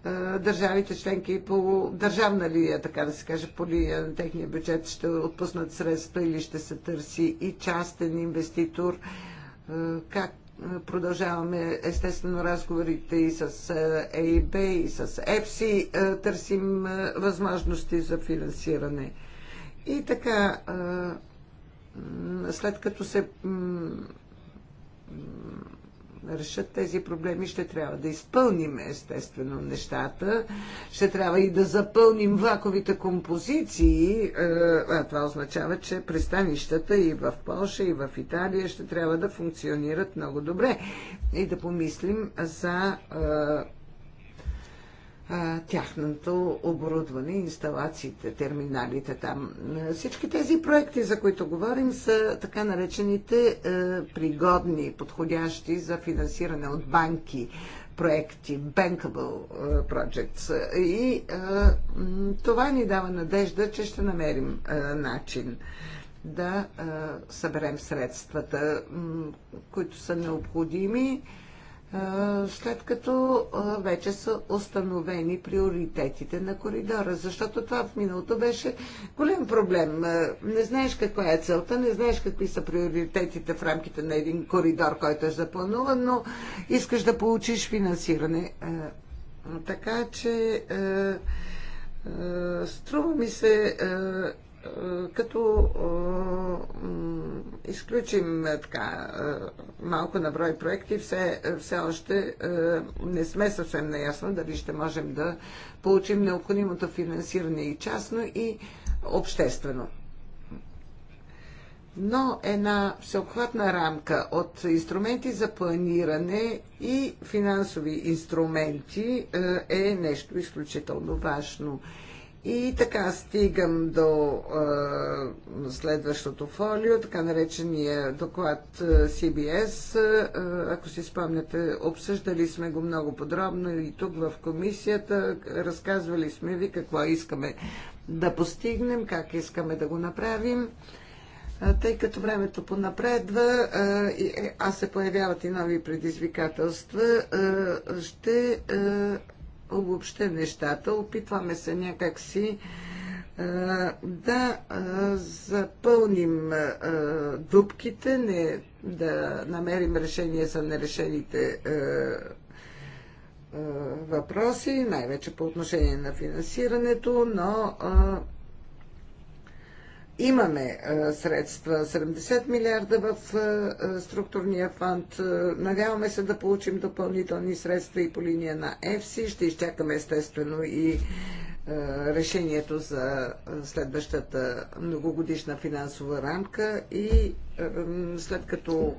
е, държавите членки по държавна линия, така да се каже, по линия на техния бюджет ще отпуснат средства или ще се търси и частен инвеститор. Е, как е, продължаваме естествено разговорите и с ЕИБ, и с ЕПСИ, търсим възможности за финансиране. И така, след като се решат тези проблеми, ще трябва да изпълним естествено нещата, ще трябва и да запълним влаковите композиции, е, а това означава, че пристанищата и в Польша, и в Италия ще трябва да функционират много добре и да помислим за е, тяхното оборудване, инсталациите, терминалите там. Всички тези проекти, за които говорим, са така наречените е, пригодни, подходящи за финансиране от банки проекти, bankable е, projects. И е, това ни дава надежда, че ще намерим начин да съберем средствата, които са необходими след като вече са установени приоритетите на коридора. Защото това в миналото беше голям проблем. Не знаеш каква е целта, не знаеш какви са приоритетите в рамките на един коридор, който е заплануван, но искаш да получиш финансиране. Така че струва ми се е, като е, изключим е, така малко на брой проекти, все, все още не сме съвсем наясно дали ще можем да получим необходимото финансиране и частно, и обществено. Но една всеобхватна рамка от инструменти за планиране и финансови инструменти е нещо изключително важно. И така стигам до е, следващото фолио, така наречения доклад CBS. Е, ако си спомняте, обсъждали сме го много подробно и тук в комисията. Разказвали сме ви какво искаме да постигнем, как искаме да го направим. Тъй като времето понапредва, е, а се появяват и нови предизвикателства, ще обобща нещата. Опитваме се някакси да запълним дупките, не, да намерим решение за нерешените въпроси, най-вече по отношение на финансирането, но Имаме е, средства 70 милиарда в е, е, структурния фонд. Надяваме се да получим допълнителни средства и по линия на ЕФСИ. Ще изчакаме естествено и решението за следващата многогодишна финансова рамка и след като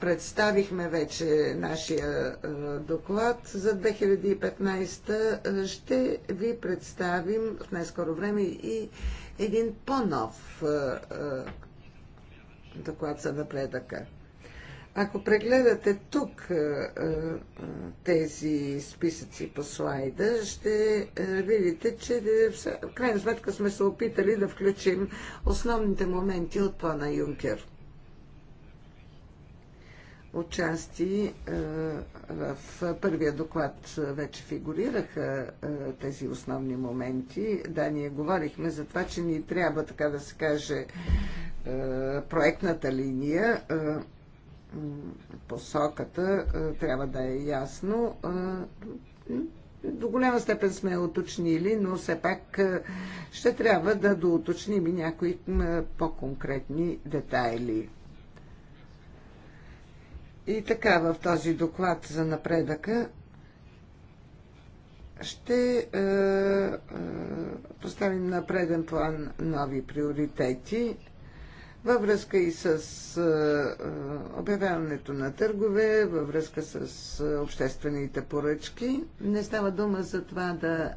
представихме вече нашия доклад за 2015, ще ви представим в най-скоро време и един по-нов е, е, доклад за напредъка. Ако прегледате тук е, тези списъци по слайда, ще видите, че в крайна сметка сме се опитали да включим основните моменти от плана Юнкер отчасти е, в първия доклад вече фигурираха е, тези основни моменти. Да, ние говорихме за това, че ни трябва, така да се каже, е, проектната линия, посоката трябва да е ясно. До голяма степен сме уточнили, но все пак ще трябва да доуточним и някои по-конкретни детайли. И така в този доклад за напредъка ще е, е, поставим на преден план нови приоритети във връзка и с е, е обявяването на търгове, във връзка с е, обществените поръчки. Не става дума за това да е,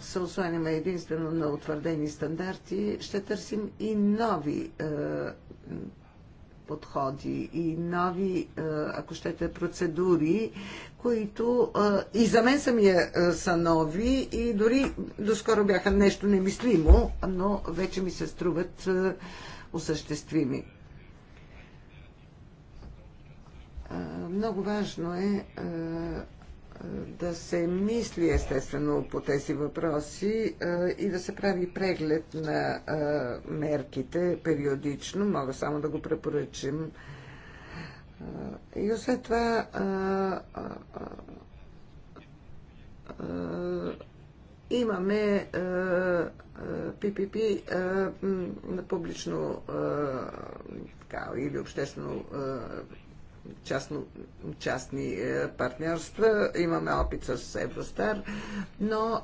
се осланим единствено на утвърдени стандарти, ще търсим и нови е, подходи и нови, е, ако щете, процедури, които е, и за мен самия е, са нови и дори доскоро бяха нещо немислимо, но вече ми се струват осъществими. Много важно е да се мисли естествено по тези въпроси и да се прави преглед на мерките периодично. Мога само да го препоръчим. И освен това имаме ППП на публично така, или обществено частно, частни е, партньорства. Имаме опит с Евростар, но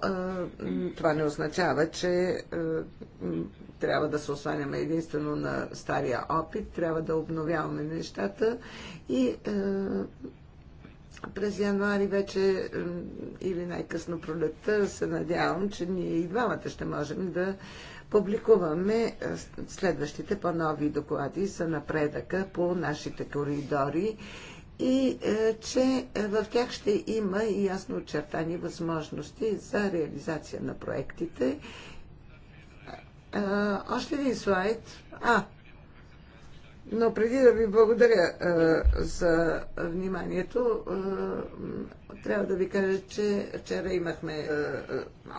е, това не означава, че е, трябва да се осланяме единствено на стария опит, трябва да обновяваме нещата и през януари вече или най-късно пролетта се надявам, че ние и двамата ще можем да публикуваме е, следващите по-нови доклади за напредъка по нашите коридори и е, че е, в тях ще има и ясно очертани възможности за реализация на проектите. Още един слайд. А, но преди да ви благодаря е, за вниманието, е, трябва да ви кажа, че вчера имахме е,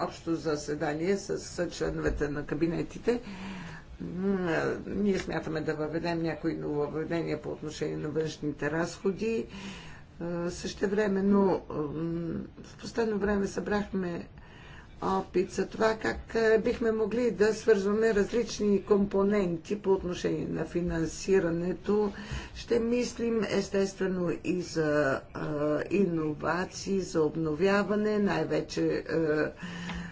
общо заседание с, членовете на кабинетите. Ние смятаме да въведем някои нововведения по отношение на външните разходи. време, Същевременно в последно време събрахме опит за това как е, бихме могли да свързваме различни компоненти по отношение на финансирането. Ще мислим естествено и за е, иновации, за обновяване, най-вече е,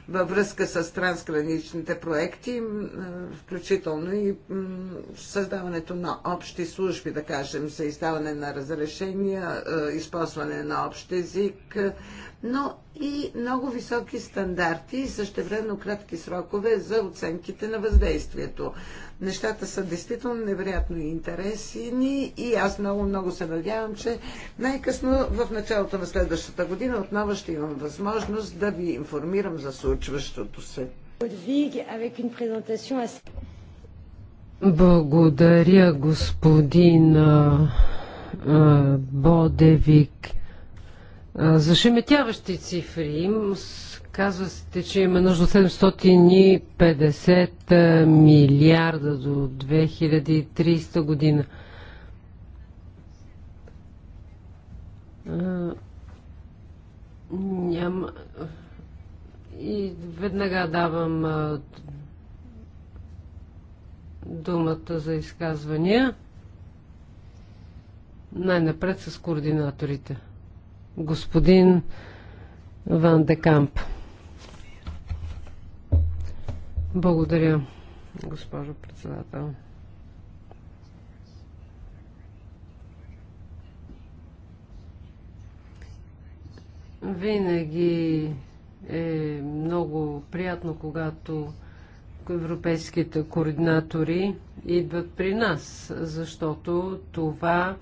във връзка с трансграничните проекти, включително и създаването на общи служби, да кажем, за издаване на разрешения, използване на общ език, но и много високи стандарти и същевременно кратки срокове за оценките на въздействието. Нещата са действително невероятно интересни и аз много-много се надявам, че най-късно в началото на следващата година отново ще имам възможност да ви информирам за случващото се. Благодаря, господин Бодевик. Зашеметяващи цифри. Казвате, че има нужда 750 е, милиарда до 2300 година. Е, няма. И веднага давам е, думата за изказвания. Най-напред с координаторите. Господин Ван де Камп. Благодаря, госпожо председател. Винаги е много приятно, когато европейските координатори идват при нас, защото това е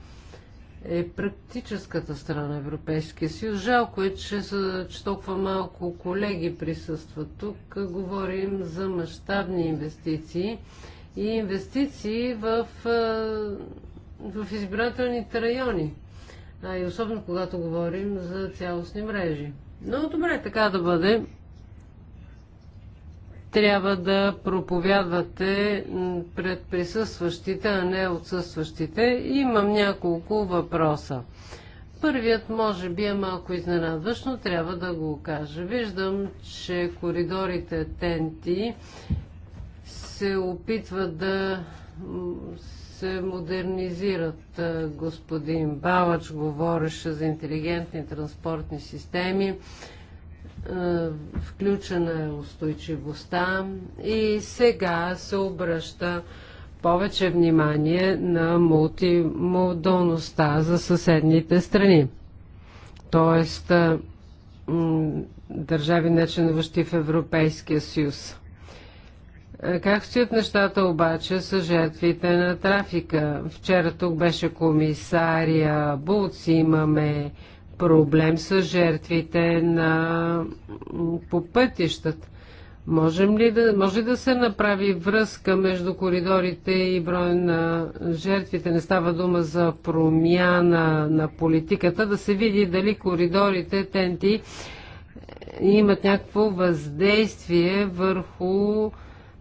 е практическата страна на Европейския съюз. Жалко е, че, че толкова малко колеги присъстват тук. Говорим за мащабни инвестиции и инвестиции в, в избирателните райони. А и особено когато говорим за цялостни мрежи. Но добре, така да бъде трябва да проповядвате пред присъстващите, а не отсъстващите. Имам няколко въпроса. Първият може би е малко изненадващ, но трябва да го кажа. Виждам, че коридорите Тенти се опитват да се модернизират. Господин Балач говореше за интелигентни транспортни системи. Е, включена е устойчивостта и сега се обръща повече внимание на мултимодалността за съседните страни. Тоест, е, държави не членуващи в Европейския съюз. Е, как стоят нещата обаче с жертвите на трафика? Вчера тук беше комисария Булци, имаме проблем с жертвите на, по пътищата. Можем ли да, може ли да се направи връзка между коридорите и броя на жертвите? Не става дума за промяна на политиката, да се види дали коридорите, тенти е, имат някакво въздействие върху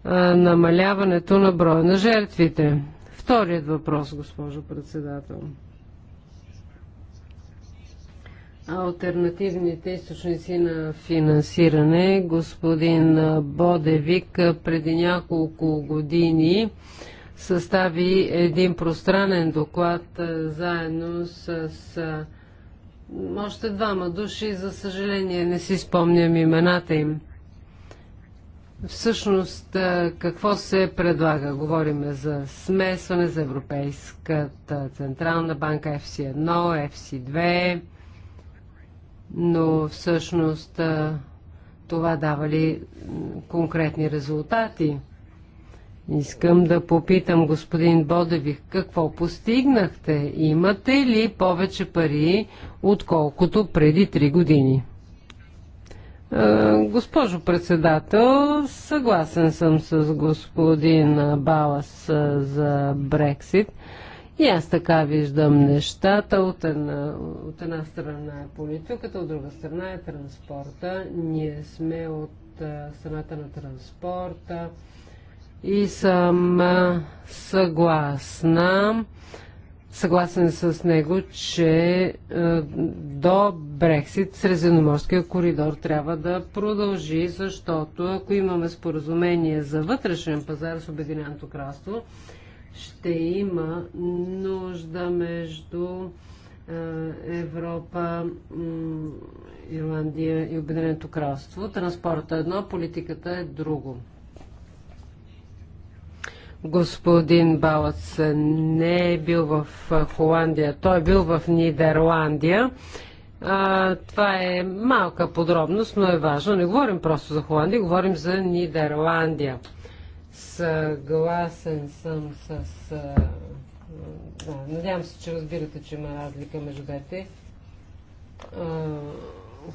а, намаляването на броя на жертвите. Вторият въпрос, госпожо председател. Алтернативните източници на финансиране. Господин Бодевик преди няколко години състави един пространен доклад заедно с още двама души. За съжаление не си спомням имената им. Всъщност, какво се предлага? Говориме за смесване за Европейската Централна банка FC1, FC2, но всъщност това дава ли конкретни резултати? Искам да попитам господин Бодевих, какво постигнахте? Имате ли повече пари, отколкото преди три години? Госпожо председател, съгласен съм с господин Балас за Брексит. И аз така виждам нещата. От една, от една страна е политиката, от друга страна е транспорта. Ние сме от страната на транспорта и съм съгласна. Съгласен с него, че до Брексит Средиземноморския коридор трябва да продължи, защото ако имаме споразумение за вътрешен пазар с Обединеното кралство, ще има нужда между Европа, Ирландия и Обединеното кралство. Транспорта е едно, политиката е друго. Господин Балац не е бил в Холандия, той е бил в Нидерландия. А, това е малка подробност, но е важно. Не говорим просто за Холандия, говорим за Нидерландия. Съгласен съм с... Да, надявам се, че разбирате, че има разлика между двете.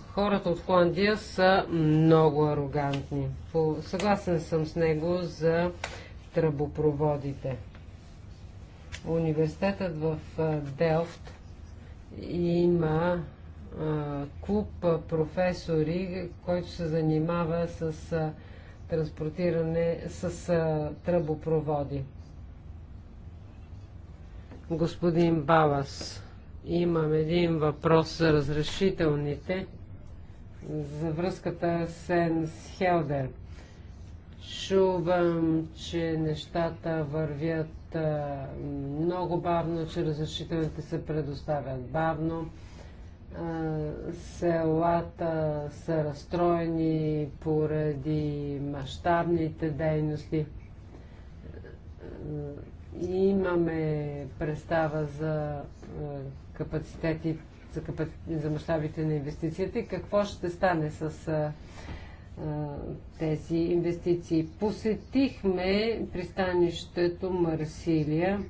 Хората от Холандия са много арогантни. Съгласен съм с него за тръбопроводите. Университетът в Делфт има клуб професори, който се занимава с транспортиране с а, тръбопроводи. Господин Балас, имам един въпрос за разрешителните за връзката с Енс Хелдер. Чувам, че нещата вървят а, много бавно, че разрешителните се предоставят бавно. Е, селата са разстроени поради мащабните дейности. Е, имаме представа за е, капацитети, за, капаци... за мащабите на инвестициите и какво ще стане с тези инвестиции. Посетихме пристанището Марсилия.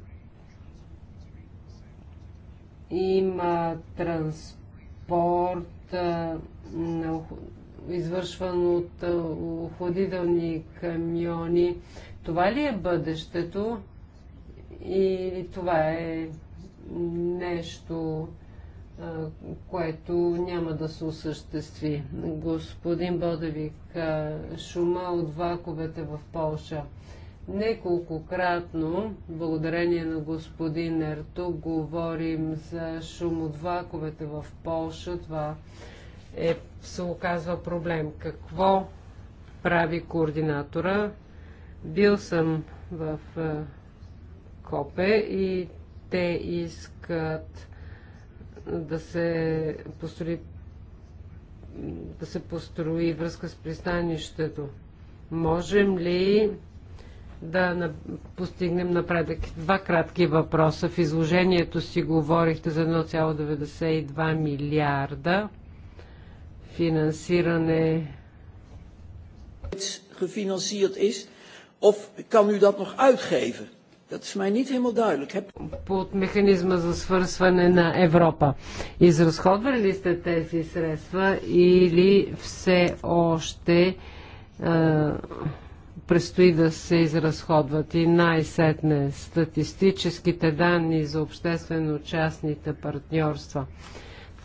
Има транспорт транспорт, извършван от охладителни камиони. Това ли е бъдещето? Или това е нещо, което няма да се осъществи? Господин Бодевик, шума от ваковете в Полша – Неколкократно, благодарение на господин Ерто, говорим за шум от влаковете в Полша. Това е, се оказва проблем. Какво прави координатора? Бил съм в е, Копе и те искат да се построи да се построи връзка с пристанището. Можем ли да постигнем напредък. Два кратки въпроса. В изложението си говорихте за 1,92 милиарда финансиране. Gefinancierd is, of kan u dat nog uitgeven? Dat is mij niet helemaal duidelijk. Под механизма за свързване на Европа. Изразходвали ли сте тези средства или все още предстои да се изразходват и най-сетне статистическите данни за обществено-частните партньорства.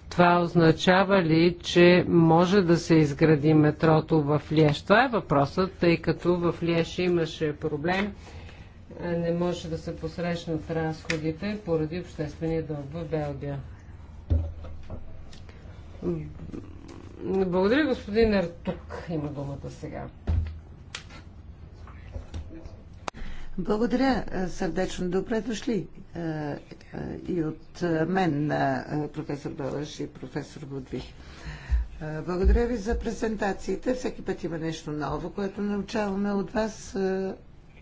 Това означава ли, че може да се изгради метрото в Лиеш? Това е въпросът, тъй като в Лиеш имаше проблем. Не може да се посрещнат разходите поради обществения дълг в Белгия. Благодаря, господин Артук. Има думата сега. Благодаря сърдечно. Добре дошли е, е, и от мен на е, професор Балаш и професор Будвих. Благодаря ви за презентациите. Всеки път има нещо ново, което научаваме от вас.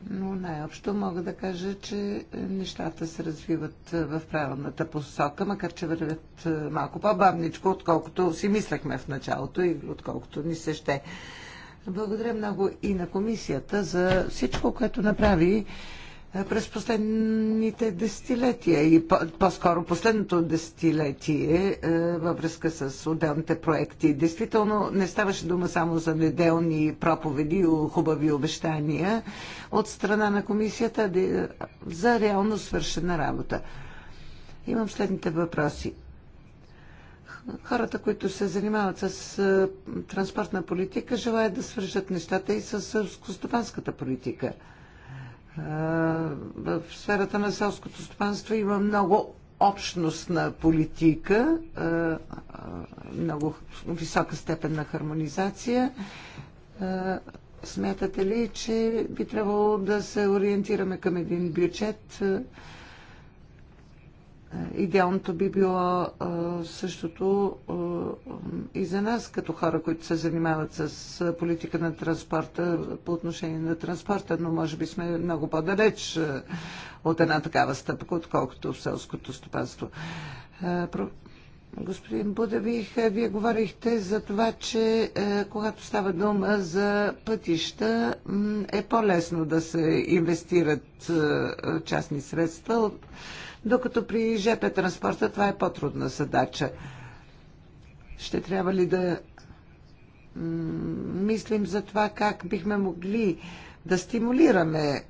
Но най-общо мога да кажа, че нещата се развиват в правилната посока, макар че вървят малко по-бавничко, отколкото си мислехме в началото и отколкото ни се ще. Благодаря много и на комисията за всичко, което направи е, през последните десетилетия и по-скоро последното десетилетие е, във връзка с отделните проекти. Действително не ставаше дума само за неделни проповеди и хубави обещания от страна на комисията за реално свършена работа. Имам следните въпроси хората, които се занимават с е, транспортна политика, желаят да свържат нещата и с селскостопанската политика. Е, в сферата на селското стопанство има много общностна политика, е, много висока степен на хармонизация. Смятате ли, че би трябвало да се ориентираме към един бюджет, е, идеалното би било същото и за нас, като хора, които се занимават с политика на транспорта, по отношение на транспорта, но може би сме много по-далеч от една такава стъпка, отколкото в селското стопанство. Господин Будавих, вие говорихте за това, че когато става дума за пътища, е по-лесно да се инвестират частни средства докато при ЖП транспорта това е по-трудна задача. Ще трябва ли да мислим за това как бихме могли да стимулираме, е,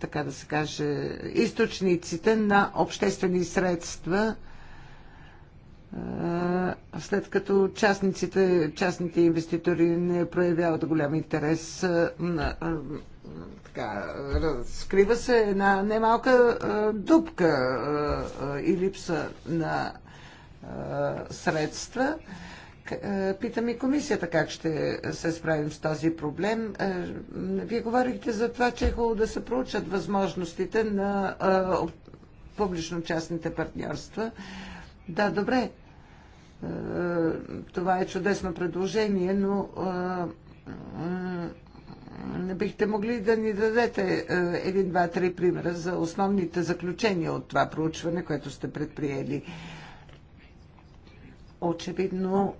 така да се каже, източниците на обществени средства, е, след като частниците, частните инвеститори не проявяват голям интерес е, така, разкрива се една немалка а, дупка а, и липса на а, средства. Питам и комисията как ще се справим с този проблем. Вие говорихте за това, че е хубаво да се проучат възможностите на публично-частните партньорства. Да, добре. Това е чудесно предложение, но не бихте могли да ни дадете е, един, два, три примера за основните заключения от това проучване, което сте предприели. Очевидно,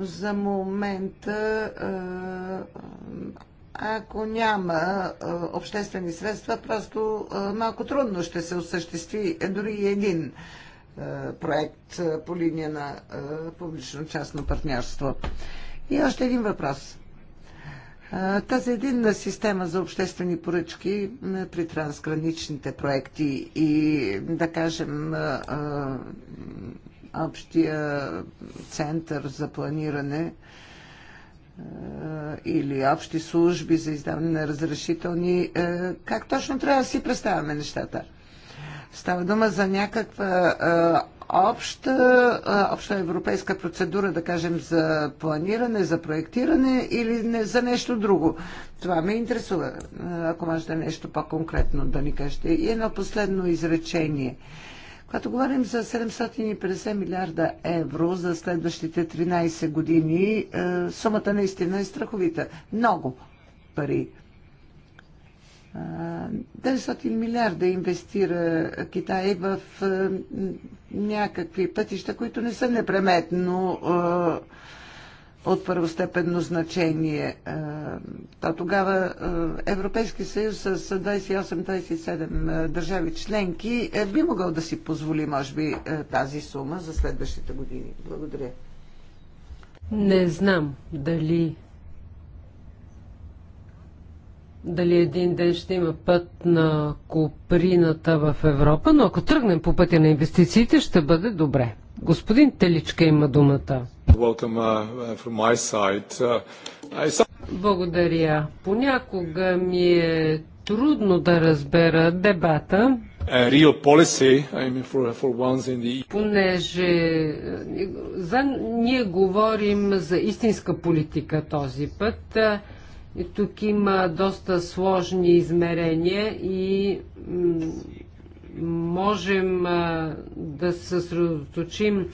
за момента, е, ако няма е, обществени средства, просто малко трудно ще се осъществи дори един проект по линия на публично-частно партньорство. И още един въпрос. Тази единна система за обществени поръчки при трансграничните проекти и, да кажем, общия център за планиране или общи служби за издаване на разрешителни, как точно трябва да си представяме нещата? Става дума за някаква обща, обща европейска процедура, да кажем, за планиране, за проектиране или не, за нещо друго. Това ме интересува, ако можете нещо по-конкретно да ни кажете. И едно последно изречение. Когато говорим за 750 милиарда евро за следващите 13 години, е, сумата наистина е страховита. Много пари. 900 милиарда инвестира Китай в някакви пътища, които не са непреметно от първостепенно значение. А тогава Европейски съюз с 28-27 държави членки е, би могъл да си позволи, може би, тази сума за следващите години. Благодаря. Не знам дали дали един ден ще има път на Куприната в Европа, но ако тръгнем по пътя на инвестициите, ще бъде добре. Господин Теличка има думата. Uh, uh, uh, Благодаря. Понякога ми е трудно да разбера дебата. Policy, I mean for, for the... E- Понеже е, за, ние говорим за истинска политика този път и тук има доста сложни измерения и можем да се съсредоточим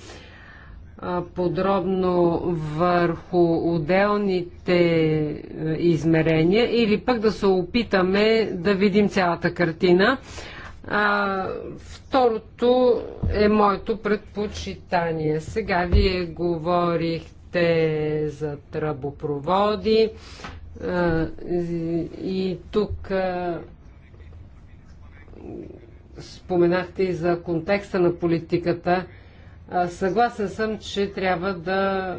подробно върху отделните измерения или пък да се опитаме да видим цялата картина. А, второто е моето предпочитание. Сега вие говорихте за тръбопроводи, и тук споменахте и за контекста на политиката. Съгласен съм, че трябва да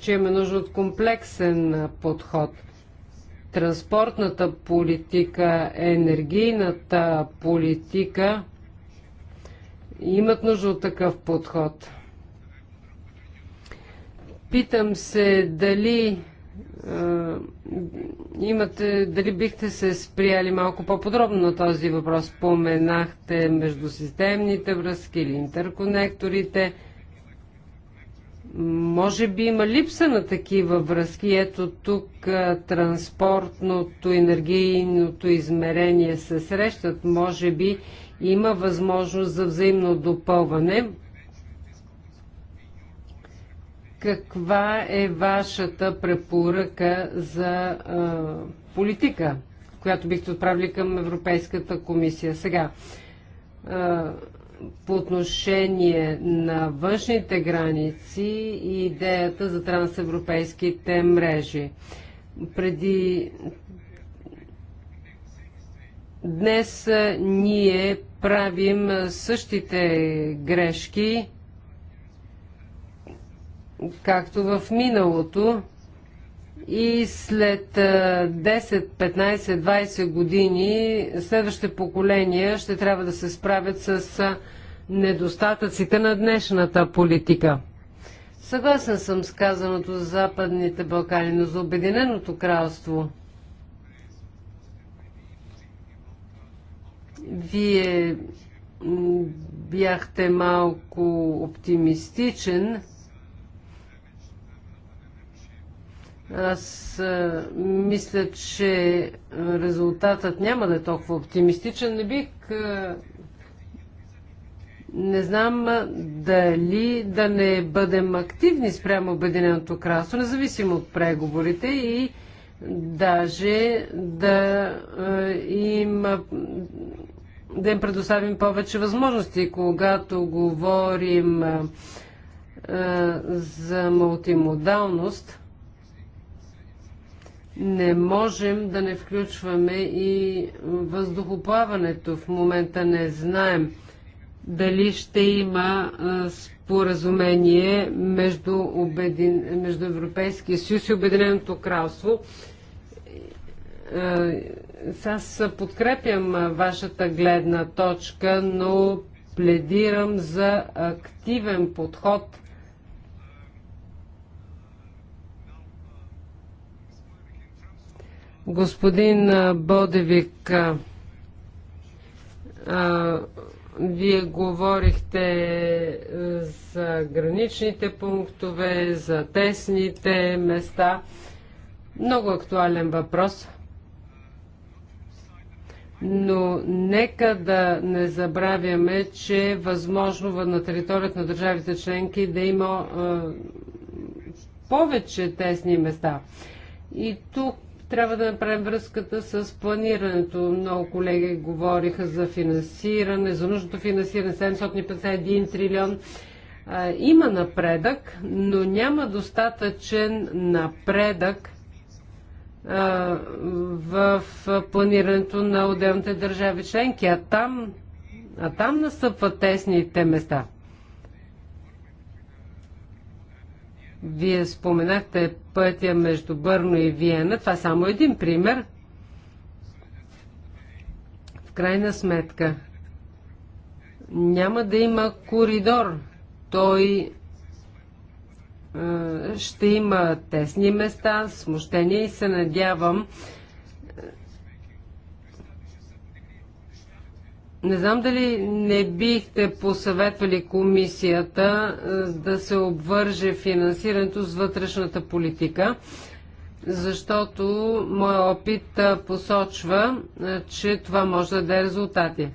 че имаме нужда от комплексен подход. Транспортната политика, енергийната политика имат нужда от такъв подход. Питам се дали е, имате, дали бихте се сприяли малко по-подробно на този въпрос? Поменахте междусистемните връзки или интерконекторите. Може би има липса на такива връзки. Ето тук е, транспортното, енергийното измерение се срещат. Може би има възможност за взаимно допълване. Каква е вашата препоръка за а, политика, която бихте отправили към Европейската комисия? Сега, а, по отношение на външните граници и идеята за трансевропейските мрежи. Преди днес ние правим същите грешки, както в миналото. И след 10, 15, 20 години следващите поколения ще трябва да се справят с недостатъците на днешната политика. Съгласен съм с казаното за Западните Балкани, но за Обединеното кралство. Вие бяхте малко оптимистичен. Аз мисля, че резултатът няма да е толкова оптимистичен. Не бих. Не знам дали да не бъдем активни спрямо Обединеното кралство, независимо от преговорите и даже да им да им предоставим повече възможности, когато говорим за мултимодалност не можем да не включваме и въздухоплаването. В момента не знаем дали ще има споразумение между, обедин... между Европейския съюз и Обединеното кралство. Аз подкрепям вашата гледна точка, но пледирам за активен подход Господин Бодевик, а, вие говорихте е, за граничните пунктове, за тесните места. Много актуален въпрос. Но нека да не забравяме, че е възможно на територията на държавите членки да има а, повече тесни места. И тук трябва да направим връзката с планирането. Много колеги говориха за финансиране, за нужното финансиране 751 трилион. Има напредък, но няма достатъчен напредък в планирането на отделните държави членки, а там, а там настъпват тесните места – Вие споменахте пътя между Бърно и Виена. Това е само един пример. В крайна сметка няма да има коридор. Той е, ще има тесни места, смущения и се надявам, Не знам дали не бихте посъветвали комисията е, да се обвърже финансирането с вътрешната политика, защото моят опит е, посочва, е, че това може да даде резултати.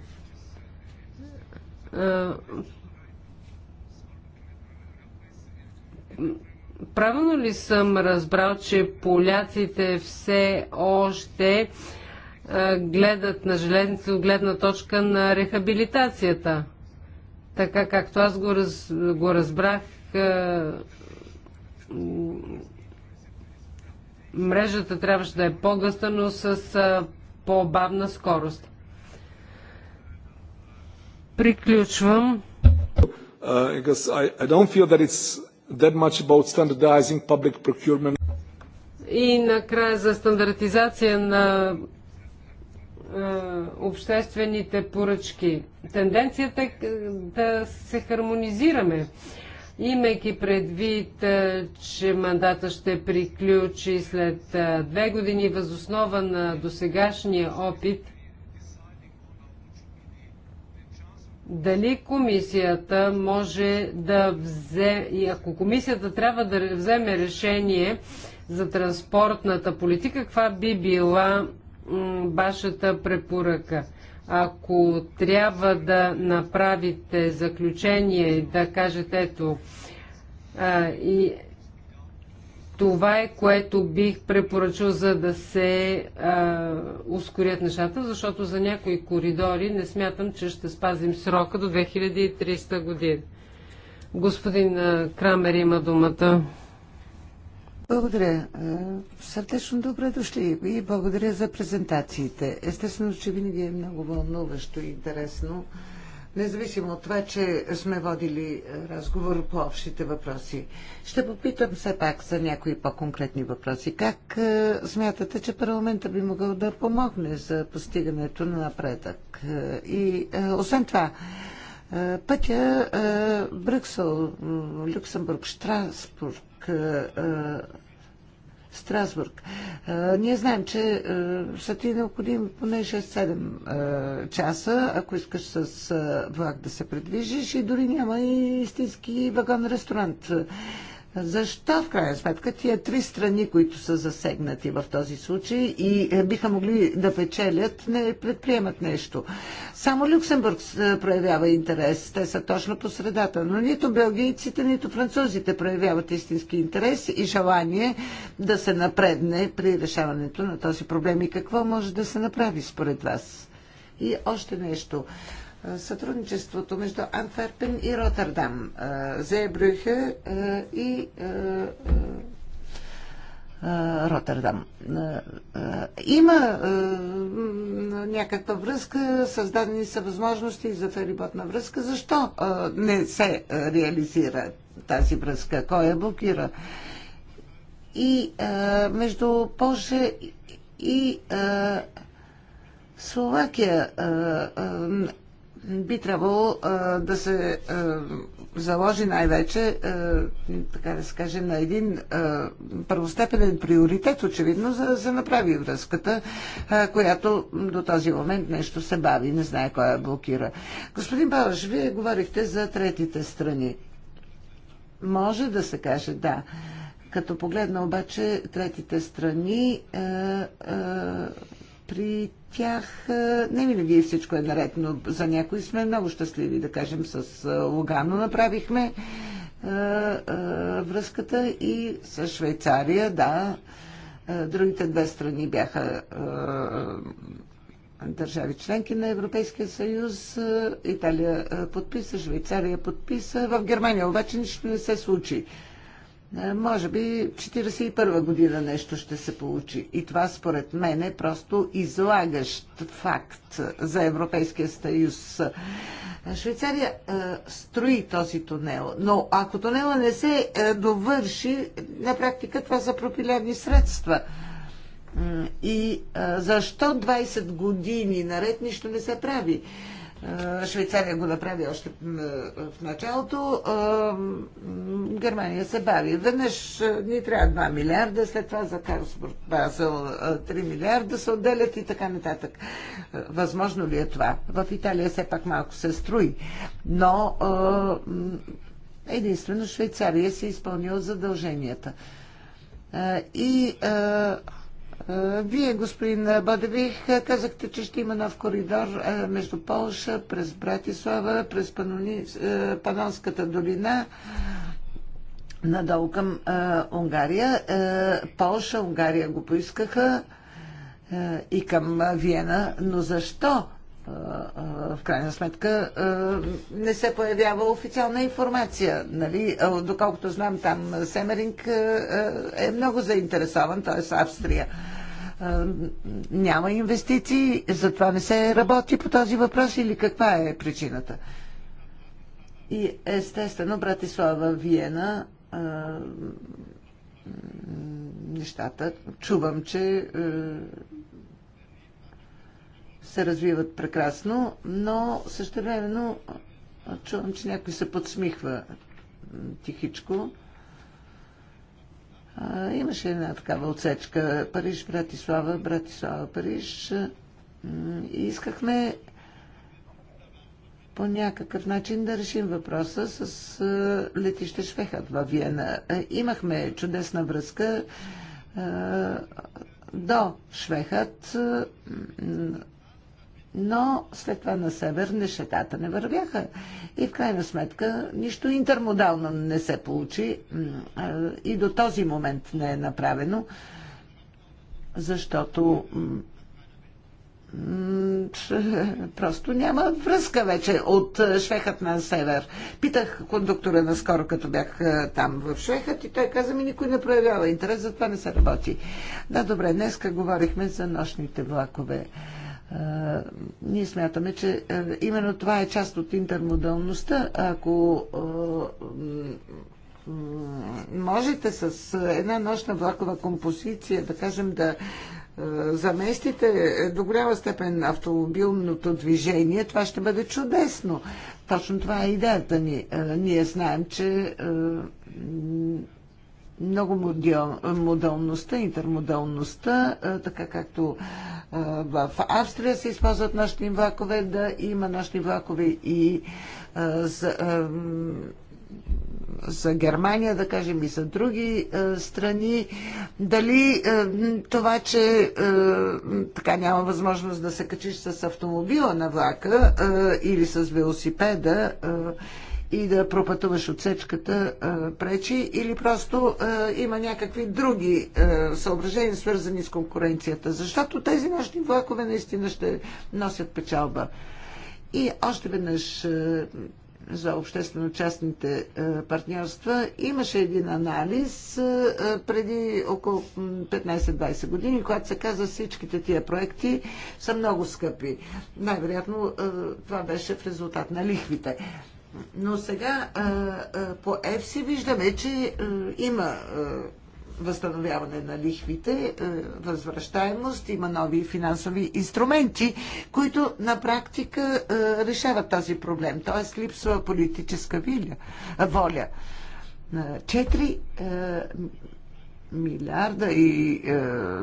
Правилно ли съм разбрал, че поляците все още гледат на железници от гледна точка на рехабилитацията. Така както аз го, раз, го разбрах, мрежата трябваше да е по-гъста, но с по-бавна скорост. Приключвам. Uh, И накрая за стандартизация на е, обществените поръчки. Тенденцията е, е да се хармонизираме. Имайки предвид, е, че мандата ще приключи след две години възоснова на досегашния опит, дали комисията може да взе, и ако комисията трябва да вземе решение за транспортната политика, каква би била вашата препоръка. Ако трябва да направите заключение и да кажете, ето, а, и това е което бих препоръчал, за да се а, ускорят нещата, защото за някои коридори не смятам, че ще спазим срока до 2300 година. Господин Крамер има думата. Благодаря. Е, сърдечно добре дошли и благодаря за презентациите. Естествено, че винаги е много вълнуващо и интересно, независимо от това, че сме водили е, разговор по общите въпроси. Ще попитам все пак за някои по-конкретни въпроси. Как е, смятате, че парламента би могъл да помогне за постигането на напредък? И освен това, Пътя Брюксел, Люксембург, Штрасбург, Страсбург. Ние знаем, че са ти необходими поне 6-7 часа, ако искаш с влак да се предвижиш и дори няма и истински вагон-ресторант. Защо в крайна сметка тия три страни, които са засегнати в този случай и е, биха могли да печелят, не предприемат нещо? Само Люксембург е, проявява интерес. Те са точно по средата. Но нито белгийците, нито французите проявяват истински интерес и желание да се напредне при решаването на този проблем. И какво може да се направи според вас? И още нещо сътрудничеството между Антверпен и Роттердам, Зебрюхе и Роттердам. Има някаква връзка, създадени са възможности за фериботна връзка. Защо не се реализира тази връзка? Кой я блокира? И между Польша и Словакия би трябвало да се заложи най-вече, така да се каже, на един първостепенен приоритет, очевидно, за да се направи връзката, която до този момент нещо се бави, не знае кой я блокира. Господин Балаш, вие говорихте за третите страни. Може да се каже, да. Като погледна обаче третите страни, при тях е, не винаги всичко е наред, но за някои сме много щастливи, да кажем, с е, Лугано направихме е, връзката и с Швейцария, да. Другите две страни бяха държави членки на Европейския съюз. Италия подписа, Швейцария подписа. В Германия обаче нищо не се случи. Е, може би 41 година нещо ще се получи. И това според мен е просто излагащ факт за Европейския съюз. Швейцария е, строи този тунел, но ако тунела не се е, довърши, на практика това са пропилявни средства. И е, защо 20 години наред нищо не се прави? Е, е, Швейцария го направи още е, в началото. Е, Германия се бави. Веднъж ни трябва 2 милиарда, след това за Карлсбург Базел 3 милиарда се отделят и така нататък. Възможно ли е това? В Италия все пак малко се строи. Но единствено Швейцария се изпълнила задълженията. И вие, господин Бодевих, казахте, че ще има нов коридор между Полша, през Братислава, през Панони... Панонската долина, надолу към Унгария. Полша, Унгария го поискаха и към Виена. Но защо? в крайна сметка не се появява официална информация. Нали? Доколкото знам, там Семеринг е много заинтересован, т.е. Австрия. Няма инвестиции, затова не се работи по този въпрос или каква е причината? И естествено, Братислава, Виена, нещата. Чувам, че се развиват прекрасно, но времено чувам, че някой се подсмихва тихичко. А, имаше една такава отсечка Париж-Братислава, Братислава-Париж и искахме по някакъв начин да решим въпроса с летище Швехат във Виена. Имахме чудесна връзка до Швехат но след това на север нещата не вървяха. И в крайна сметка нищо интермодално не се получи и до този момент не е направено, защото просто няма връзка вече от Швехът на север. Питах кондуктора наскоро, като бях там в Швехът и той каза ми, никой не проявява интерес, затова не се работи. Да, добре, днеска говорихме за нощните влакове ние смятаме, че именно това е част от интермодалността. Ако можете с една нощна влакова композиция, да кажем, да заместите до голяма степен автомобилното движение, това ще бъде чудесно. Точно това е идеята ни. Ние знаем, че много модел, модалността, интермодалността, така както в Австрия се използват нощни влакове, да има нощни влакове и за, за Германия, да кажем и за други страни. Дали това, че така няма възможност да се качиш с автомобила на влака или с велосипеда, и да пропътуваш отсечката пречи или просто има някакви други съображения, свързани с конкуренцията. Защото тези нощни влакове наистина ще носят печалба. И още веднъж за обществено-частните партньорства. Имаше един анализ преди около 15-20 години, когато се каза всичките тия проекти са много скъпи. Най-вероятно това беше в резултат на лихвите. Но сега по ЕФСИ виждаме, че има възстановяване на лихвите, възвръщаемост, има нови финансови инструменти, които на практика решават този проблем. Т.е. липсва политическа воля. 4 милиарда и е,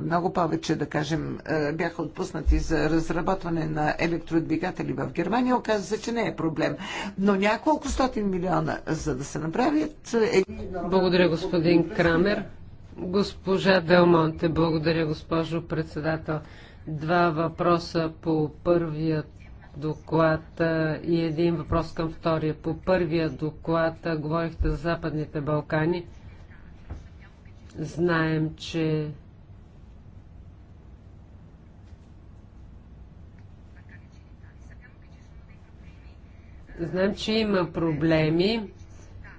много повече, да кажем, е, бяха отпуснати за разработване на електродвигатели в Германия, оказа се, че не е проблем. Но няколко стотин милиона, за да се направят... Е... е, е благодаря, господин Крамер. Госпожа Делмонте, благодаря, госпожо председател. Два въпроса по първият доклад е, и един въпрос към втория. По първия доклад говорихте за Западните Балкани – Знаем, че Знаем, че има проблеми,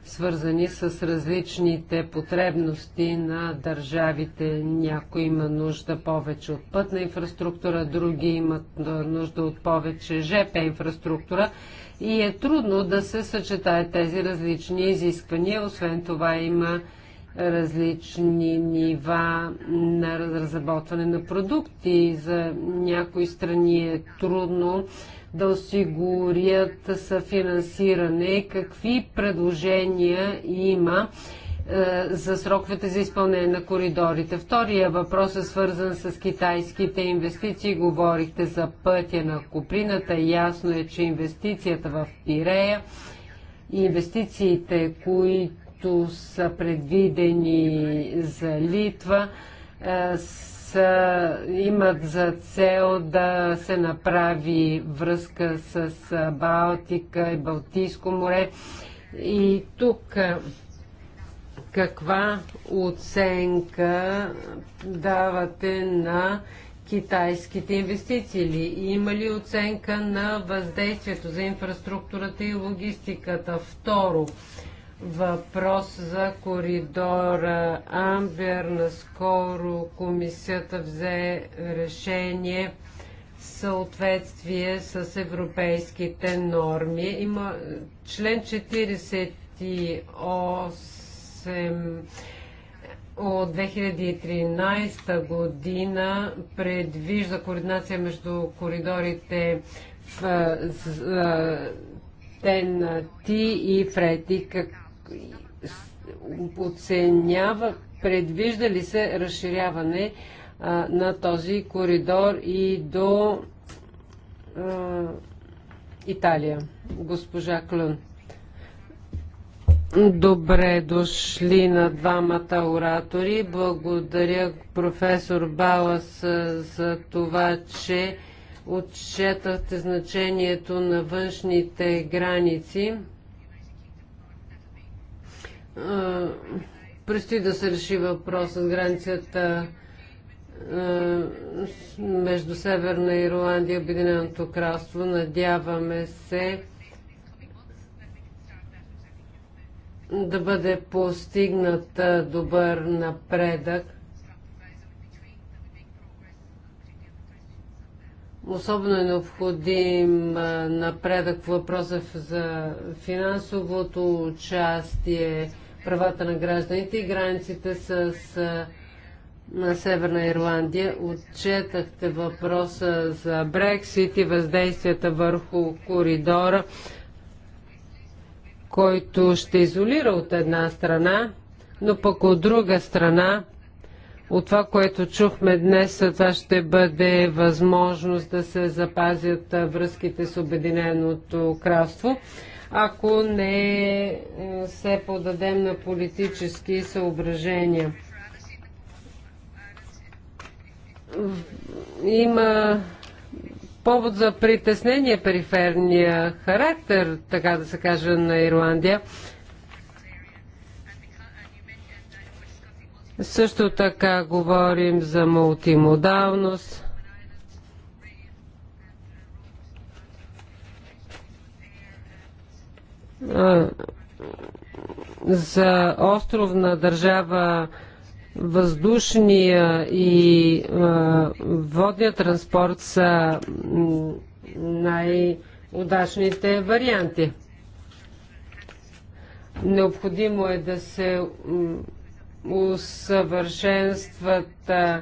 свързани с различните потребности на държавите. Някои има нужда повече от пътна инфраструктура, други имат нужда от повече ЖП инфраструктура и е трудно да се съчетаят тези различни изисквания. Освен това има различни нива на разработване на продукти. За някои страни е трудно да осигурят съфинансиране. Какви предложения има е, за сроковете за изпълнение на коридорите? Втория въпрос е свързан с китайските инвестиции. Говорихте за пътя на Куприната. Ясно е, че инвестицията в Пирея и инвестициите, които които са предвидени за Литва, е, са, имат за цел да се направи връзка с е, Балтика и Балтийско море. И тук е, каква оценка давате на китайските инвестиции ли? Има ли оценка на въздействието за инфраструктурата и логистиката? Второ, въпрос за коридора Амбер. Наскоро комисията взе решение в съответствие с европейските норми. Има член 48 от 2013 година предвижда координация между коридорите в ТНТ и Фретик оценява, предвижда ли се разширяване а, на този коридор и до а, Италия? Госпожа Клюн. Добре дошли на двамата оратори. Благодаря професор Балас за това, че отчетахте значението на външните граници. Прести да се реши въпрос с границата между Северна Ирландия и Обединеното кралство. Надяваме се да бъде постигнат добър напредък. Особено е необходим напредък в въпроса за финансовото участие, правата на гражданите и границите с на Северна Ирландия. Отчетахте въпроса за Брексит и въздействията върху коридора, който ще изолира от една страна, но пък от друга страна, от това, което чухме днес, това ще бъде възможност да се запазят връзките с Обединеното кралство ако не е, се подадем на политически съображения. Има повод за притеснение периферния характер, така да се каже, на Ирландия. Също така говорим за мултимодалност. Е, за островна държава въздушния и е, водния транспорт са най-удачните варианти. Необходимо е да се усъвършенстват е,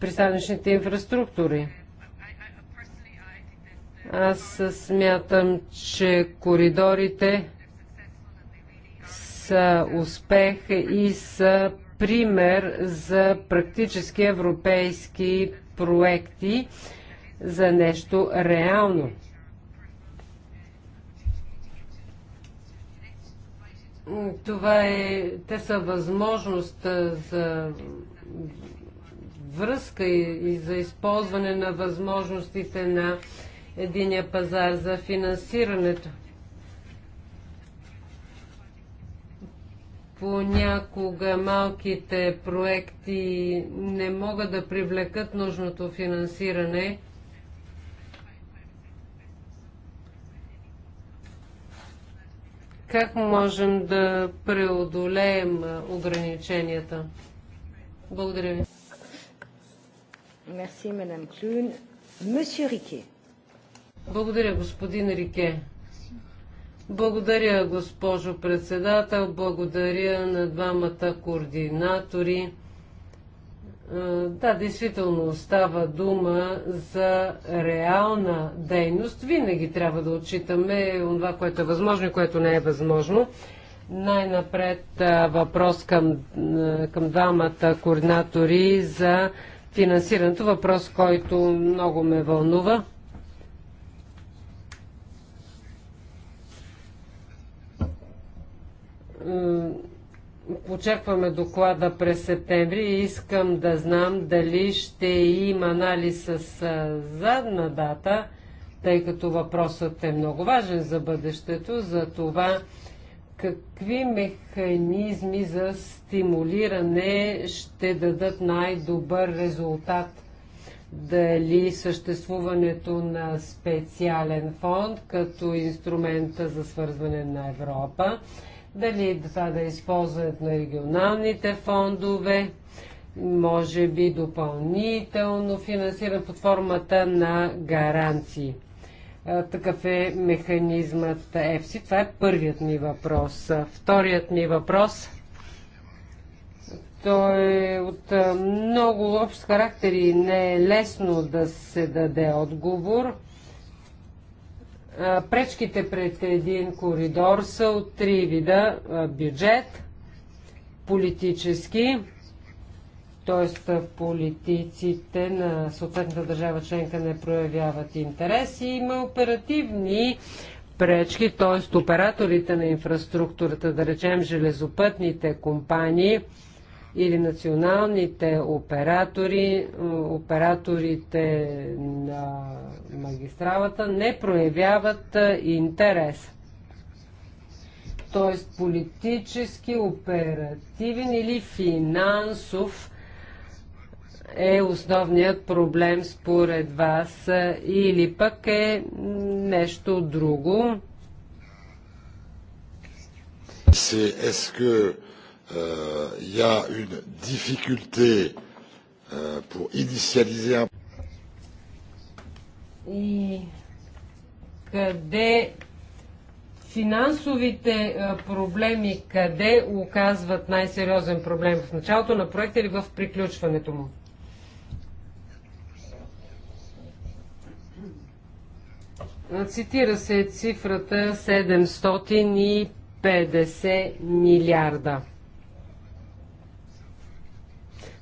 пристанищните инфраструктури. Аз смятам, че коридорите са успех и са пример за практически европейски проекти за нещо реално. Това е, те са възможност за връзка и, и за използване на възможностите на единия пазар за финансирането. Понякога малките проекти не могат да привлекат нужното финансиране. Как можем да преодолеем ограниченията? Благодаря ви. Мерси, мадам Клюн. Monsieur Riquet. Благодаря, господин Рике. Благодаря, госпожо председател. Благодаря на двамата координатори. Да, действително става дума за реална дейност. Винаги трябва да отчитаме това, което е възможно и което не е възможно. Най-напред въпрос към, към двамата координатори за финансирането. Въпрос, който много ме вълнува. очакваме доклада през септември и искам да знам дали ще има анализ с задна дата, тъй като въпросът е много важен за бъдещето, за това какви механизми за стимулиране ще дадат най-добър резултат. Дали съществуването на специален фонд като инструмента за свързване на Европа, дали е това да използват на регионалните фондове, може би допълнително финансиран под формата на гаранции. Такъв е механизмът ЕФСИ. Това е първият ми въпрос. Вторият ми въпрос той е от много общ характер и не е лесно да се даде отговор пречките пред един коридор са от три вида бюджет, политически, т.е. политиците на съответната държава членка не проявяват интерес и има оперативни пречки, т.е. операторите на инфраструктурата, да речем железопътните компании – или националните оператори, операторите на магистралата не проявяват интерес. Т.е. политически, оперативен или финансов е основният проблем според вас или пък е нещо друго? Est-ce que il euh, y a une difficulté euh, pour initialiser un. И къде финансовите е, проблеми, къде оказват най-сериозен проблем? В началото на проекта или в приключването му? Цитира се цифрата 750 милиарда.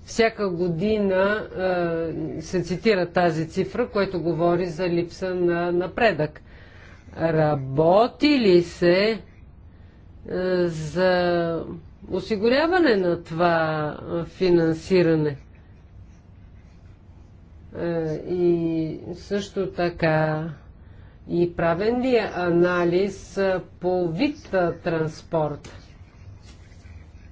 Всяка година а, се цитира тази цифра, което говори за липса на напредък. Работи ли се а, за осигуряване на това финансиране? А, и също така и правен ли е анализ по вид транспорт?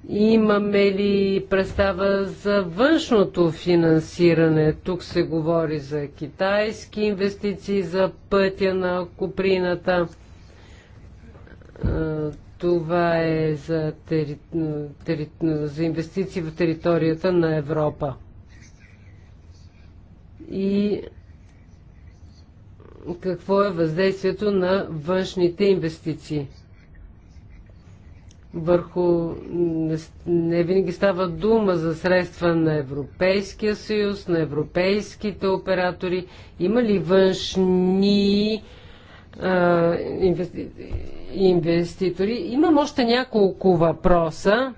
Имаме ли представа за външното финансиране? Тук се говори за китайски инвестиции, за пътя на Куприната. Това е за, тери... Тери... за инвестиции в територията на Европа. И какво е въздействието на външните инвестиции? върху... Не винаги става дума за средства на Европейския съюз, на европейските оператори. Има ли външни а, инвести... инвеститори? Имам още няколко въпроса.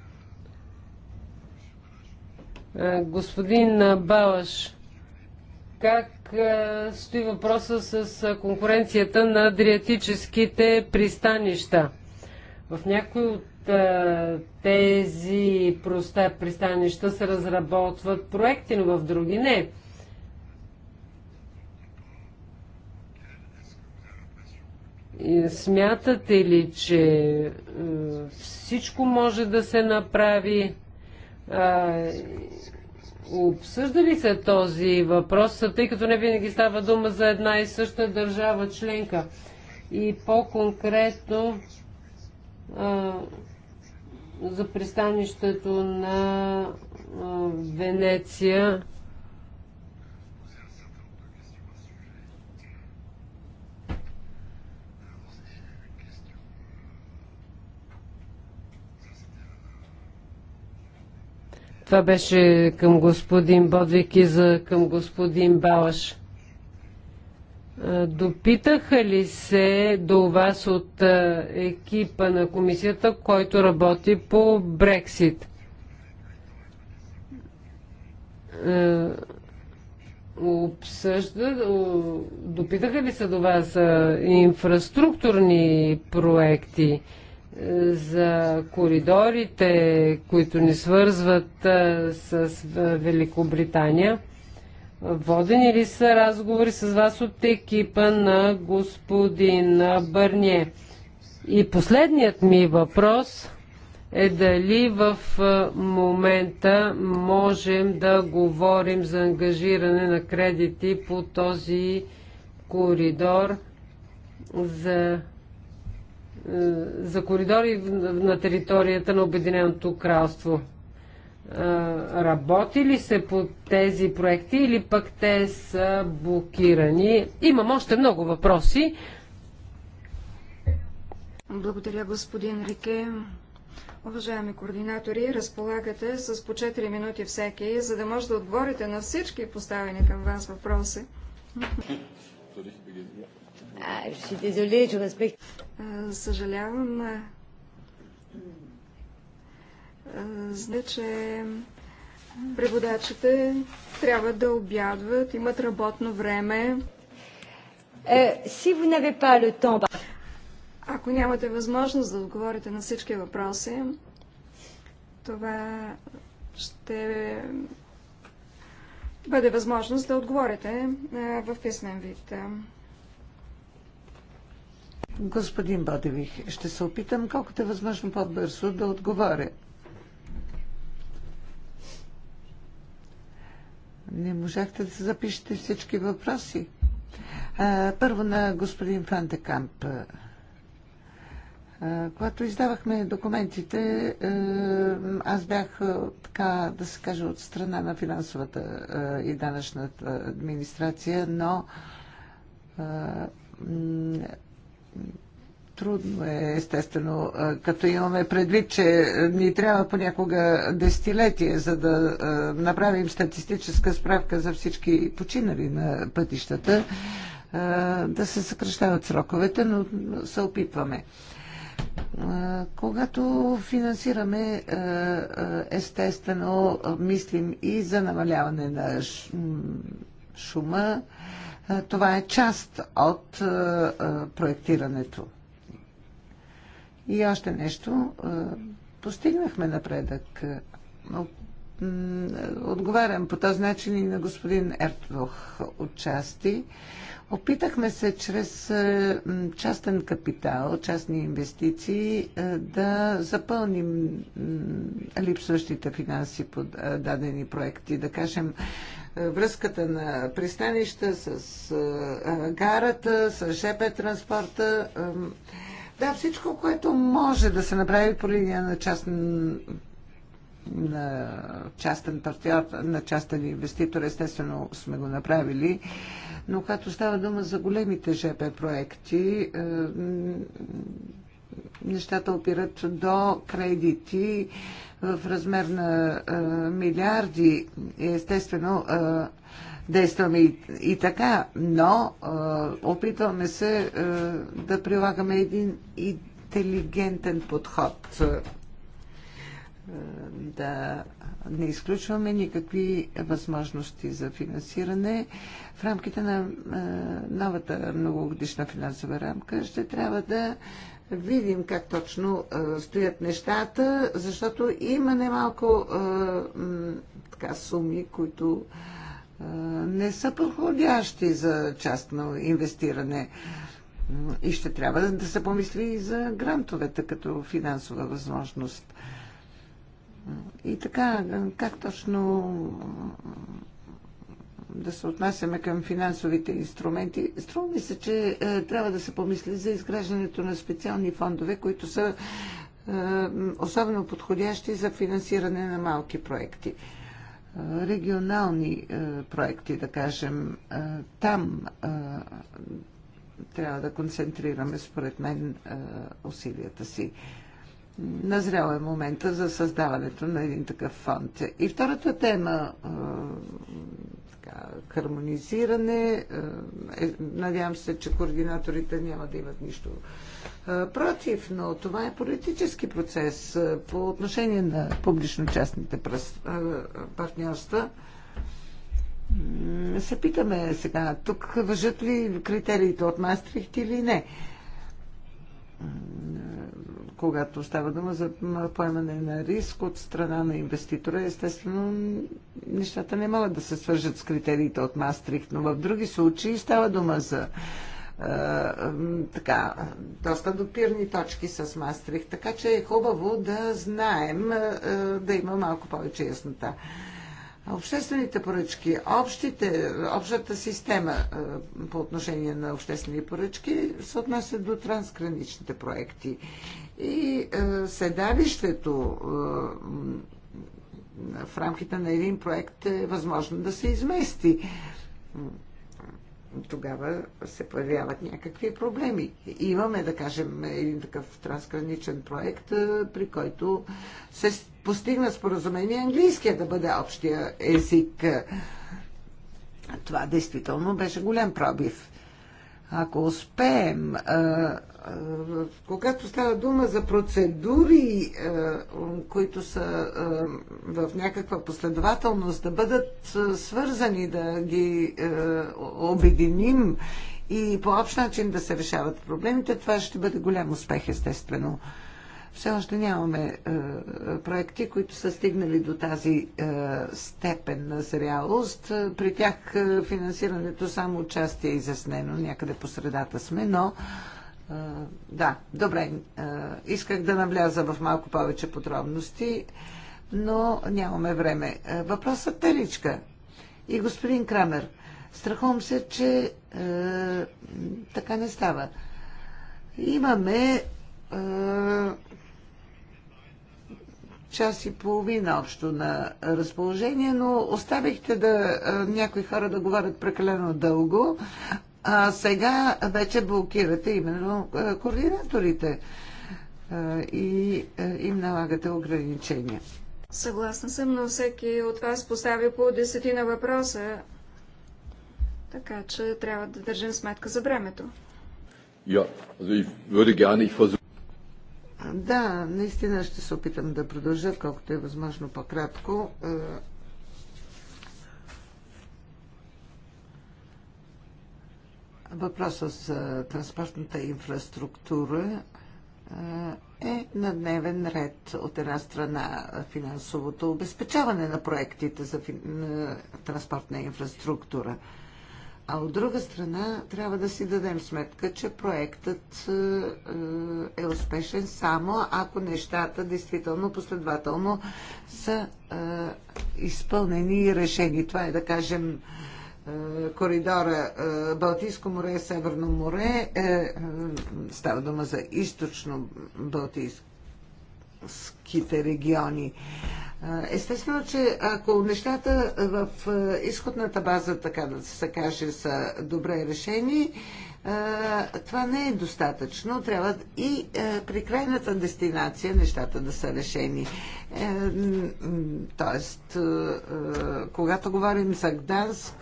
А, господин Балаш, как а, стои въпроса с конкуренцията на адриатическите пристанища? В някои от е, тези проста пристанища се разработват проекти, но в други не. Смятате ли, че е, всичко може да се направи? Е, Обсъжда ли се този въпрос, тъй като не винаги става дума за една и съща държава членка? И по-конкретно за пристанището на Венеция. Това беше към господин Бодвик и за към господин Балаш. Е, допитаха ли се до вас от е, екипа на комисията, който работи по Брексит? Е, обсъжда, допитаха ли се до вас за инфраструктурни проекти, за коридорите, които ни свързват с Великобритания? Водени ли са разговори с вас от екипа на господин Бърние? И последният ми въпрос е дали в момента можем да говорим за ангажиране на кредити по този коридор за, за коридори на територията на Обединеното кралство работи ли се по тези проекти или пък те са блокирани? Имам още много въпроси. Благодаря, господин Рике. Уважаеми координатори, разполагате с по 4 минути всеки, за да може да отговорите на всички поставени към вас въпроси. Ah, Съжалявам, Зна, че преводачите трябва да обядват, имат работно време. Е, Ако нямате възможност да отговорите на всички въпроси, това ще бъде възможност да отговорите е, в писмен вид. Господин Бодевих, ще се опитам колкото е възможно по-бързо да отговоря Не можахте да запишете всички въпроси. Първо на господин Фантекамп. Когато издавахме документите, аз бях, така да се каже, от страна на финансовата и данъчната администрация, но Трудно е, естествено, като имаме предвид, че ни трябва понякога десетилетие, за да направим статистическа справка за всички починали на пътищата, да се съкръщават сроковете, но се опитваме. Когато финансираме, естествено, мислим и за намаляване на шума. Това е част от проектирането. И още нещо. Постигнахме напредък. Отговарям по този начин и на господин Ертвох отчасти. Опитахме се чрез частен капитал, частни инвестиции да запълним липсващите финанси по дадени проекти. Да кажем, връзката на пристанища с гарата, с ЖП транспорта. Да, всичко, което може да се направи по линия на частен на частен партньор, на частен инвеститор, естествено сме го направили, но като става дума за големите ЖП проекти, е, нещата опират до кредити в размер на е, милиарди. Естествено, е, действаме и, и така, но е, опитваме се е, да прилагаме един интелигентен подход. Е, да не изключваме никакви възможности за финансиране. В рамките на е, новата многогодишна финансова рамка ще трябва да видим как точно е, стоят нещата, защото има немалко е, м, така, суми, които е, не са подходящи за частно инвестиране. И ще трябва да се помисли и за грантовете като финансова възможност. И така, как точно да се отнасяме към финансовите инструменти. Струва ми се, че е, трябва да се помисли за изграждането на специални фондове, които са е, особено подходящи за финансиране на малки проекти регионални е, проекти, да кажем. Е, там е, трябва да концентрираме, според мен, усилията си. Назрял е момента за създаването на един такъв фонд. И втората тема, така, хармонизиране. Е, е, надявам се, че координаторите няма да имат нищо е, против, но това е политически процес по отношение на публично-частните партньорства. Се питаме сега, тук въжат ли критериите от Мастрихт или не? когато става дума за поемане на риск от страна на инвеститора, естествено нещата не могат да се свържат с критериите от Мастрихт, но в други случаи става дума за е, така, доста допирни точки с Мастрих, така че е хубаво да знаем, е, да има малко повече яснота. Обществените поръчки, общите, общата система е, по отношение на обществени поръчки се отнася до трансграничните проекти. И а, е, седалището а, е, в рамките на един проект е възможно да се измести. Тогава се появяват някакви проблеми. Имаме, да кажем, един такъв трансграничен проект, при който се Постигна споразумение английския да бъде общия език. Това действително беше голям пробив. Ако успеем, когато става дума за процедури, които са в някаква последователност, да бъдат свързани, да ги обединим и по общ начин да се решават проблемите, това ще бъде голям успех, естествено. Все още нямаме е, проекти, които са стигнали до тази е, степен на зрялост. При тях е, финансирането само участие е изяснено, някъде по средата сме, но да, добре. Исках да навляза в малко повече подробности, но нямаме време. Въпросът е личка. И господин Крамер, страхувам се, че е, така не става. Имаме час и половина общо на разположение, но оставихте да някои хора да говорят прекалено дълго, а сега вече блокирате именно координаторите и им налагате ограничения. Съгласна съм, но всеки от вас поставя по десетина въпроса, така че трябва да държим сметка за времето. Ja, also ich würde gerne, ich versuche. Да, наистина ще се опитам да продължа колкото е възможно по-кратко. Е, въпросът за транспортната инфраструктура е, е на дневен ред от една страна финансовото обезпечаване на проектите за е, транспортна инфраструктура – а от друга страна, трябва да си дадем сметка, че проектът е, е успешен само ако нещата действително последователно са е, изпълнени и решени. Това е, да кажем, е, коридора Балтийско море, Северно море, става дума за източно Балтийско ските региони. Естествено, че ако нещата в изходната база, така да се каже, са добре решени, това не е достатъчно. Трябва и при крайната дестинация нещата да са решени. Е, тоест, когато говорим за Гданск,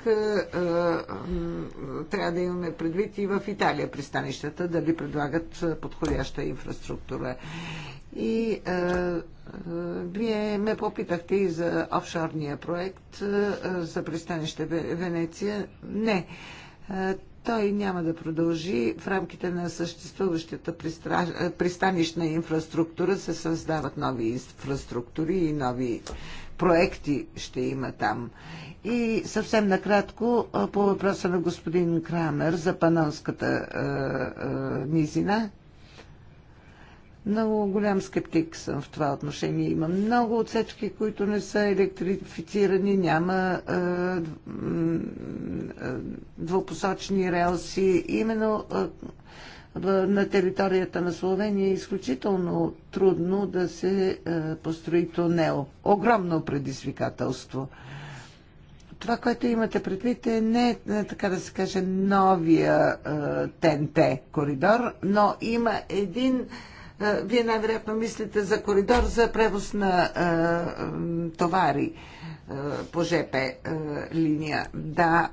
трябва да имаме предвид и в Италия пристанищата дали предлагат подходяща инфраструктура. И а, а, вие ме попитахте и за офшорния проект а, за пристанище Венеция. Не. А, той няма да продължи. В рамките на съществуващата пристра... пристанищна инфраструктура се създават нови инфраструктури и нови проекти ще има там. И съвсем накратко по въпроса на господин Крамер за панонската е, низина. Много голям скептик съм в това отношение. Има много отсечки, които не са електрифицирани, няма е, е, двупосочни релси. Именно е, на територията на Словения е изключително трудно да се е, построи тунел. Огромно предизвикателство. Това, което имате предвид е не, е, така да се каже, новия е, ТНТ коридор, но има един е, вие най-вероятно мислите за коридор за превоз на товари по ЖП линия. Да,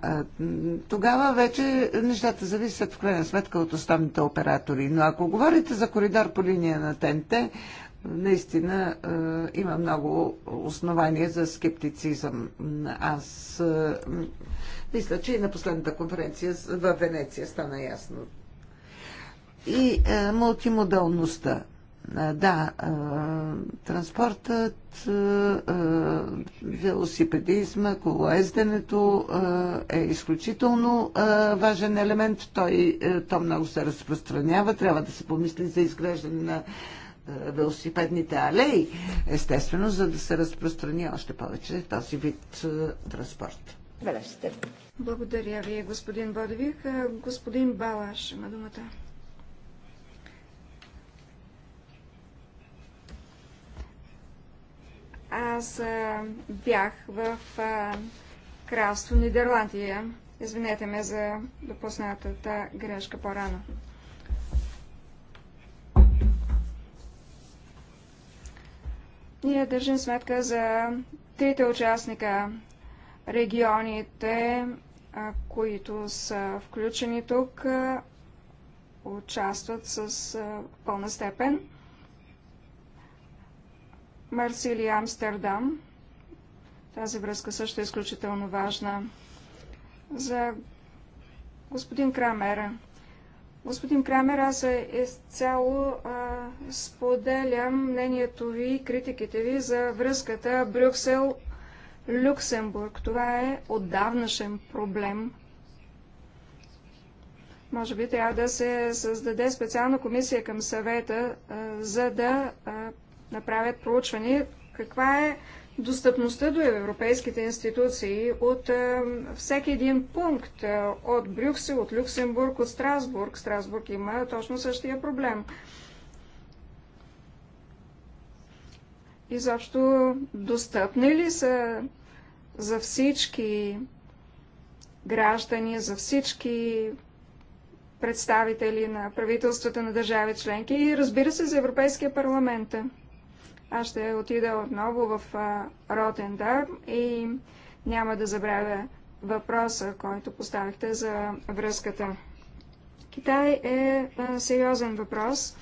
тогава вече нещата зависят в крайна сметка от основните оператори. Но ако говорите за коридор по линия на ТНТ, наистина има много основания за скептицизъм. Аз мисля, че и на последната конференция в Венеция стана ясно и е, а, мултимодалността. Да, а, е, транспортът, а, е, велосипедизма, колоезденето е изключително важен елемент. Той, то много се разпространява. Трябва да се помисли за изграждане на велосипедните алеи, естествено, за да се разпространи още повече този вид транспорт. Благодаря ви, господин Бодвих. Господин Балаш има думата. Аз а, бях в а, кралство Нидерландия. Извинете ме за допуснатата грешка по-рано. Ние държим сметка за трите участника, регионите, а, които са включени тук, участват с пълна степен. Марсилия Амстердам. Тази връзка също е изключително важна. За господин Крамера. Господин Крамер, аз изцяло споделям мнението ви и критиките ви за връзката Брюксел-Люксембург. Това е отдавнашен проблем. Може би трябва да се създаде специална комисия към съвета, за да направят проучване каква е достъпността до европейските институции от е, всеки един пункт, е, от Брюксел, от Люксембург, от Страсбург. Страсбург има точно същия проблем. Изобщо достъпни ли са за всички граждани, за всички представители на правителствата на държави членки и разбира се за Европейския парламент. Аз ще отида отново в Ротендар и няма да забравя въпроса, който поставихте за връзката. Китай е сериозен въпрос.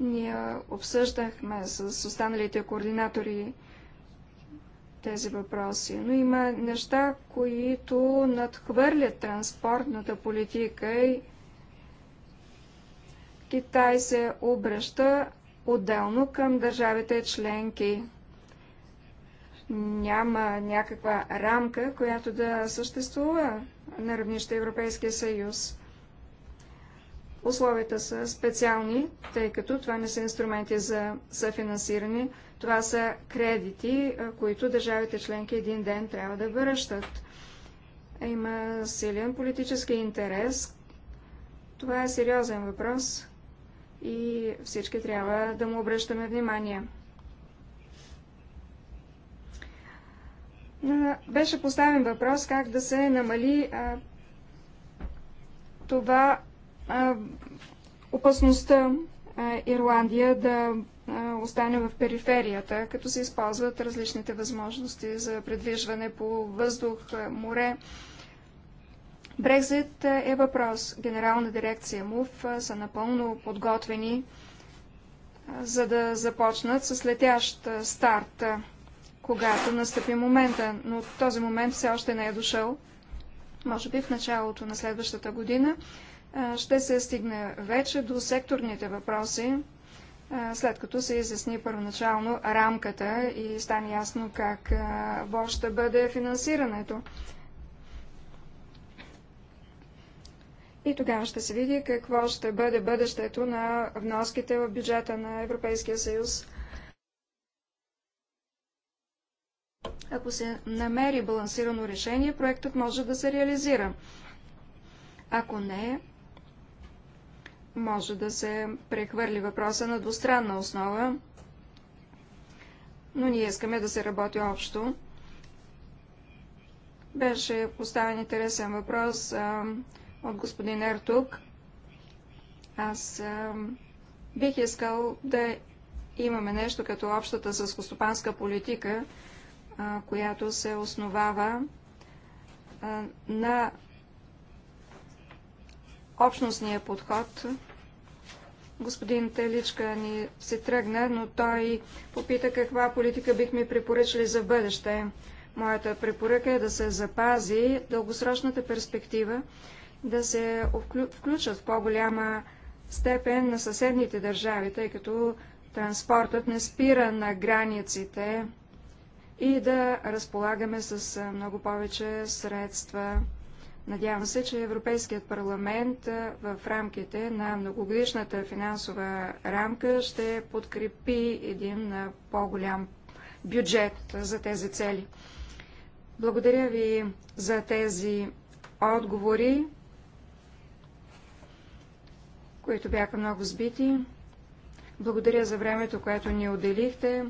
Ние обсъждахме с останалите координатори тези въпроси. Но има неща, които надхвърлят транспортната политика и Китай се обръща отделно към държавите членки. Няма някаква рамка, която да съществува на равнище Европейския съюз. Условията са специални, тъй като това не са инструменти за съфинансиране, това са кредити, които държавите членки един ден трябва да връщат. Има силен политически интерес. Това е сериозен въпрос, и всички трябва да му обръщаме внимание. Беше поставен въпрос как да се намали а, това а, опасността а, Ирландия да а, остане в периферията, като се използват различните възможности за предвижване по въздух, море. А, Брекзит е, е въпрос. Генерална дирекция МУФ е, са напълно подготвени, е, за да започнат с летящ старт, когато настъпи момента, но този момент все още не е дошъл. Може би в началото на следващата година ще се стигне вече до секторните въпроси, след като се изясни първоначално рамката и стане ясно как въобще ще бъде финансирането. И тогава ще се види какво ще бъде бъдещето на вноските в бюджета на Европейския съюз. Ако се намери балансирано решение, проектът може да се реализира. Ако не, може да се прехвърли въпроса на двустранна основа, но ние искаме да се работи общо. Беше поставен интересен въпрос от господин Ертук. Аз а, бих искал да имаме нещо като общата съскостопанска политика, а, която се основава а, на общностния подход. Господин Теличка ни се тръгна, но той попита каква политика бихме препоръчали за бъдеще. Моята препоръка е да се запази дългосрочната перспектива да се включат в по-голяма степен на съседните държави, тъй като транспортът не спира на границите и да разполагаме с много повече средства. Надявам се, че Европейският парламент в рамките на многогодишната финансова рамка ще подкрепи един по-голям бюджет за тези цели. Благодаря ви за тези отговори които бяха много сбити. Благодаря за времето, което ни отделихте.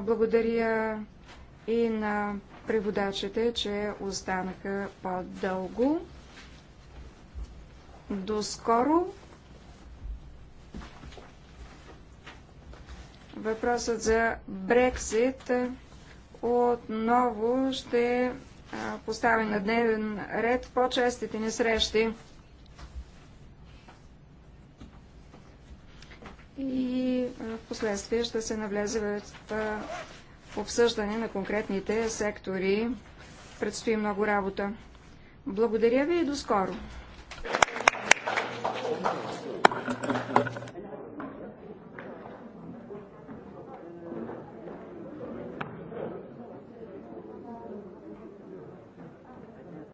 Благодаря и на преводачите, че останаха по-дълго. До скоро! Въпросът за Брексит отново ще поставя на дневен ред по-честите ни срещи. и в последствие ще се навлезе в обсъждане на конкретните сектори. Предстои много работа. Благодаря ви и до скоро!